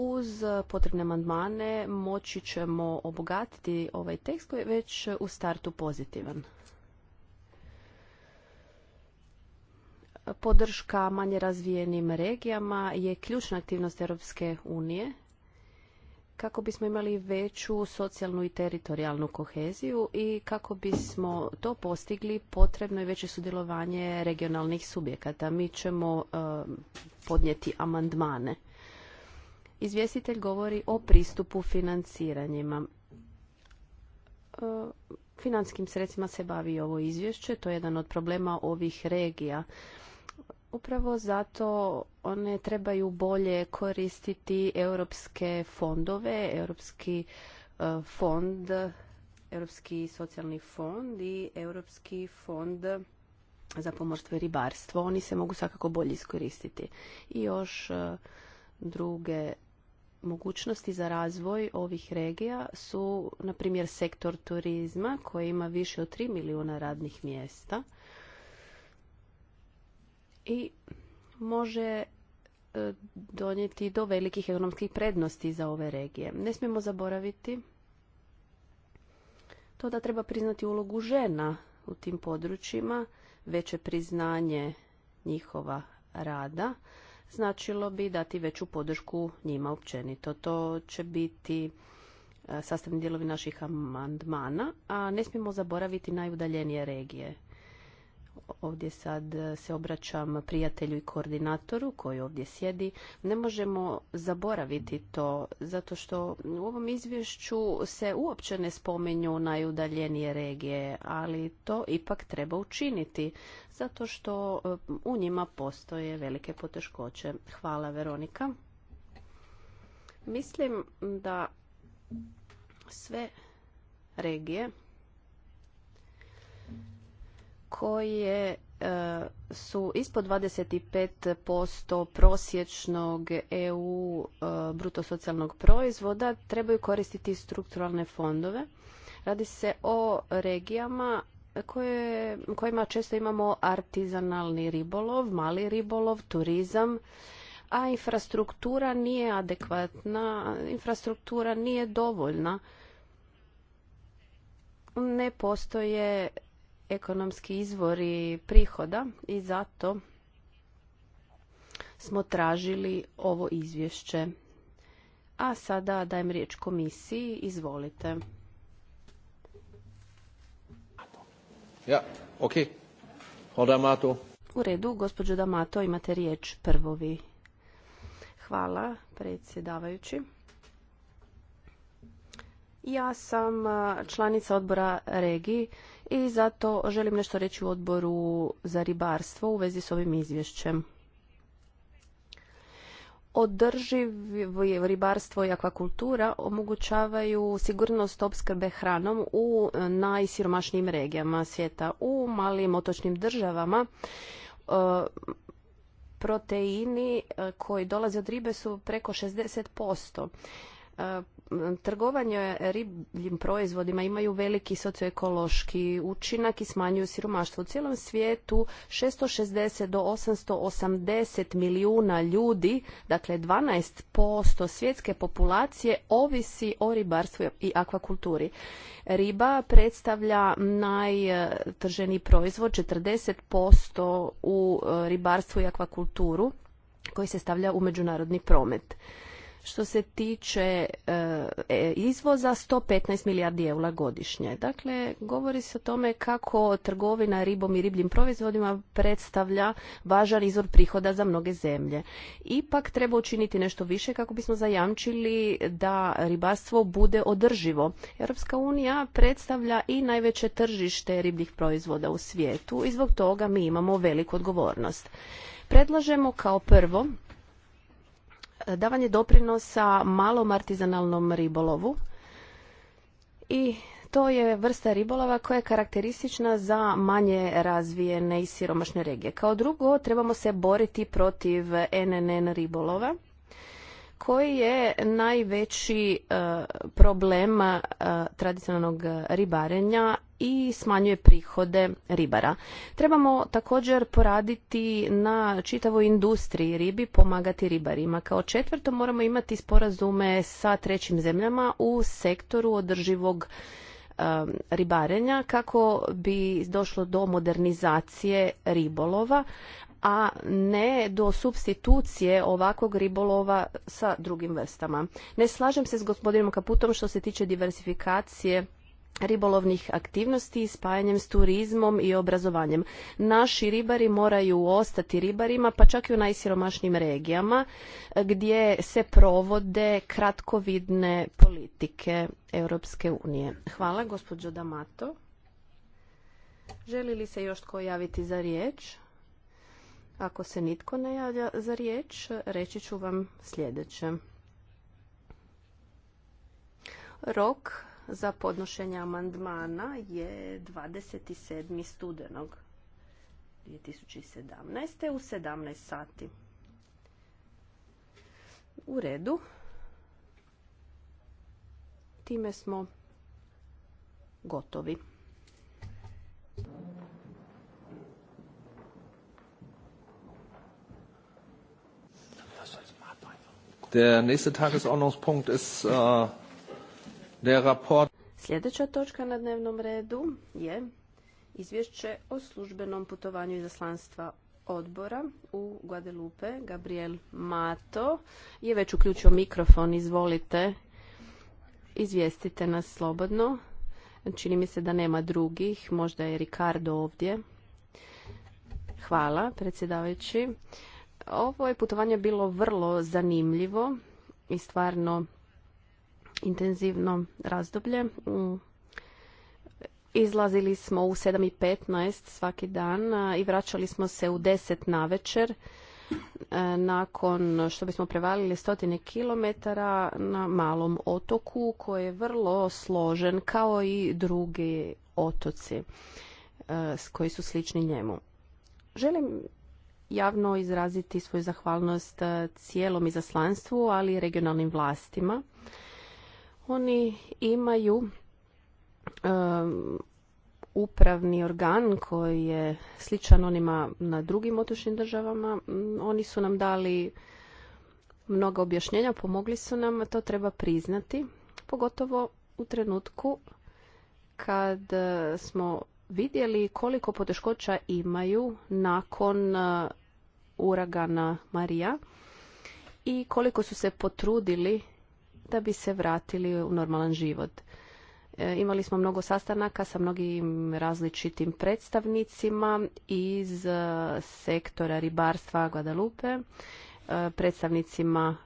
uz potrebne amandmane moći ćemo obogatiti ovaj tekst koji je već u startu pozitivan. Podrška manje razvijenim regijama je ključna aktivnost Europske unije kako bismo imali veću socijalnu i teritorijalnu koheziju i kako bismo to postigli potrebno je veće sudjelovanje regionalnih subjekata. Mi ćemo eh, podnijeti amandmane. Izvjestitelj govori o pristupu financiranjima. E, financijskim sredstvima se bavi ovo izvješće, to je jedan od problema ovih regija. Upravo zato one trebaju bolje koristiti europske fondove, europski e, fond, europski socijalni fond i europski fond za pomorstvo i ribarstvo. Oni se mogu svakako bolje iskoristiti. I još e, druge mogućnosti za razvoj ovih regija su, na primjer, sektor turizma koji ima više od 3 milijuna radnih mjesta i može e, donijeti do velikih ekonomskih prednosti za ove regije. Ne smijemo zaboraviti to da treba priznati ulogu žena u tim područjima, veće priznanje njihova rada značilo bi dati veću podršku njima općenito. To će biti e, sastavni dijelovi naših amandmana, a ne smijemo zaboraviti najudaljenije regije ovdje sad se obraćam prijatelju i koordinatoru koji ovdje sjedi, ne možemo zaboraviti to, zato što u ovom izvješću se uopće ne spominju najudaljenije regije, ali to ipak treba učiniti, zato što e, u njima postoje velike poteškoće. Hvala Veronika. Mislim da sve regije koje e, su ispod 25% prosječnog EU e, bruto socijalnog proizvoda trebaju koristiti strukturalne fondove. Radi se o regijama koje, kojima često imamo artizanalni ribolov, mali ribolov, turizam, a infrastruktura nije adekvatna, infrastruktura nije dovoljna. Ne postoje ekonomski izvori prihoda i zato smo tražili ovo izvješće. A sada dajem riječ komisiji, izvolite. Ja, U redu, gospođo Damato, imate riječ vi. Hvala, predsjedavajući. Ja sam članica odbora Regi i zato želim nešto reći u odboru za ribarstvo u vezi s ovim izvješćem. Održiv ribarstvo i akvakultura omogućavaju sigurnost opskrbe hranom u najsiromašnijim regijama svijeta. U malim otočnim državama e, proteini e, koji dolaze od ribe su preko 60% trgovanje ribljim proizvodima imaju veliki socioekološki učinak i smanjuju siromaštvo. U cijelom svijetu 660 do 880 milijuna ljudi, dakle 12% svjetske populacije ovisi o ribarstvu i akvakulturi. Riba predstavlja najtrženi proizvod 40% u ribarstvu i akvakulturu koji se stavlja u međunarodni promet. Što se tiče e, izvoza, 115 milijardi eura godišnje. Dakle, govori se o tome kako trgovina ribom i ribljim proizvodima predstavlja važan izvor prihoda za mnoge zemlje. Ipak treba učiniti nešto više kako bismo zajamčili da ribarstvo bude održivo. Europska unija predstavlja i najveće tržište ribljih proizvoda u svijetu i zbog toga mi imamo veliku odgovornost. Predlažemo kao prvo E, davanje doprinosa malom artizanalnom ribolovu i to je vrsta ribolova koja je karakteristična za manje razvijene i siromašne regije. Kao drugo, trebamo se boriti protiv NNN ribolova koji je najveći e, problem e, tradicionalnog ribarenja i smanjuje prihode ribara. Trebamo također poraditi na čitavoj industriji ribi, pomagati ribarima. Kao četvrto moramo imati sporazume sa trećim zemljama u sektoru održivog um, ribarenja kako bi došlo do modernizacije ribolova, a ne do substitucije ovakvog ribolova sa drugim vrstama. Ne slažem se s gospodinom Kaputom što se tiče diversifikacije ribolovnih aktivnosti spajanjem s turizmom i obrazovanjem. Naši ribari moraju ostati ribarima, pa čak i u najsiromašnijim regijama eh, gdje se provode kratkovidne politike Europske unije. Hvala, gospođo Damato. Želi li se još tko javiti za riječ? Ako se nitko ne javlja za riječ, reći ću vam sljedeće. Rok za podnošenje amandmana je 27. studenog 2017. u 17 sati. U redu. Time smo gotovi. Der nächste Tagesordnungspunkt ist äh, Sljedeća točka na dnevnom redu je izvješće o službenom putovanju izaslanstva odbora u Guadalupe. Gabriel Mato je već uključio mikrofon. Izvolite, izvijestite nas slobodno. Čini mi se da nema drugih. Možda je Ricardo ovdje. Hvala, predsjedavajući. Ovo je putovanje bilo vrlo zanimljivo i stvarno intenzivno razdoblje. Izlazili smo u 7.15 svaki dan i vraćali smo se u 10 na večer e, nakon što bismo prevalili stotine kilometara na malom otoku koji je vrlo složen kao i drugi otoci e, koji su slični njemu. Želim javno izraziti svoju zahvalnost e, cijelom izaslanstvu, ali i regionalnim vlastima oni imaju um, upravni organ koji je sličan onima na drugim otočnim državama. Mm, oni su nam dali mnoga objašnjenja, pomogli su nam, to treba priznati, pogotovo u trenutku kad e, smo vidjeli koliko poteškoća imaju nakon e, uragana Marija i koliko su se potrudili da bi se vratili u normalan život. E, imali smo mnogo sastanaka sa mnogim različitim predstavnicima iz e, sektora ribarstva Guadalupe, e, predstavnicima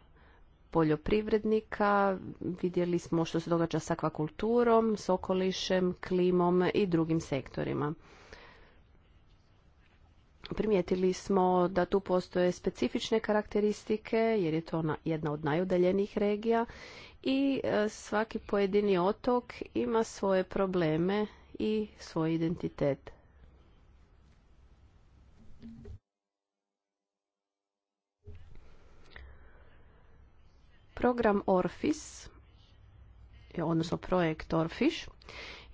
poljoprivrednika, vidjeli smo što se događa s akvakulturom, s okolišem, klimom i drugim sektorima. Primijetili smo da tu postoje specifične karakteristike jer je to jedna od najudaljenijih regija i e, svaki pojedini otok ima svoje probleme i svoj identitet. Program Orfis, odnosno projekt Orfis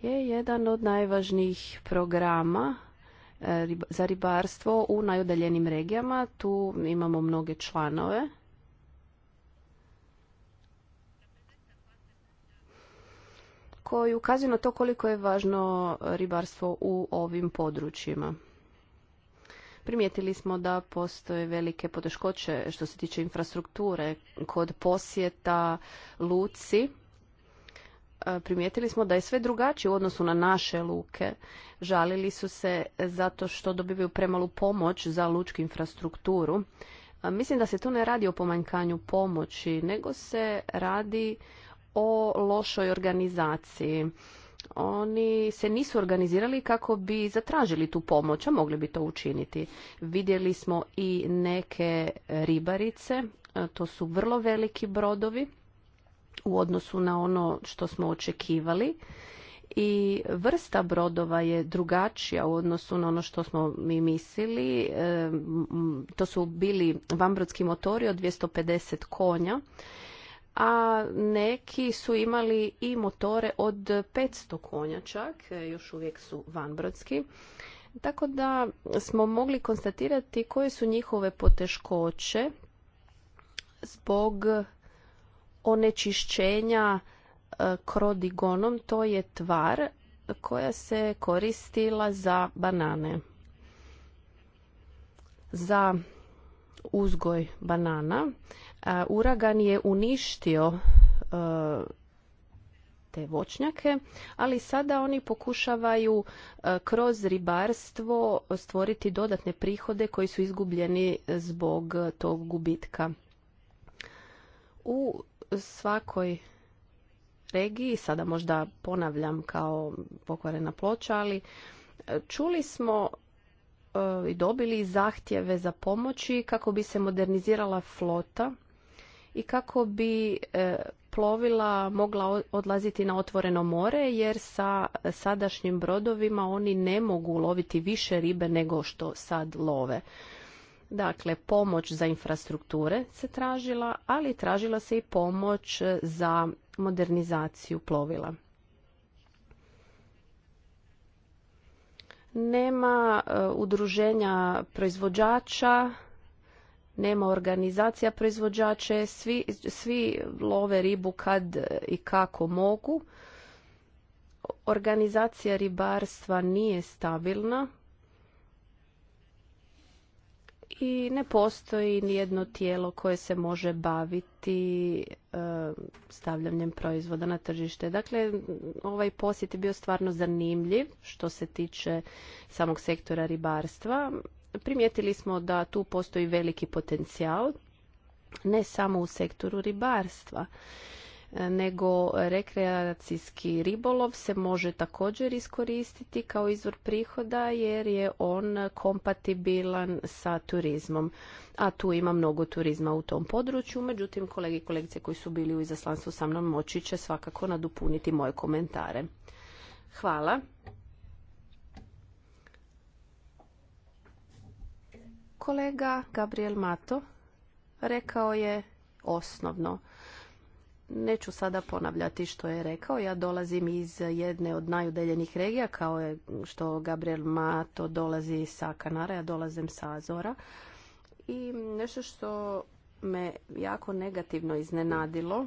je jedan od najvažnijih programa za ribarstvo u najudaljenim regijama. Tu imamo mnoge članove. koji ukazuju na to koliko je važno ribarstvo u ovim područjima. Primijetili smo da postoje velike poteškoće što se tiče infrastrukture kod posjeta luci E, primijetili smo da je sve drugačije u odnosu na naše luke. Žalili su se zato što dobivaju premalu pomoć za lučku infrastrukturu. E, mislim da se tu ne radi o pomanjkanju pomoći, nego se radi o lošoj organizaciji. Oni se nisu organizirali kako bi zatražili tu pomoć, a mogli bi to učiniti. Vidjeli smo i neke ribarice, e, to su vrlo veliki brodovi u odnosu na ono što smo očekivali i vrsta brodova je drugačija u odnosu na ono što smo mi mislili. E, to su bili vanbrodski motori od 250 konja, a neki su imali i motore od 500 konja čak, e, još uvijek su vanbrodski. Tako da smo mogli konstatirati koje su njihove poteškoće zbog onečišćenja e, krodigonom, to je tvar koja se koristila za banane. Za uzgoj banana e, uragan je uništio e, te voćnjake, ali sada oni pokušavaju kroz ribarstvo stvoriti dodatne prihode koji su izgubljeni zbog tog gubitka. U svakoj regiji, sada možda ponavljam kao pokvarena ploča, ali e, čuli smo e, i dobili zahtjeve za pomoći kako bi se modernizirala flota i kako bi e, plovila mogla odlaziti na otvoreno more jer sa sadašnjim brodovima oni ne mogu loviti više ribe nego što sad love. Dakle, pomoć za infrastrukture se tražila, ali tražila se i pomoć za modernizaciju plovila. Nema e, udruženja proizvođača, nema organizacija proizvođače, svi, svi love ribu kad i kako mogu. Organizacija ribarstva nije stabilna, i ne postoji nijedno tijelo koje se može baviti e, stavljanjem proizvoda na tržište. Dakle, ovaj posjet je bio stvarno zanimljiv što se tiče samog sektora ribarstva. Primijetili smo da tu postoji veliki potencijal, ne samo u sektoru ribarstva nego rekreacijski ribolov se može također iskoristiti kao izvor prihoda jer je on kompatibilan sa turizmom. A tu ima mnogo turizma u tom području, međutim kolegi i kolegice koji su bili u izaslanstvu sa mnom moći će svakako nadupuniti moje komentare. Hvala. Kolega Gabriel Mato rekao je osnovno Neću sada ponavljati što je rekao. Ja dolazim iz jedne od najudeljenih regija, kao je što Gabriel Mato dolazi sa Kanara, ja dolazim sa Azora. I nešto što me jako negativno iznenadilo,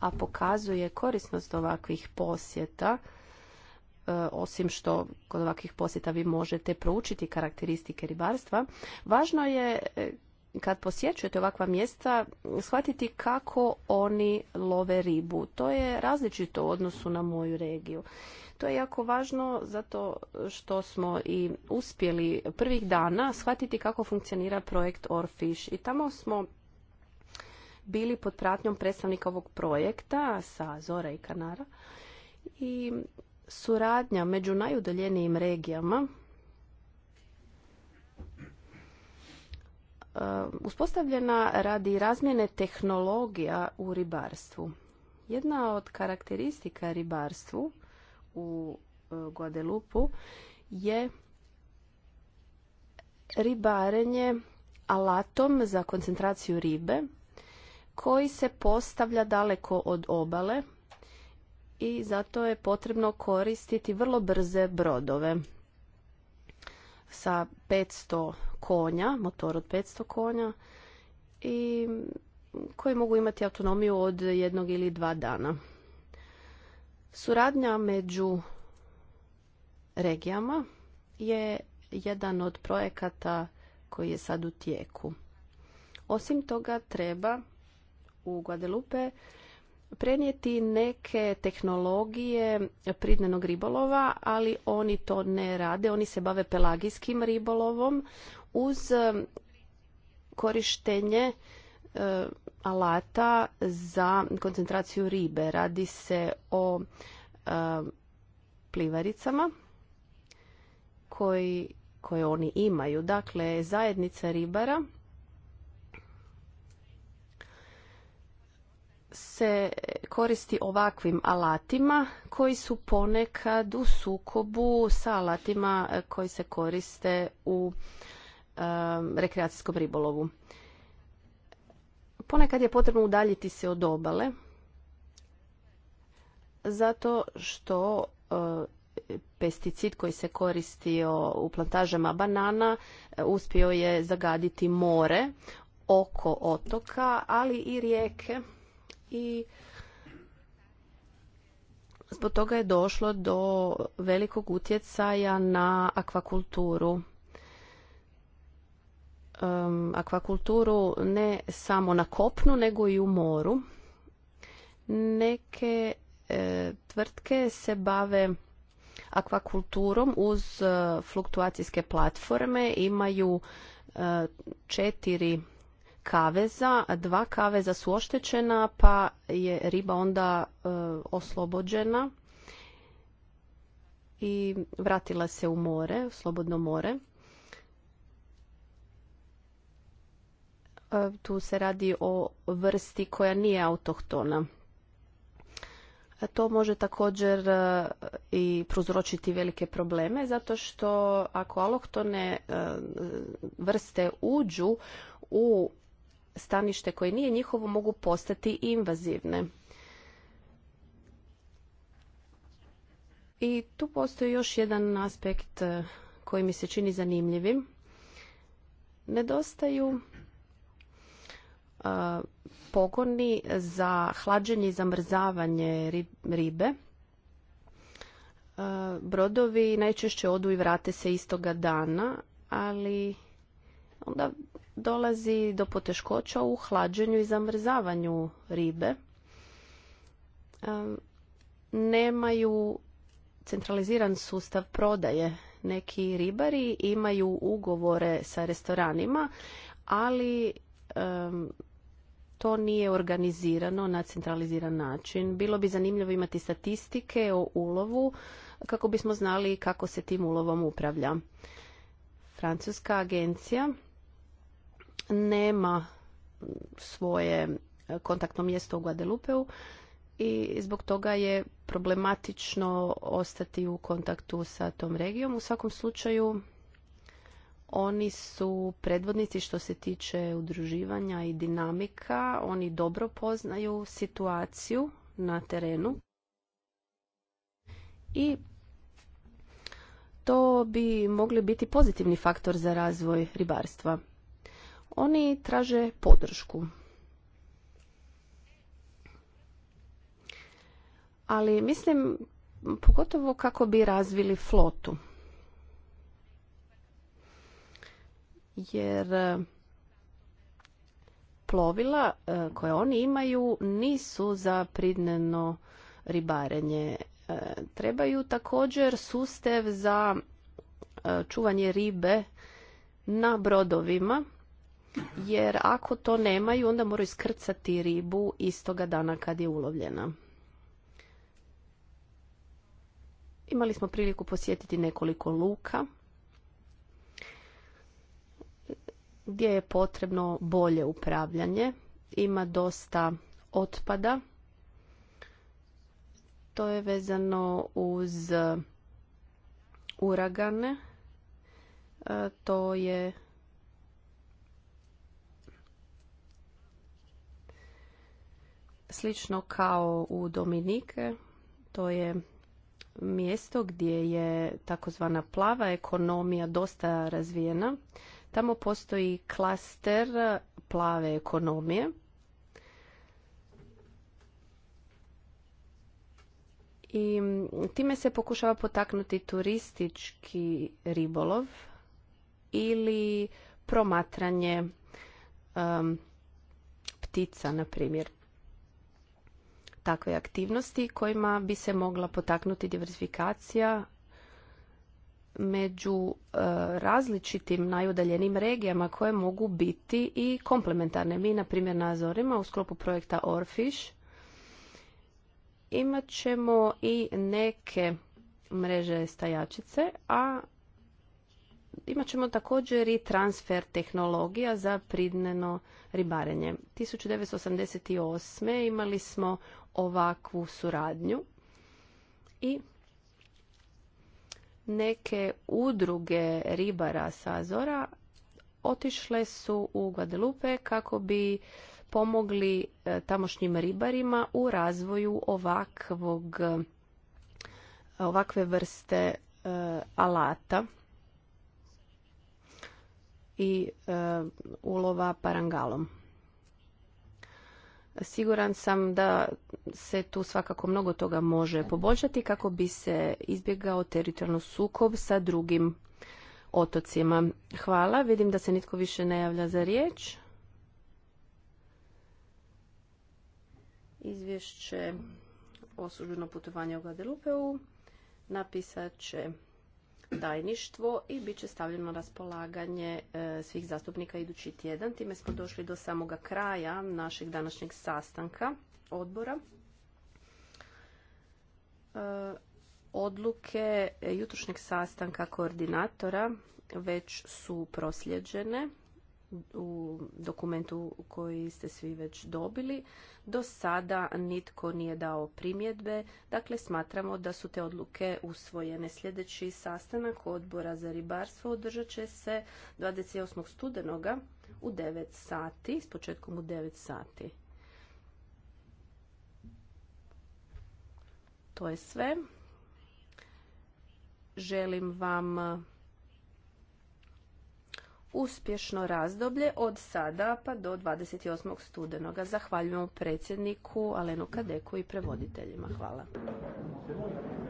a pokazuje korisnost ovakvih posjeta, e, osim što kod ovakvih posjeta vi možete proučiti karakteristike ribarstva, važno je e, kad posjećujete ovakva mjesta shvatiti kako oni love ribu. To je različito u odnosu na moju regiju. To je jako važno zato što smo i uspjeli prvih dana shvatiti kako funkcionira projekt Orfish i tamo smo bili pod pratnjom predstavnika ovog projekta sa Zora i Kanara i suradnja među najudaljenijim regijama E, uspostavljena radi razmjene tehnologija u ribarstvu. Jedna od karakteristika ribarstvu u e, Guadelupu je ribarenje alatom za koncentraciju ribe koji se postavlja daleko od obale i zato je potrebno koristiti vrlo brze brodove sa 500 konja, motor od 500 konja i koji mogu imati autonomiju od jednog ili dva dana. Suradnja među regijama je jedan od projekata koji je sad u tijeku. Osim toga treba u Guadalupe prenijeti neke tehnologije pridnenog ribolova, ali oni to ne rade. Oni se bave pelagijskim ribolovom uz um, korištenje uh, alata za koncentraciju ribe. Radi se o um, plivaricama koje oni imaju. Dakle, zajednica ribara se koristi ovakvim alatima koji su ponekad u sukobu sa alatima koji se koriste u Um, rekreacijskom ribolovu. Ponekad je potrebno udaljiti se od obale zato što uh, pesticid koji se koristio u plantažama banana uh, uspio je zagaditi more oko otoka, ali i rijeke i zbog toga je došlo do velikog utjecaja na akvakulturu Um, akvakulturu ne samo na kopnu nego i u moru. Neke e, tvrtke se bave akvakulturom uz e, fluktuacijske platforme, imaju e, četiri kaveza, dva kaveza su oštećena pa je riba onda oslobođena i vratila se u more, u slobodno more. E, tu se radi o vrsti koja nije autohtona. E, to može također e, i prouzročiti velike probleme zato što ako alohtone vrste uđu u stanište koje nije njihovo mogu postati invazivne. I tu postoji još jedan aspekt koji mi se čini zanimljivim. Nedostaju pogoni za hlađenje i zamrzavanje ribe. Brodovi najčešće odu i vrate se istoga dana, ali onda dolazi do poteškoća u hlađenju i zamrzavanju ribe. Nemaju centraliziran sustav prodaje. Neki ribari imaju ugovore sa restoranima, ali to nije organizirano na centraliziran način. Bilo bi zanimljivo imati statistike o ulovu kako bismo znali kako se tim ulovom upravlja. Francuska agencija nema svoje kontaktno mjesto u Guadelupeu i zbog toga je problematično ostati u kontaktu sa tom regijom. U svakom slučaju oni su predvodnici što se tiče udruživanja i dinamika. Oni dobro poznaju situaciju na terenu. I to bi mogli biti pozitivni faktor za razvoj ribarstva. Oni traže podršku. Ali mislim pogotovo kako bi razvili flotu. jer e, plovila e, koje oni imaju nisu za pridneno ribarenje. E, trebaju također sustav za čuvanje ribe na brodovima, jer ako to nemaju, onda moraju skrcati ribu istoga dana kad je ulovljena. Imali smo priliku posjetiti nekoliko luka gdje je potrebno bolje upravljanje. Ima dosta otpada. To je vezano uz uragane. E, to je slično kao u Dominike. To je mjesto gdje je takozvana plava ekonomija dosta razvijena Tamo postoji klaster plave ekonomije. I time se pokušava potaknuti turistički ribolov ili promatranje um, ptica, na primjer. Takve aktivnosti kojima bi se mogla potaknuti diversifikacija među e, različitim najudaljenim regijama koje mogu biti i komplementarne. Mi, na primjer, na Azorima u sklopu projekta Orfish imat ćemo i neke mreže stajačice, a imat ćemo također i transfer tehnologija za pridneno ribarenje. 1988. imali smo ovakvu suradnju i neke udruge ribara sa Azora otišle su u Guadalupe kako bi pomogli e, tamošnjim ribarima u razvoju ovakvog e, ovakve vrste e, alata i ulova parangalom. Siguran sam da se tu svakako mnogo toga može poboljšati kako bi se izbjegao teritorijalni sukob sa drugim otocima. Hvala. Vidim da se nitko više ne javlja za riječ. Izvješće o službeno putovanje u Guadalupeu napisat će tajništvo i bit će stavljeno raspolaganje e, svih zastupnika idući tjedan. Time smo došli do samoga kraja našeg današnjeg sastanka odbora. E, odluke jutrošnjeg sastanka koordinatora već su prosljeđene u dokumentu koji ste svi već dobili. Do sada nitko nije dao primjedbe, dakle smatramo da su te odluke usvojene. Sljedeći sastanak odbora za ribarstvo održat će se 28. studenoga u 9 sati, s početkom u 9 sati. To je sve. Želim vam uspješno razdoblje od sada pa do 28. studenoga. Zahvaljujem predsjedniku Alenu Kadeku i prevoditeljima. Hvala.